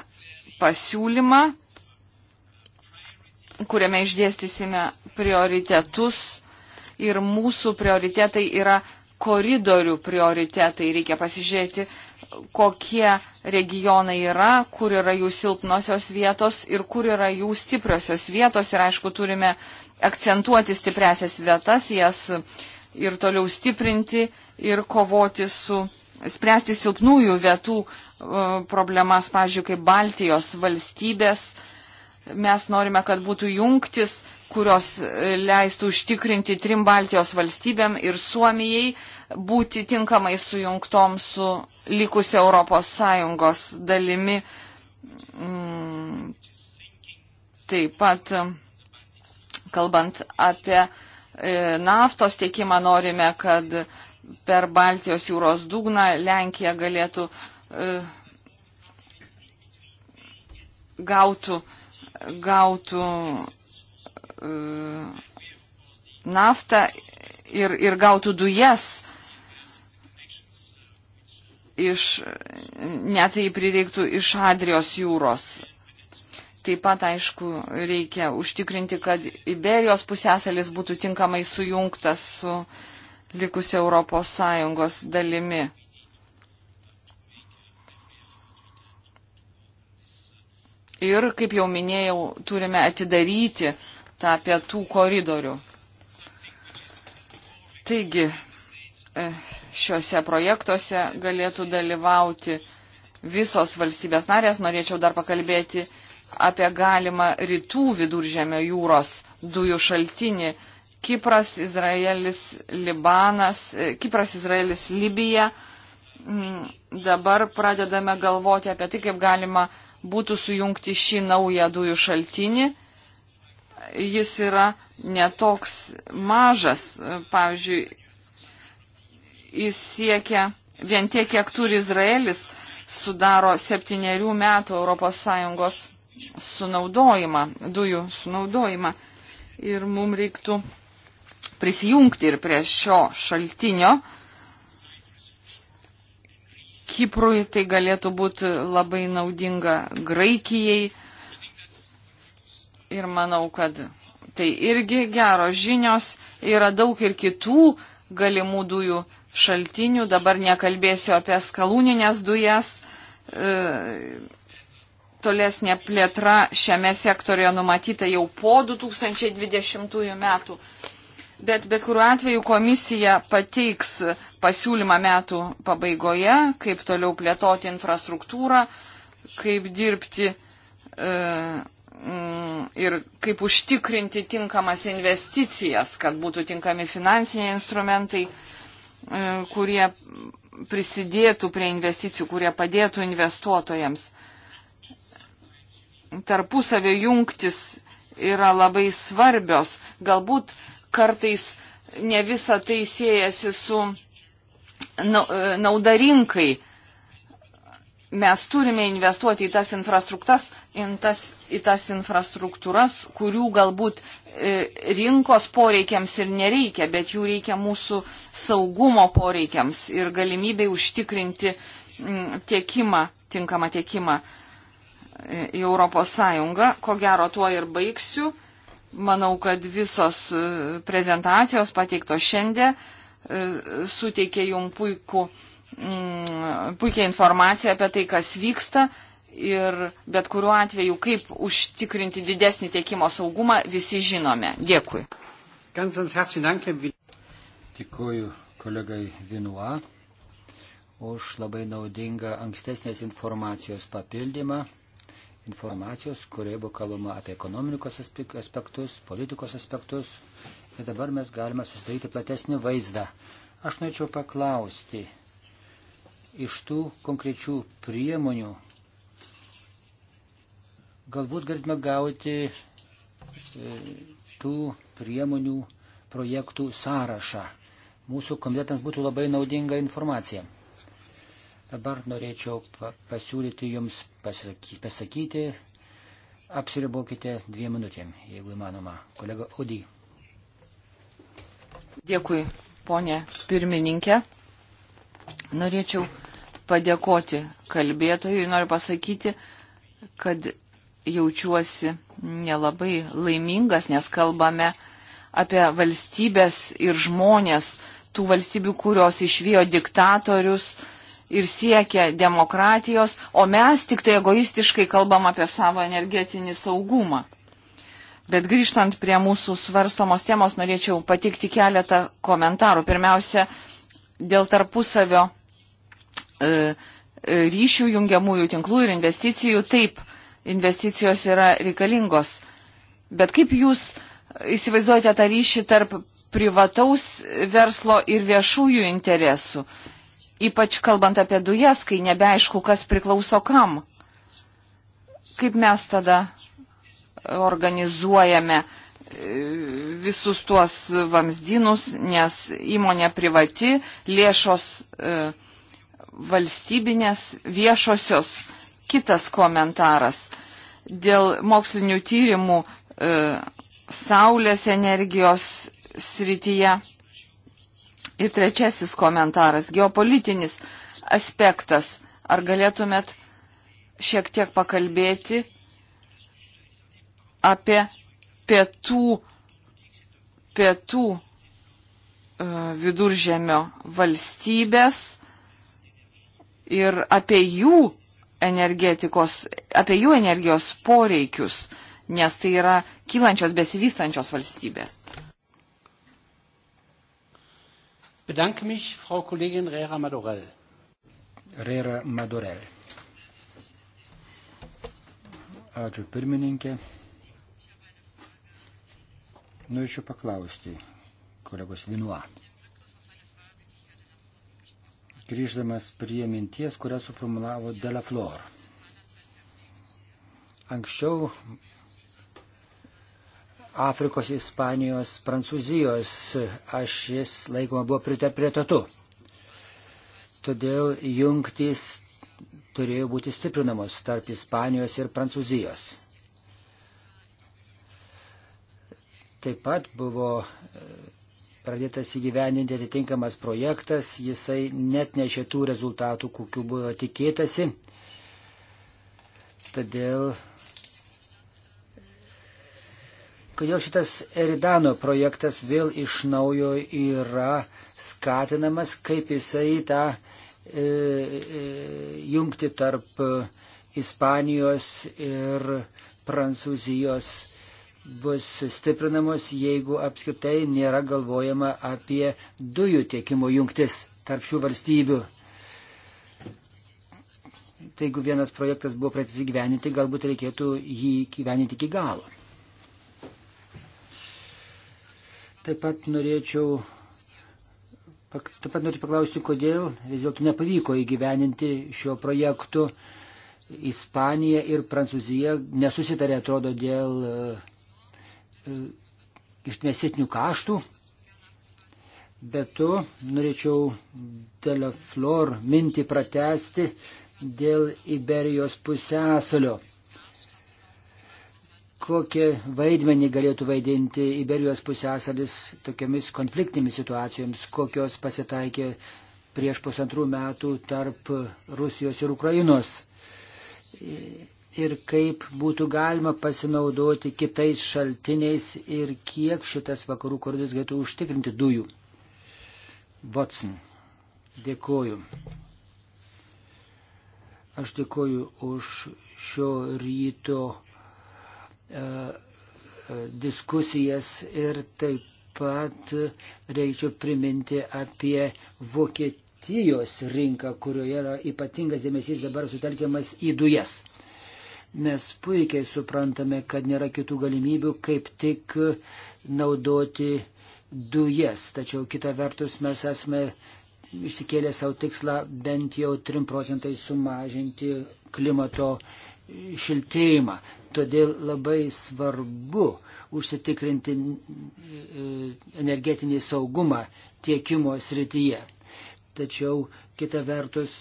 pasiūlymą, kuriame išdėstysime prioritetus. Ir mūsų prioritetai yra koridorių prioritetai. Reikia pasižiūrėti, kokie regionai yra, kur yra jų silpnosios vietos ir kur yra jų stipriosios vietos. Ir aišku, turime akcentuoti stipresias vietas, jas ir toliau stiprinti ir kovoti su, spręsti silpnųjų vietų e, problemas, pavyzdžiui, kaip Baltijos valstybės. Mes norime, kad būtų jungtis, kurios e, leistų užtikrinti trim Baltijos valstybėm ir Suomijai būti tinkamai sujungtom su likusia Europos Sąjungos dalimi. Mm, taip pat, e, kalbant apie E, naftos tiekimą, norime, kad per Baltijos jūros dugną Lenkija galėtų e, gautų, gautų e, naftą ir, ir gautų dujas iš, net jei prireiktų iš Adrijos jūros. Taip pat, aišku, reikia užtikrinti, kad Iberijos pusėsalis būtų tinkamai sujungtas su likusia Europos Sąjungos dalimi. Ir, kaip jau minėjau, turime atidaryti tą pietų koridorių. Taigi, e, šiuose projektuose galėtų dalyvauti visos valstybės narės. Norėčiau dar pakalbėti apie galimą rytų viduržėmio jūros dujų šaltinį. Kipras, Izraelis, Libanas, e, Kipras, Izraelis, Libija. Mm, dabar pradedame galvoti apie tai, kaip galima būtų sujungti šį naują dujų šaltinį. Jis yra netoks mažas. Pavyzdžiui, jis siekia vien tiek, kiek turi Izraelis, sudaro septyniarių metų ES sunaudojimą, dujų sunaudojimą. Ir mums reiktų prisijungti ir prie šio šaltinio. Kiprui tai galėtų būti labai naudinga Graikijai. Ir manau, kad tai irgi geros žinios. Yra daug ir kitų galimų dujų šaltinių. Dabar nekalbėsiu apie skalūninės dujas. E, tolesnė plėtra šiame sektorioje numatyta jau po 2020 metų. Bet bet kuriuo atveju komisija pateiks pasiūlymą metų pabaigoje, kaip toliau plėtoti infrastruktūrą, kaip dirbti e, ir kaip užtikrinti tinkamas investicijas, kad būtų tinkami finansiniai instrumentai, e, kurie prisidėtų prie investicijų, kurie padėtų investuotojams tarpusavio jungtis yra labai svarbios. Galbūt kartais ne visa tai siejasi su e, naudarinkai. Mes turime investuoti į tas, in tas, į tas infrastruktūras, kurių galbūt e, rinkos poreikiams ir nereikia, bet jų reikia mūsų saugumo poreikiams ir galimybei užtikrinti tiekimą, tinkamą tiekimą. Uh, į Europos Sąjungą. Ko gero tuo ir baigsiu. Manau, kad visos e, prezentacijos pateiktos šiandien e, suteikė jum puikų, mm, puikia informacija apie tai, kas vyksta ir bet kuriuo atveju, kaip užtikrinti didesnį tiekimo saugumą, visi žinome. Dėkui. Dėkuoju kolegai Vinua už labai naudingą ankstesnės informacijos papildymą informacijos, kurioje buvo kalbama apie ekonomikos aspektus, politikos aspektus. Ir dabar mes galime susidaryti platesnį vaizdą. Aš norėčiau paklausti iš tų konkrečių priemonių. Galbūt galime gauti e, tų priemonių projektų sąrašą. Mūsų komitetams būtų labai naudinga informacija. Dabar norėčiau pasiūlyti jums pasakyti, apsiribokite dviem minutėm, jeigu įmanoma. Kolega Udi. Dėkui, ponė pirmininkė. Norėčiau padėkoti kalbėtojui, noriu pasakyti, kad jaučiuosi nelabai laimingas, nes kalbame apie valstybės ir žmonės, tų valstybių, kurios išvijo diktatorius, uh, ir siekia demokratijos, o mes tik tai egoistiškai kalbam apie savo energetinį saugumą. Bet grįžtant prie mūsų svarstomos temos, norėčiau patikti keletą komentarų. Pirmiausia, dėl tarpusavio e, e, ryšių jungiamųjų tinklų ir investicijų. Taip, investicijos yra reikalingos. Bet kaip jūs įsivaizduojate tą ryšį tarp privataus verslo ir viešųjų interesų? Ypač kalbant apie dujas, kai nebeaišku, kas priklauso kam. Kaip mes tada organizuojame e, visus tuos vamzdynus, nes įmonė privati, lėšos e, valstybinės, viešosios. Kitas komentaras. Dėl mokslinių tyrimų e, saulės energijos srityje Ir trečiasis komentaras - geopolitinis aspektas. Ar galėtumėt šiek tiek pakalbėti apie pietų, pietų e, viduržėmio valstybės ir apie jų energetikos, apie jų energijos poreikius, nes tai yra kylančios besivystančios valstybės bedanke mich, Frau Kollegin Rera Madorell. Rera Madorell. Ačiū pirmininkė. Norėčiau paklausti kolegos Vinua. Grįždamas prie minties, kurią suformulavo Delaflor. Anksčiau Afrikos, Ispanijos, Prancūzijos ašis laikoma buvo prioritetu. Todėl jungtys turėjo būti stiprinamos tarp Ispanijos ir Prancūzijos. Taip pat buvo e, pradėtas įgyveninti atitinkamas projektas, jisai net nešė tų rezultatų, kokiu buvo tikėtasi. Todėl Kodėl šitas Eridano projektas vėl iš naujo yra skatinamas, kaip jisai tą e, e, jungti tarp Ispanijos ir Prancūzijos bus stiprinamos, jeigu apskritai nėra galvojama apie dujų tiekimo jungtis tarp šių valstybių. Tai jeigu vienas projektas buvo pratęs įgyveninti, galbūt reikėtų jį gyveninti iki galo. Taip pat norėčiau, taip pat norėčiau paklausti, kodėl vis dėlto nepavyko įgyveninti šio projektu. Ispanija ir Prancūzija nesusitarė, atrodo, dėl e, e, ištmesitinių kaštų. Bet tu norėčiau Delaflor mintį pratesti dėl Iberijos pusęsalio kokie vaidmenį galėtų vaidinti Iberijos pusėsalis tokiamis konfliktinėmis situacijoms, kokios pasitaikė prieš pusantrų metų tarp Rusijos ir Ukrainos. Ir kaip būtų galima pasinaudoti kitais šaltiniais ir kiek šitas vakarų koridorius galėtų užtikrinti dujų. Watson, dėkoju. Aš dėkoju už šio ryto E, diskusijas ir taip pat reičiau priminti apie Vokietijos rinką, kurioje yra ypatingas dėmesys dabar sutelkiamas į dujas. Mes puikiai suprantame, kad nėra kitų galimybių, kaip tik naudoti dujas. Tačiau kita vertus mes esame išsikėlę savo tikslą bent jau 3 procentai sumažinti klimato uh, šiltėjimą. Todėl labai svarbu užsitikrinti e, energetinį saugumą tiekimo srityje. Tačiau kita vertus,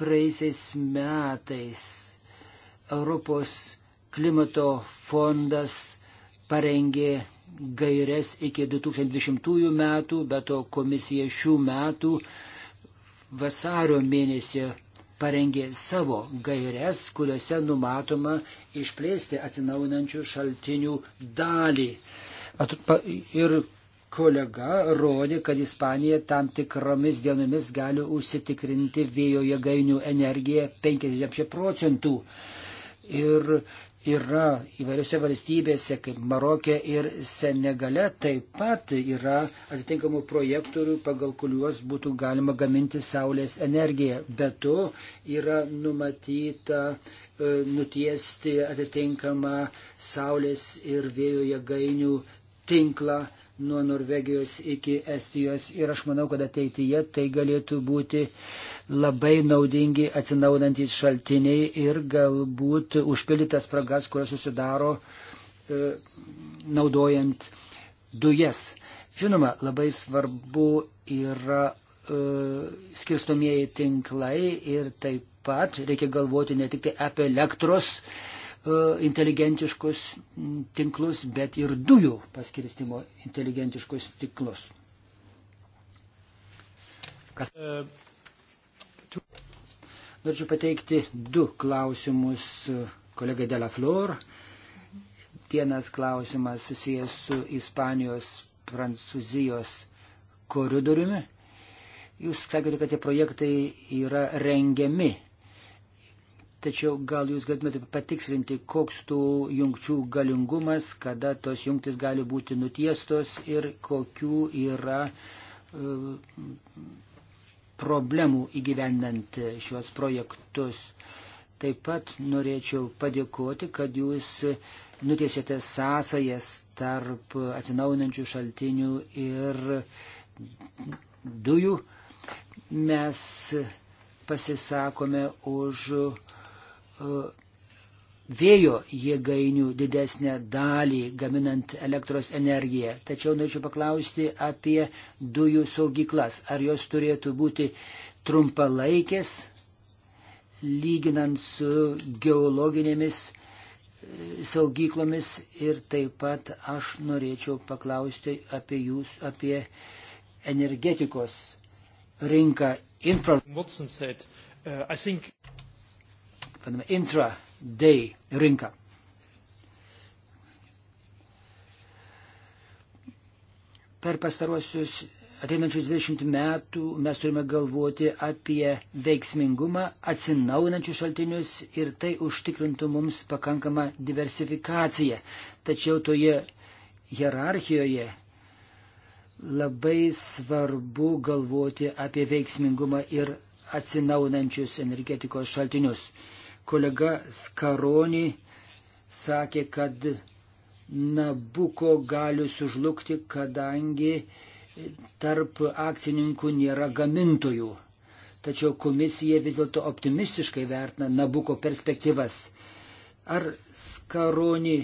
praeisiais metais Europos klimato fondas parengė gairias iki 2020 metų, bet to komisija šių metų vasario mėnesio parengė savo gairias, kuriuose numatoma išplėsti atsinaujinančių šaltinių dalį. Ir kolega rodi, kad Ispanija tam tikromis dienomis gali užsitikrinti vėjo jėgainių energiją 50 procentų. Ir yra įvairiose valstybėse, kaip Marokė ir Senegale, taip pat yra atitinkamų projektorių, pagal kuriuos būtų galima gaminti saulės energiją. Be to yra numatyta e, nutiesti atitinkamą saulės ir vėjo jėgainių tinklą nuo Norvegijos iki Estijos ir aš manau, kad ateityje tai galėtų būti labai naudingi atsinaudantis šaltiniai ir galbūt užpildytas spragas, kurios susidaro e, naudojant dujas. Žinoma, labai svarbu yra e, skirstomieji tinklai ir taip pat reikia galvoti ne tik tai apie elektros, e, E, inteligentiškus tinklus, bet ir dujų paskirstimo inteligentiškus tinklus. Kas... E, Norėčiau pateikti du klausimus e, kolegai Dela Flor. Vienas klausimas susijęs su Ispanijos, Prancūzijos koridoriumi. Jūs sakėte, kad tie projektai yra rengiami Tačiau gal jūs galėtumėte patikslinti, koks tų jungčių galingumas, kada tos jungtis gali būti nutiestos ir kokių yra e, problemų įgyvendant šiuos projektus. Taip pat norėčiau padėkoti, kad jūs nutiesėte sąsajas tarp atsinaujinančių šaltinių ir dujų. Mes pasisakome už uh, E, vėjo jėgainių didesnę dalį gaminant elektros energiją. Tačiau norėčiau paklausti apie dujų saugyklas. Ar jos turėtų būti trumpalaikės, lyginant su geologinėmis e, saugyklomis ir taip pat aš norėčiau paklausti apie jūs, apie energetikos rinką. Infra... Watson said, uh, I think vadinamą intraday rinką. Per pastaruosius ateinančius 20 metų mes turime galvoti apie veiksmingumą, atsinaujinančius šaltinius ir tai užtikrintų mums pakankamą diversifikaciją. Tačiau toje hierarchijoje labai svarbu galvoti apie veiksmingumą ir atsinaujinančius energetikos šaltinius. Kolega Skaroni sakė, kad Nabuko gali sužlugti, kadangi tarp akcininkų nėra gamintojų. Tačiau komisija vis dėlto optimistiškai vertina Nabuko perspektyvas. Ar Skaroni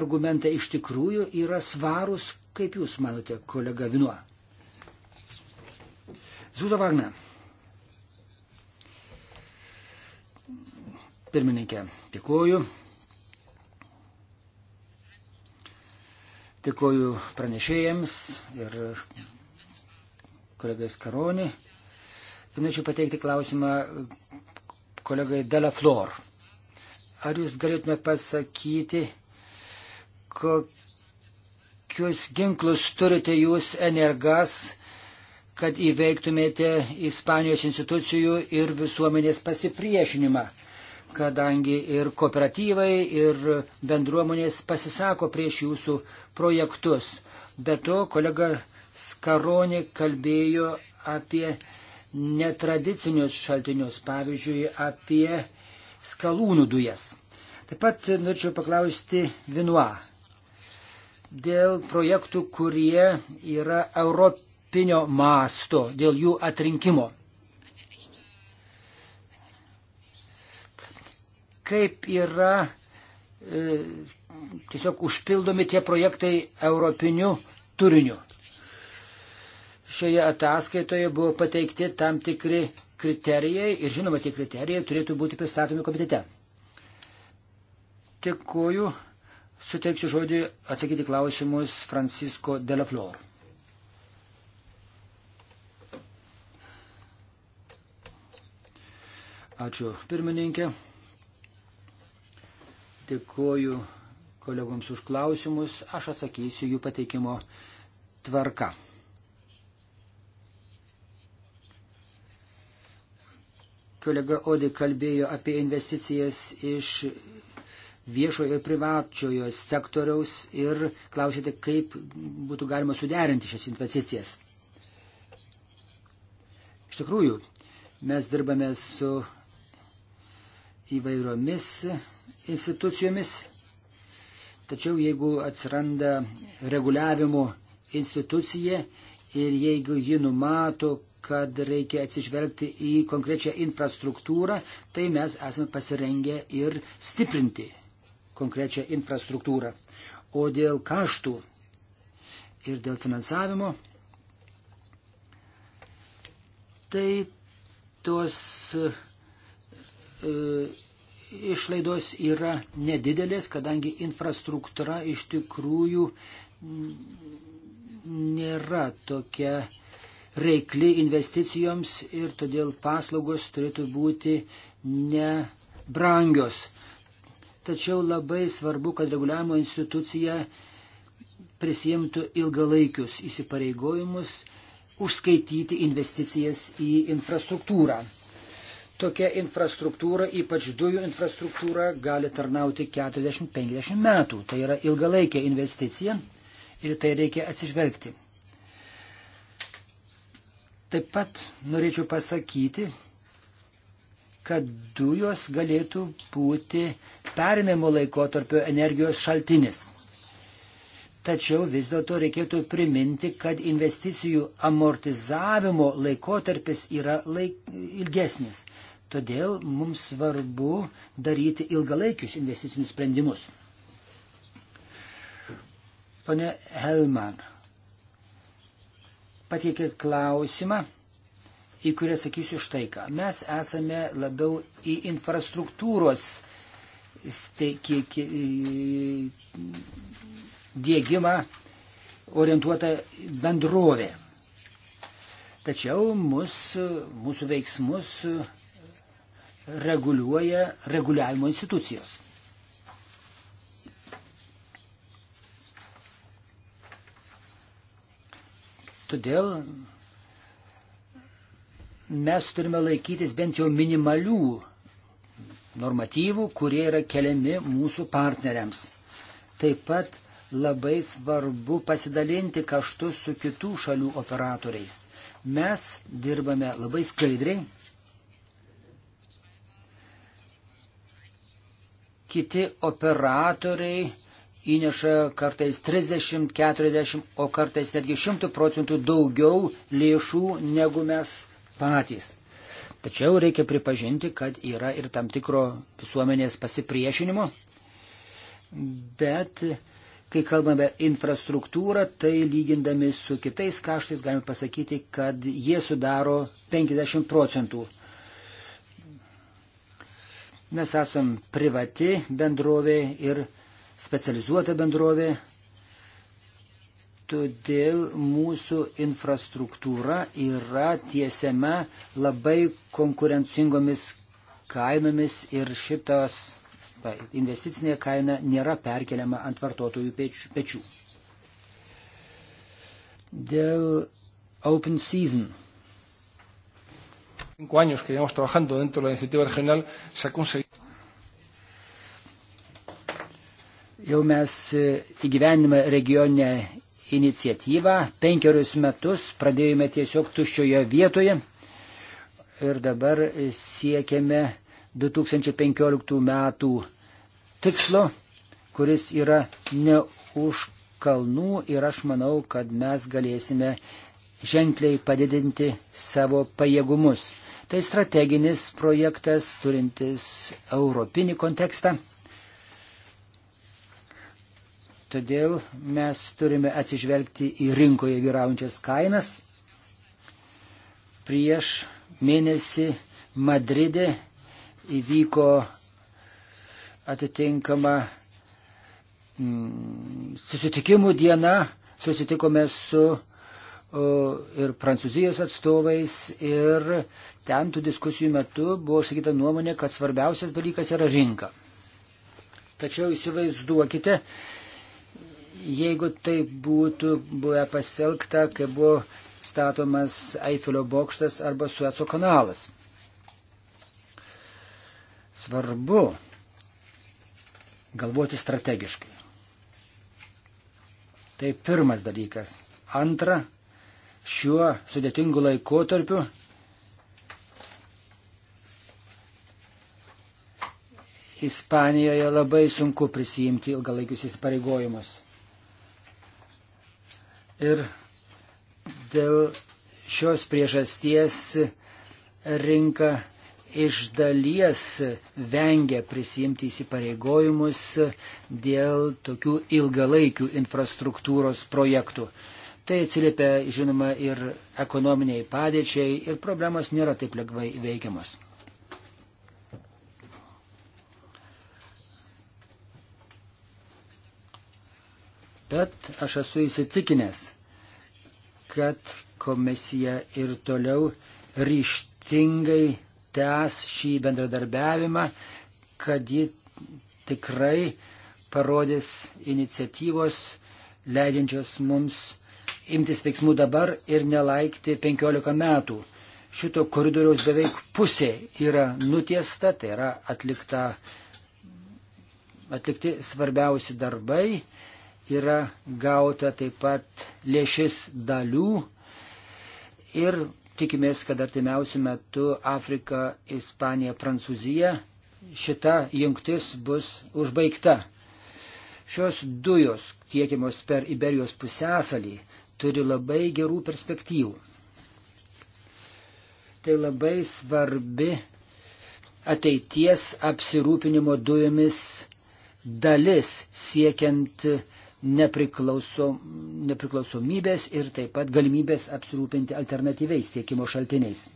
argumentai iš tikrųjų yra svarūs, kaip jūs manote, kolega Vinuo? Zuzo Vagna. Pirmininkė, dėkuoju. Dėkuoju pranešėjams ir kolegais Karoni. Norėčiau pateikti klausimą kolegai Dela Flor. Ar jūs galėtume pasakyti, kokius ginklus turite jūs energas, kad įveiktumėte Ispanijos institucijų ir visuomenės pasipriešinimą? kadangi ir kooperatyvai, ir bendruomenės pasisako prieš jūsų projektus. Be to, kolega Skaronė kalbėjo apie netradicinius šaltinius, pavyzdžiui, apie skalūnų dujas. Taip pat norėčiau paklausti Vinua dėl projektų, kurie yra europinio masto, dėl jų atrinkimo. kaip yra e, tiesiog užpildomi tie projektai europiniu turiniu. Šioje ataskaitoje buvo pateikti tam tikri kriterijai ir žinoma, tie kriterijai turėtų būti pristatomi komitete. Dėkuoju, suteiksiu žodį atsakyti klausimus Francisco Delaflor. Ačiū pirmininkė. Dėkuoju kolegoms už klausimus. Aš atsakysiu jų pateikimo tvarka. Kolega Odi kalbėjo apie investicijas iš viešojo ir privačiojo sektoriaus ir klausėte, kaip būtų galima suderinti šias investicijas. Iš tikrųjų, mes dirbame su įvairiomis institucijomis, tačiau jeigu atsiranda reguliavimo institucija ir jeigu ji numato, kad reikia atsižvelgti į konkrečią infrastruktūrą, tai mes esame pasirengę ir stiprinti konkrečią infrastruktūrą. O dėl kaštų ir dėl finansavimo, tai tos e, išlaidos yra nedidelės, kadangi infrastruktūra iš tikrųjų nėra tokia reikli investicijoms ir todėl paslaugos turėtų būti nebrangios. Tačiau labai svarbu, kad reguliavimo institucija prisijimtų ilgalaikius įsipareigojimus užskaityti investicijas į infrastruktūrą tokia infrastruktūra, ypač dujų infrastruktūra, gali tarnauti 40-50 metų. Tai yra ilgalaikė investicija ir tai reikia atsižvelgti. Taip pat norėčiau pasakyti, kad dujos galėtų būti perinimo laikotarpio energijos šaltinis. Tačiau vis dėlto reikėtų priminti, kad investicijų amortizavimo laikotarpis yra laik, ilgesnis. Todėl mums svarbu daryti ilgalaikius investicinius sprendimus. Pone Helman, pateikė klausimą, į kurį sakysiu štai ką. Mes esame labiau į infrastruktūros dėgymą orientuota bendrovė. Tačiau mus, mūsų veiksmus reguliuoja reguliavimo institucijos. Todėl mes turime laikytis bent jau minimalių normatyvų, kurie yra keliami mūsų partneriams. Taip pat labai svarbu pasidalinti kaštus su kitų šalių operatoriais. Mes dirbame labai skaidriai kiti operatoriai įneša kartais 30, 40, o kartais netgi 100 procentų daugiau lėšų negu mes patys. Tačiau reikia pripažinti, kad yra ir tam tikro visuomenės pasipriešinimo. Bet kai kalbame infrastruktūrą, tai lygindami su kitais kaštais galime pasakyti, kad jie sudaro 50 procentų. Mes esam privati bendrovė ir specializuota bendrovė, todėl mūsų infrastruktūra yra tiesiama labai konkurencingomis kainomis ir šitas ta, investicinė kaina nėra perkeliama ant vartotojų pečių. Dėl Open Season Cinco años que llevamos trabajando dentro de la iniciativa regional, se ha conseguido. Jau mes e, įgyvenime regionę iniciatyvą, penkerius metus pradėjome tiesiog tuščioje vietoje ir dabar siekiame 2015 metų tikslo, kuris yra ne už kalnų ir aš manau, kad mes galėsime ženkliai padidinti savo pajėgumus. Tai strateginis projektas turintis europinį kontekstą. Todėl mes turime atsižvelgti į rinkoje vyraujančias kainas. Prieš mėnesį Madride įvyko atitinkama mm, susitikimų diena, susitikome su ir Prancūzijos atstovais ir ten tų diskusijų metu buvo sakyta nuomonė, kad svarbiausias dalykas yra rinka. Tačiau įsivaizduokite, jeigu tai būtų buvę pasielgta, kai buvo statomas Eifelio bokštas arba Sueco kanalas. Svarbu galvoti strategiškai. Tai pirmas dalykas. Antra, šiuo sudėtingu laikotarpiu. Ispanijoje labai sunku prisijimti ilgalaikius įsipareigojimus. Ir dėl šios priežasties rinka iš dalies vengia prisijimti įsipareigojimus dėl tokių ilgalaikių infrastruktūros projektų. Tai atsiliepia, žinoma, ir ekonominiai padėčiai, ir problemos nėra taip lengvai veikiamas. Bet aš esu įsitikinęs, kad komisija ir toliau ryštingai tęs šį bendradarbiavimą, kad ji tikrai parodys iniciatyvos leidžiančios mums imtis veiksmų dabar ir nelaikti 15 metų. Šito koridoriaus beveik pusė yra nutiesta, tai yra atlikta, atlikti svarbiausi darbai, yra gauta taip pat lėšis dalių ir tikimės, kad artimiausių metų Afrika, Ispanija, Prancūzija šita jungtis bus užbaigta. Šios dujos tiekiamos per Iberijos pusęsalį turi labai gerų perspektyvų. Tai labai svarbi ateities apsirūpinimo dujomis dalis siekiant nepriklausom, nepriklausomybės ir taip pat galimybės apsirūpinti alternatyviais tiekimo šaltiniais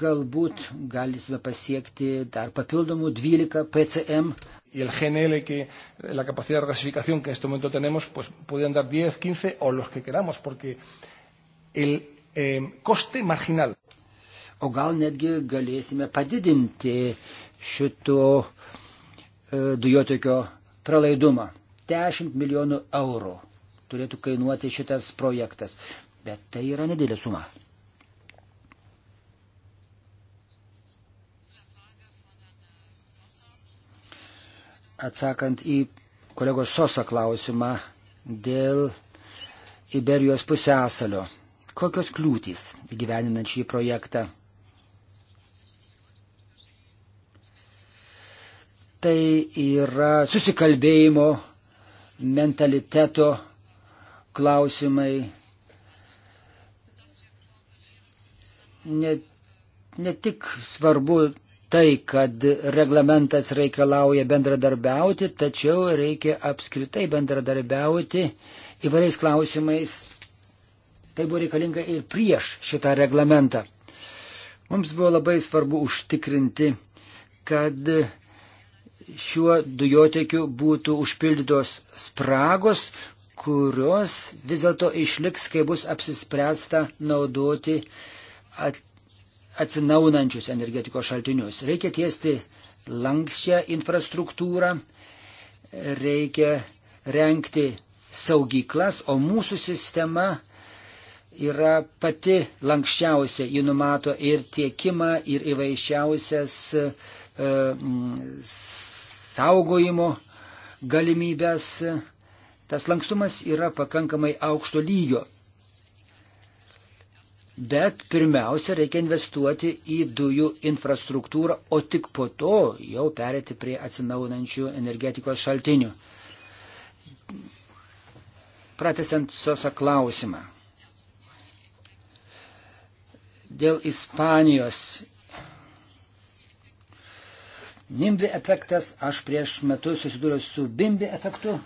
galbūt galėsime pasiekti dar papildomų 12 PCM. Y el GNL, que la capacidad de regasificación que en este momento tenemos, pues pueden dar 10, 15 o los que queramos, porque el eh, coste marginal. O gal netgi galėsime padidinti šito e, dujotokio pralaidumą. 10 milijonų eurų turėtų kainuoti šitas projektas, bet tai yra nedidelė suma. atsakant į kolegos Sosa klausimą dėl Iberijos pusęsalio. Kokios kliūtys įgyveninant šį projektą? Tai yra susikalbėjimo, mentaliteto klausimai. Ne, ne tik svarbu tai, kad reglamentas reikalauja bendradarbiauti, tačiau reikia apskritai bendradarbiauti įvairiais klausimais. Tai buvo reikalinga ir prieš šitą reglamentą. Mums buvo labai svarbu užtikrinti, kad šiuo dujotekiu būtų užpildytos spragos, kurios vis dėlto išliks, kai bus apsispręsta naudoti at, atsinaunančius energetikos šaltinius. Reikia tiesti lankščią infrastruktūrą, reikia renkti saugyklas, o mūsų sistema yra pati lankščiausia, ji numato ir tiekimą, ir įvairiausias e, mm, saugojimo galimybės. Tas lankstumas yra pakankamai aukšto lygio. Bet pirmiausia, reikia investuoti į dujų infrastruktūrą, o tik po to jau perėti prie atsinaunančių energetikos šaltinių. Pratesant Sosa klausimą. Dėl Ispanijos. Nimbi efektas, aš prieš metus susidūriau su Bimbi efektu.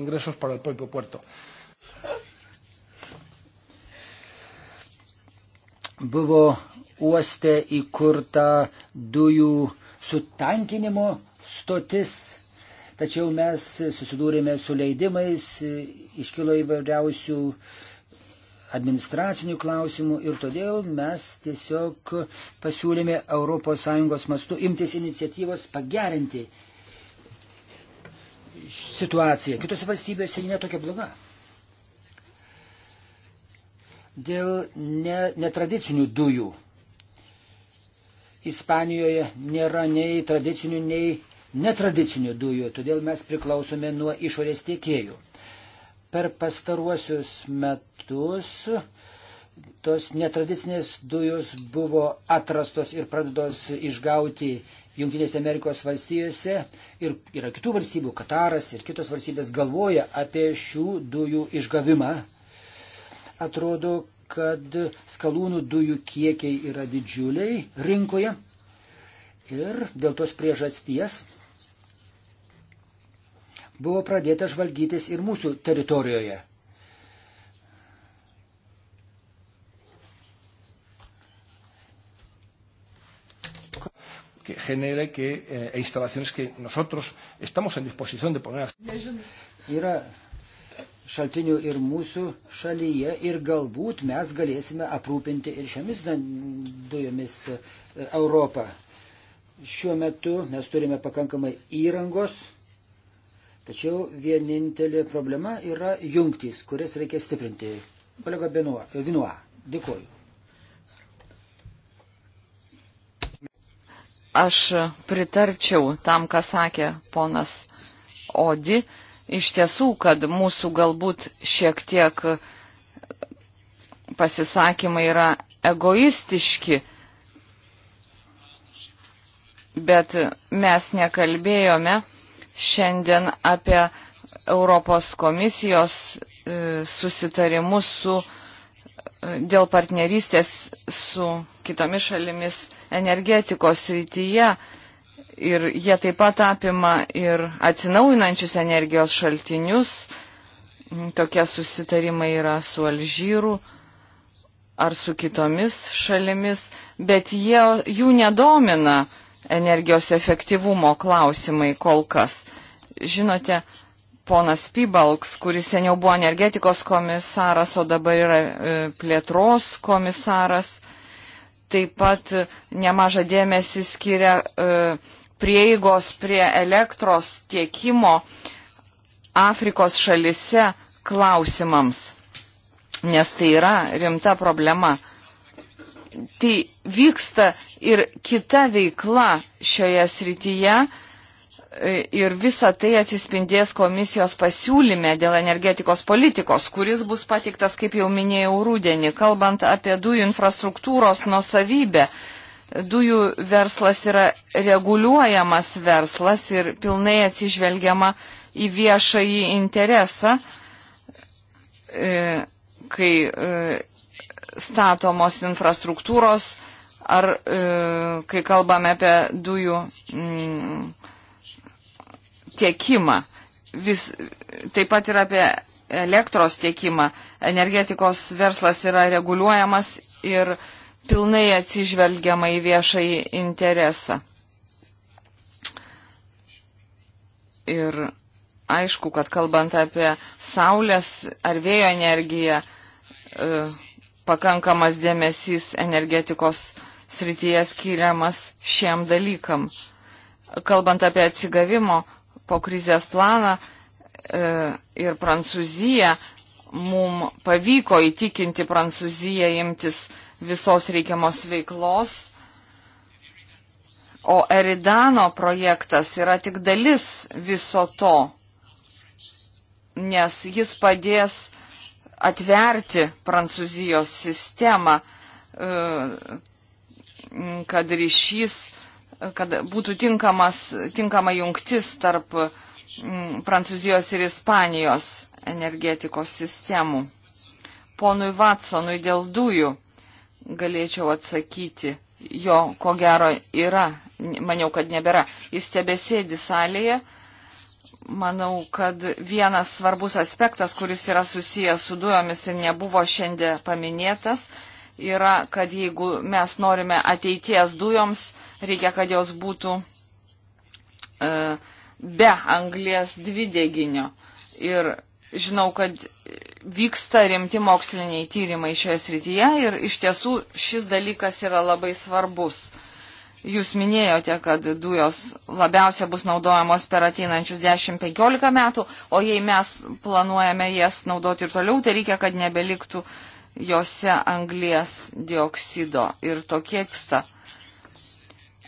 Ingresos para el propio puerto. buvo uoste įkurta dujų sutankinimo stotis, tačiau mes susidūrėme su leidimais, iškilo įvairiausių administracinių klausimų ir todėl mes tiesiog pasiūlėme ES mastu imtis iniciatyvos pagerinti situaciją. Kitose valstybėse ji netokia bloga. Dėl ne, netradicinių dujų. Ispanijoje nėra nei tradicinių, nei netradicinių dujų, todėl mes priklausome nuo išorės tiekėjų. Per pastaruosius metus tos netradicinės dujos buvo atrastos ir pradedos išgauti Junktinėse Amerikos valstijose ir yra kitų valstybių, Kataras ir kitos valstybės galvoja apie šių dujų išgavimą. Atrodo, kad skalūnų dujų kiekiai yra didžiuliai rinkoje ir dėl tos priežasties buvo pradėta žvalgytis ir mūsų teritorijoje. que genere que eh, e instalaciones que nosotros estamos en disposición de poner. Yra šaltinių ir mūsų šalyje ir galbūt mes galėsime aprūpinti ir šiomis dujomis e, Europą. Šiuo metu mes turime pakankamai įrangos, tačiau vienintelė problema yra jungtys, kurias reikia stiprinti. Kolega e, Vinua, dėkuoju. Aš pritarčiau tam, ką sakė ponas Odi iš tiesų, kad mūsų galbūt šiek tiek pasisakymai yra egoistiški, bet mes nekalbėjome šiandien apie Europos komisijos e, susitarimus su, e, dėl partnerystės su kitomis šalimis energetikos rytyje ir jie taip pat apima ir atsinaujinančius energijos šaltinius. Tokie susitarimai yra su Alžyru ar su kitomis šalimis, bet jie, jų nedomina energijos efektyvumo klausimai kol kas. Žinote, ponas Pibalks, kuris seniau buvo energetikos komisaras, o dabar yra e, plėtros komisaras, taip pat e, nemažą dėmesį skiria e, prieigos prie elektros tiekimo Afrikos šalise klausimams, nes tai yra rimta problema. Tai vyksta ir kita veikla šioje srityje e, ir visa tai atsispindės komisijos pasiūlyme dėl energetikos politikos, kuris bus patiktas, kaip jau minėjau, rūdienį, kalbant apie dujų infrastruktūros nusavybę dujų verslas yra reguliuojamas verslas ir pilnai atsižvelgiama į viešąjį interesą, e, kai e, statomos infrastruktūros ar e, kai kalbame apie dujų mm, tiekimą. Vis, taip pat ir apie elektros tiekimą. Energetikos verslas yra reguliuojamas ir uh, pilnai atsižvelgiama į viešai interesą. Ir aišku, kad kalbant apie saulės ar vėjo energiją, e, pakankamas dėmesys energetikos srityje skiriamas šiem dalykam. Kalbant apie atsigavimo po krizės planą e, ir Prancūziją, mums pavyko įtikinti Prancūziją imtis visos reikiamos veiklos. O Eridano projektas yra tik dalis viso to, nes jis padės atverti Prancūzijos sistemą, e, kad ryšys, kad būtų tinkamas, tinkama jungtis tarp Prancūzijos ir Ispanijos energetikos sistemų. Ponui Watsonui dėl dujų galėčiau atsakyti. Jo, ko gero, yra. Maniau, kad nebėra. Jis tebesėdi salėje. Manau, kad vienas svarbus aspektas, kuris yra susijęs su dujomis ir nebuvo šiandien paminėtas, yra, kad jeigu mes norime ateities dujoms, reikia, kad jos būtų e, be anglės dvideginio. Ir žinau, kad vyksta rimti moksliniai tyrimai šioje srityje ir iš tiesų šis dalykas yra labai svarbus. Jūs minėjote, kad dujos labiausia bus naudojamos per ateinančius 10-15 metų, o jei mes planuojame jas naudoti ir toliau, tai reikia, kad nebeliktų jose anglies dioksido ir tokie eksta.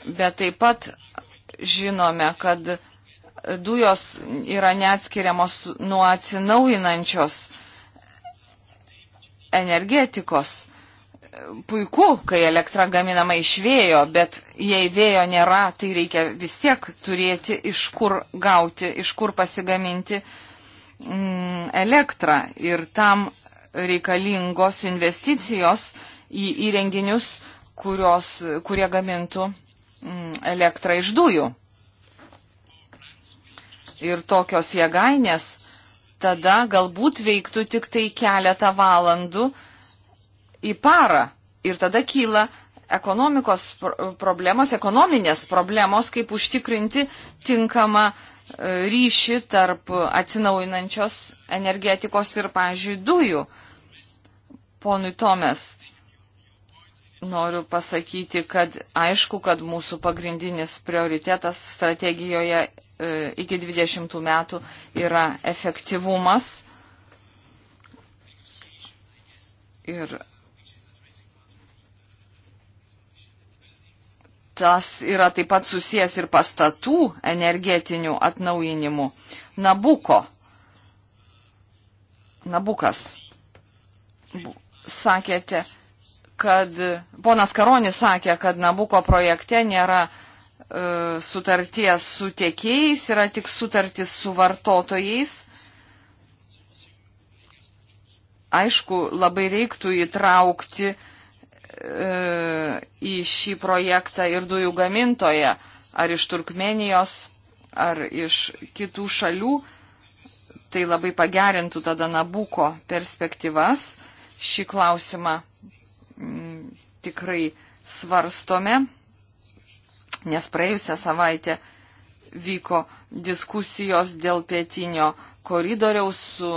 Bet taip pat žinome, kad dujos yra neatskiriamos nuo atsinaujinančios energetikos. Puiku, kai elektra gaminama iš vėjo, bet jei vėjo nėra, tai reikia vis tiek turėti iš kur gauti, iš kur pasigaminti mm, elektrą. Ir tam reikalingos investicijos į įrenginius, kurios, kurie gamintų mm, elektrą iš dujų ir tokios jėgainės tada galbūt veiktų tik tai keletą valandų į parą. Ir tada kyla ekonomikos problemos, ekonominės problemos, kaip užtikrinti tinkamą e, ryšį tarp atsinaujinančios energetikos ir, pavyzdžiui, dujų. Ponui Tomės, noriu pasakyti, kad aišku, kad mūsų pagrindinis prioritetas strategijoje E, iki 20 metų yra efektyvumas. Ir tas yra taip pat susijęs ir pastatų energetinių atnaujinimų. Nabuko. Nabukas. Sakėte, kad ponas Karonis sakė, kad Nabuko projekte nėra E, sutarties su tiekėjais, yra tik sutartis su vartotojais. Aišku, labai reiktų įtraukti e, į šį projektą ir dujų gamintoje, ar iš Turkmenijos, ar iš kitų šalių. Tai labai pagerintų tada Nabuko perspektyvas. Šį klausimą m, tikrai svarstome nes praėjusią savaitę vyko diskusijos dėl pietinio koridoriaus su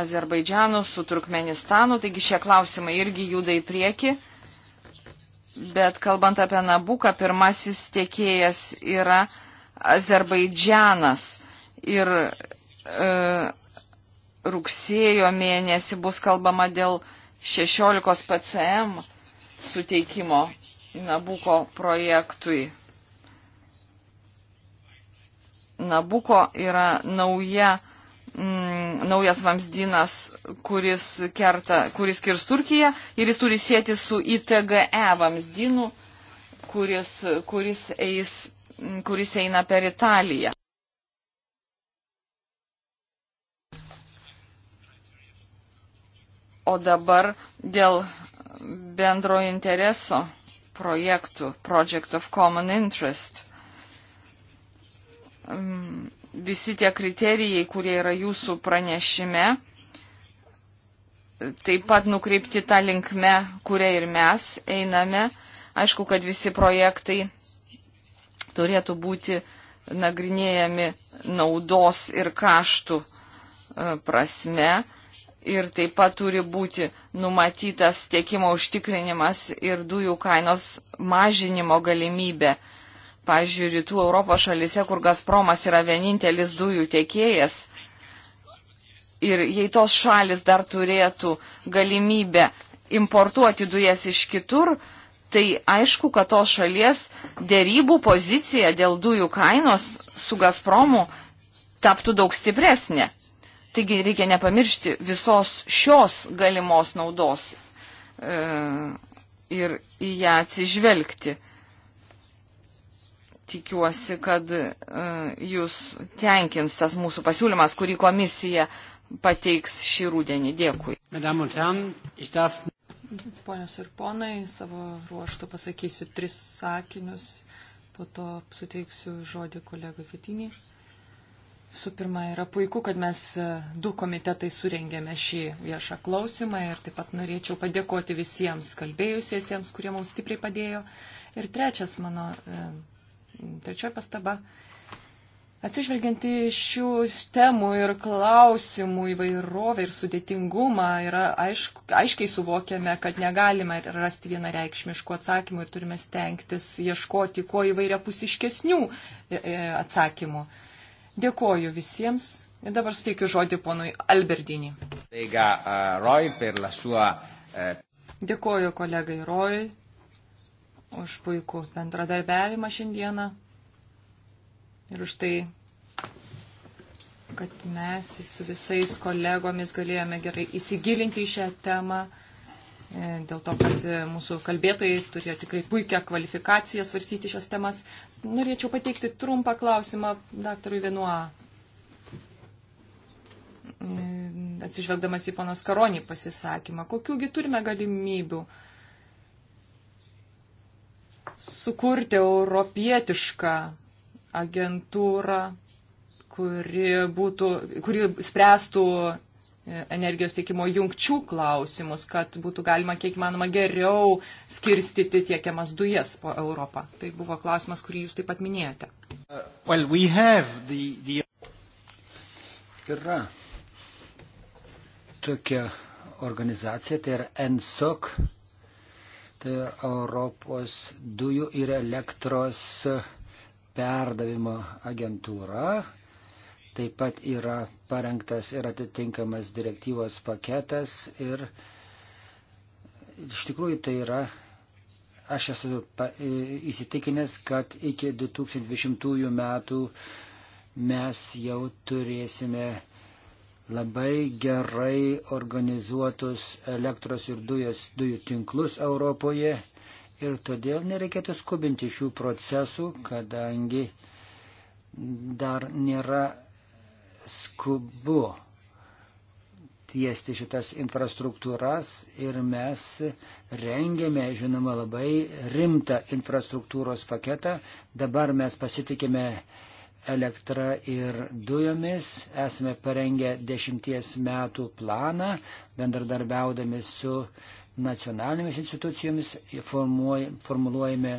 Azerbaidžianu, su Turkmenistanu, taigi šie klausimai irgi juda į priekį. Bet kalbant apie Nabuką, pirmasis tiekėjas yra Azerbaidžianas. Ir e, rugsėjo mėnesį bus kalbama dėl 16 PCM suteikimo Nabuko projektui. Nabuko yra nauja, mm, naujas vamzdynas, kuris, kerta, kuris kirs Turkiją ir jis turi sėti su ITGE vamzdynu, kuris, kuris, eis, kuris eina per Italiją. O dabar dėl bendro intereso projektų, Project of Common Interest visi tie kriterijai, kurie yra jūsų pranešime, taip pat nukreipti tą linkmę, kurią ir mes einame. Aišku, kad visi projektai turėtų būti nagrinėjami naudos ir kaštų e, prasme ir taip pat turi būti numatytas tiekimo užtikrinimas ir dujų kainos mažinimo galimybė. Pavyzdžiui, rytų Europos šalise, kur Gazpromas yra vienintelis dujų tiekėjas. Ir jei tos šalis dar turėtų galimybę importuoti dujas iš kitur, tai aišku, kad tos šalies dėrybų pozicija dėl dujų kainos su Gazpromu taptų daug stipresnė. Taigi reikia nepamiršti visos šios galimos naudos e, ir į ją atsižvelgti tikiuosi, kad e, jūs tenkins tas mūsų pasiūlymas, kurį komisija pateiks šį rūdienį. Dėkui. Ponios ir ponai, savo ruoštų pasakysiu tris sakinius, po to suteiksiu žodį kolegui Fitinį. Visų pirma, yra puiku, kad mes e, du komitetai surengėme šį viešą klausimą ir taip pat norėčiau padėkoti visiems kalbėjusiesiems, kurie mums stipriai padėjo. Ir trečias mano e, trečioji pastaba. Atsižvelgiant į šių temų ir klausimų įvairovę ir sudėtingumą, yra aišk, aiškiai suvokiame, kad negalime rasti vienareikšmiškų atsakymų ir turime stengtis ieškoti kuo įvairiapusiškesnių e, e, atsakymų. Dėkoju visiems ir dabar suteikiu žodį ponui Alberdinį. E, Dėkoju kolegai Roj už puikų bendradarbiavimą šiandieną ir už tai, kad mes su visais kolegomis galėjome gerai įsigilinti į šią temą, e, dėl to, kad e, mūsų kalbėtojai turėjo tikrai puikią kvalifikaciją svarstyti šias temas. Norėčiau pateikti trumpą klausimą daktarui Vienuo. E, atsižvelgdamas į panos Karonį pasisakymą, kokiųgi turime galimybių uh, sukurti europietišką agentūrą, kuri, būtų, kuri spręstų e, energijos tiekimo jungčių klausimus, kad būtų galima kiek manoma geriau skirstyti tiekiamas dujas po Europą. Tai buvo klausimas, kurį jūs taip pat minėjote. Uh, well, we the, the... Yra tokia organizacija, tai yra NSOC Europos dujų ir elektros perdavimo agentūra. Taip pat yra parengtas ir atitinkamas direktyvos paketas ir iš tikrųjų tai yra, aš esu įsitikinęs, kad iki 2020 metų mes jau turėsime labai gerai organizuotus elektros ir dujas, dujų tinklus Europoje ir todėl nereikėtų skubinti šių procesų, kadangi dar nėra skubu tiesti šitas infrastruktūras ir mes rengėme, žinoma, labai rimtą infrastruktūros paketą. Dabar mes pasitikime elektra ir dujomis. Esame parengę dešimties metų planą, bendradarbiaudami su nacionalinėmis institucijomis, formuluojame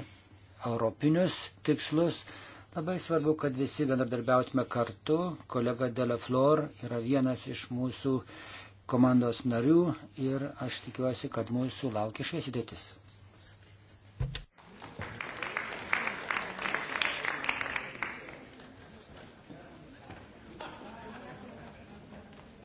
europinius tikslus. Labai svarbu, kad visi bendradarbiautume kartu. Kolega Deleflor yra vienas iš mūsų komandos narių ir aš tikiuosi, kad mūsų laukia šviesitėtis.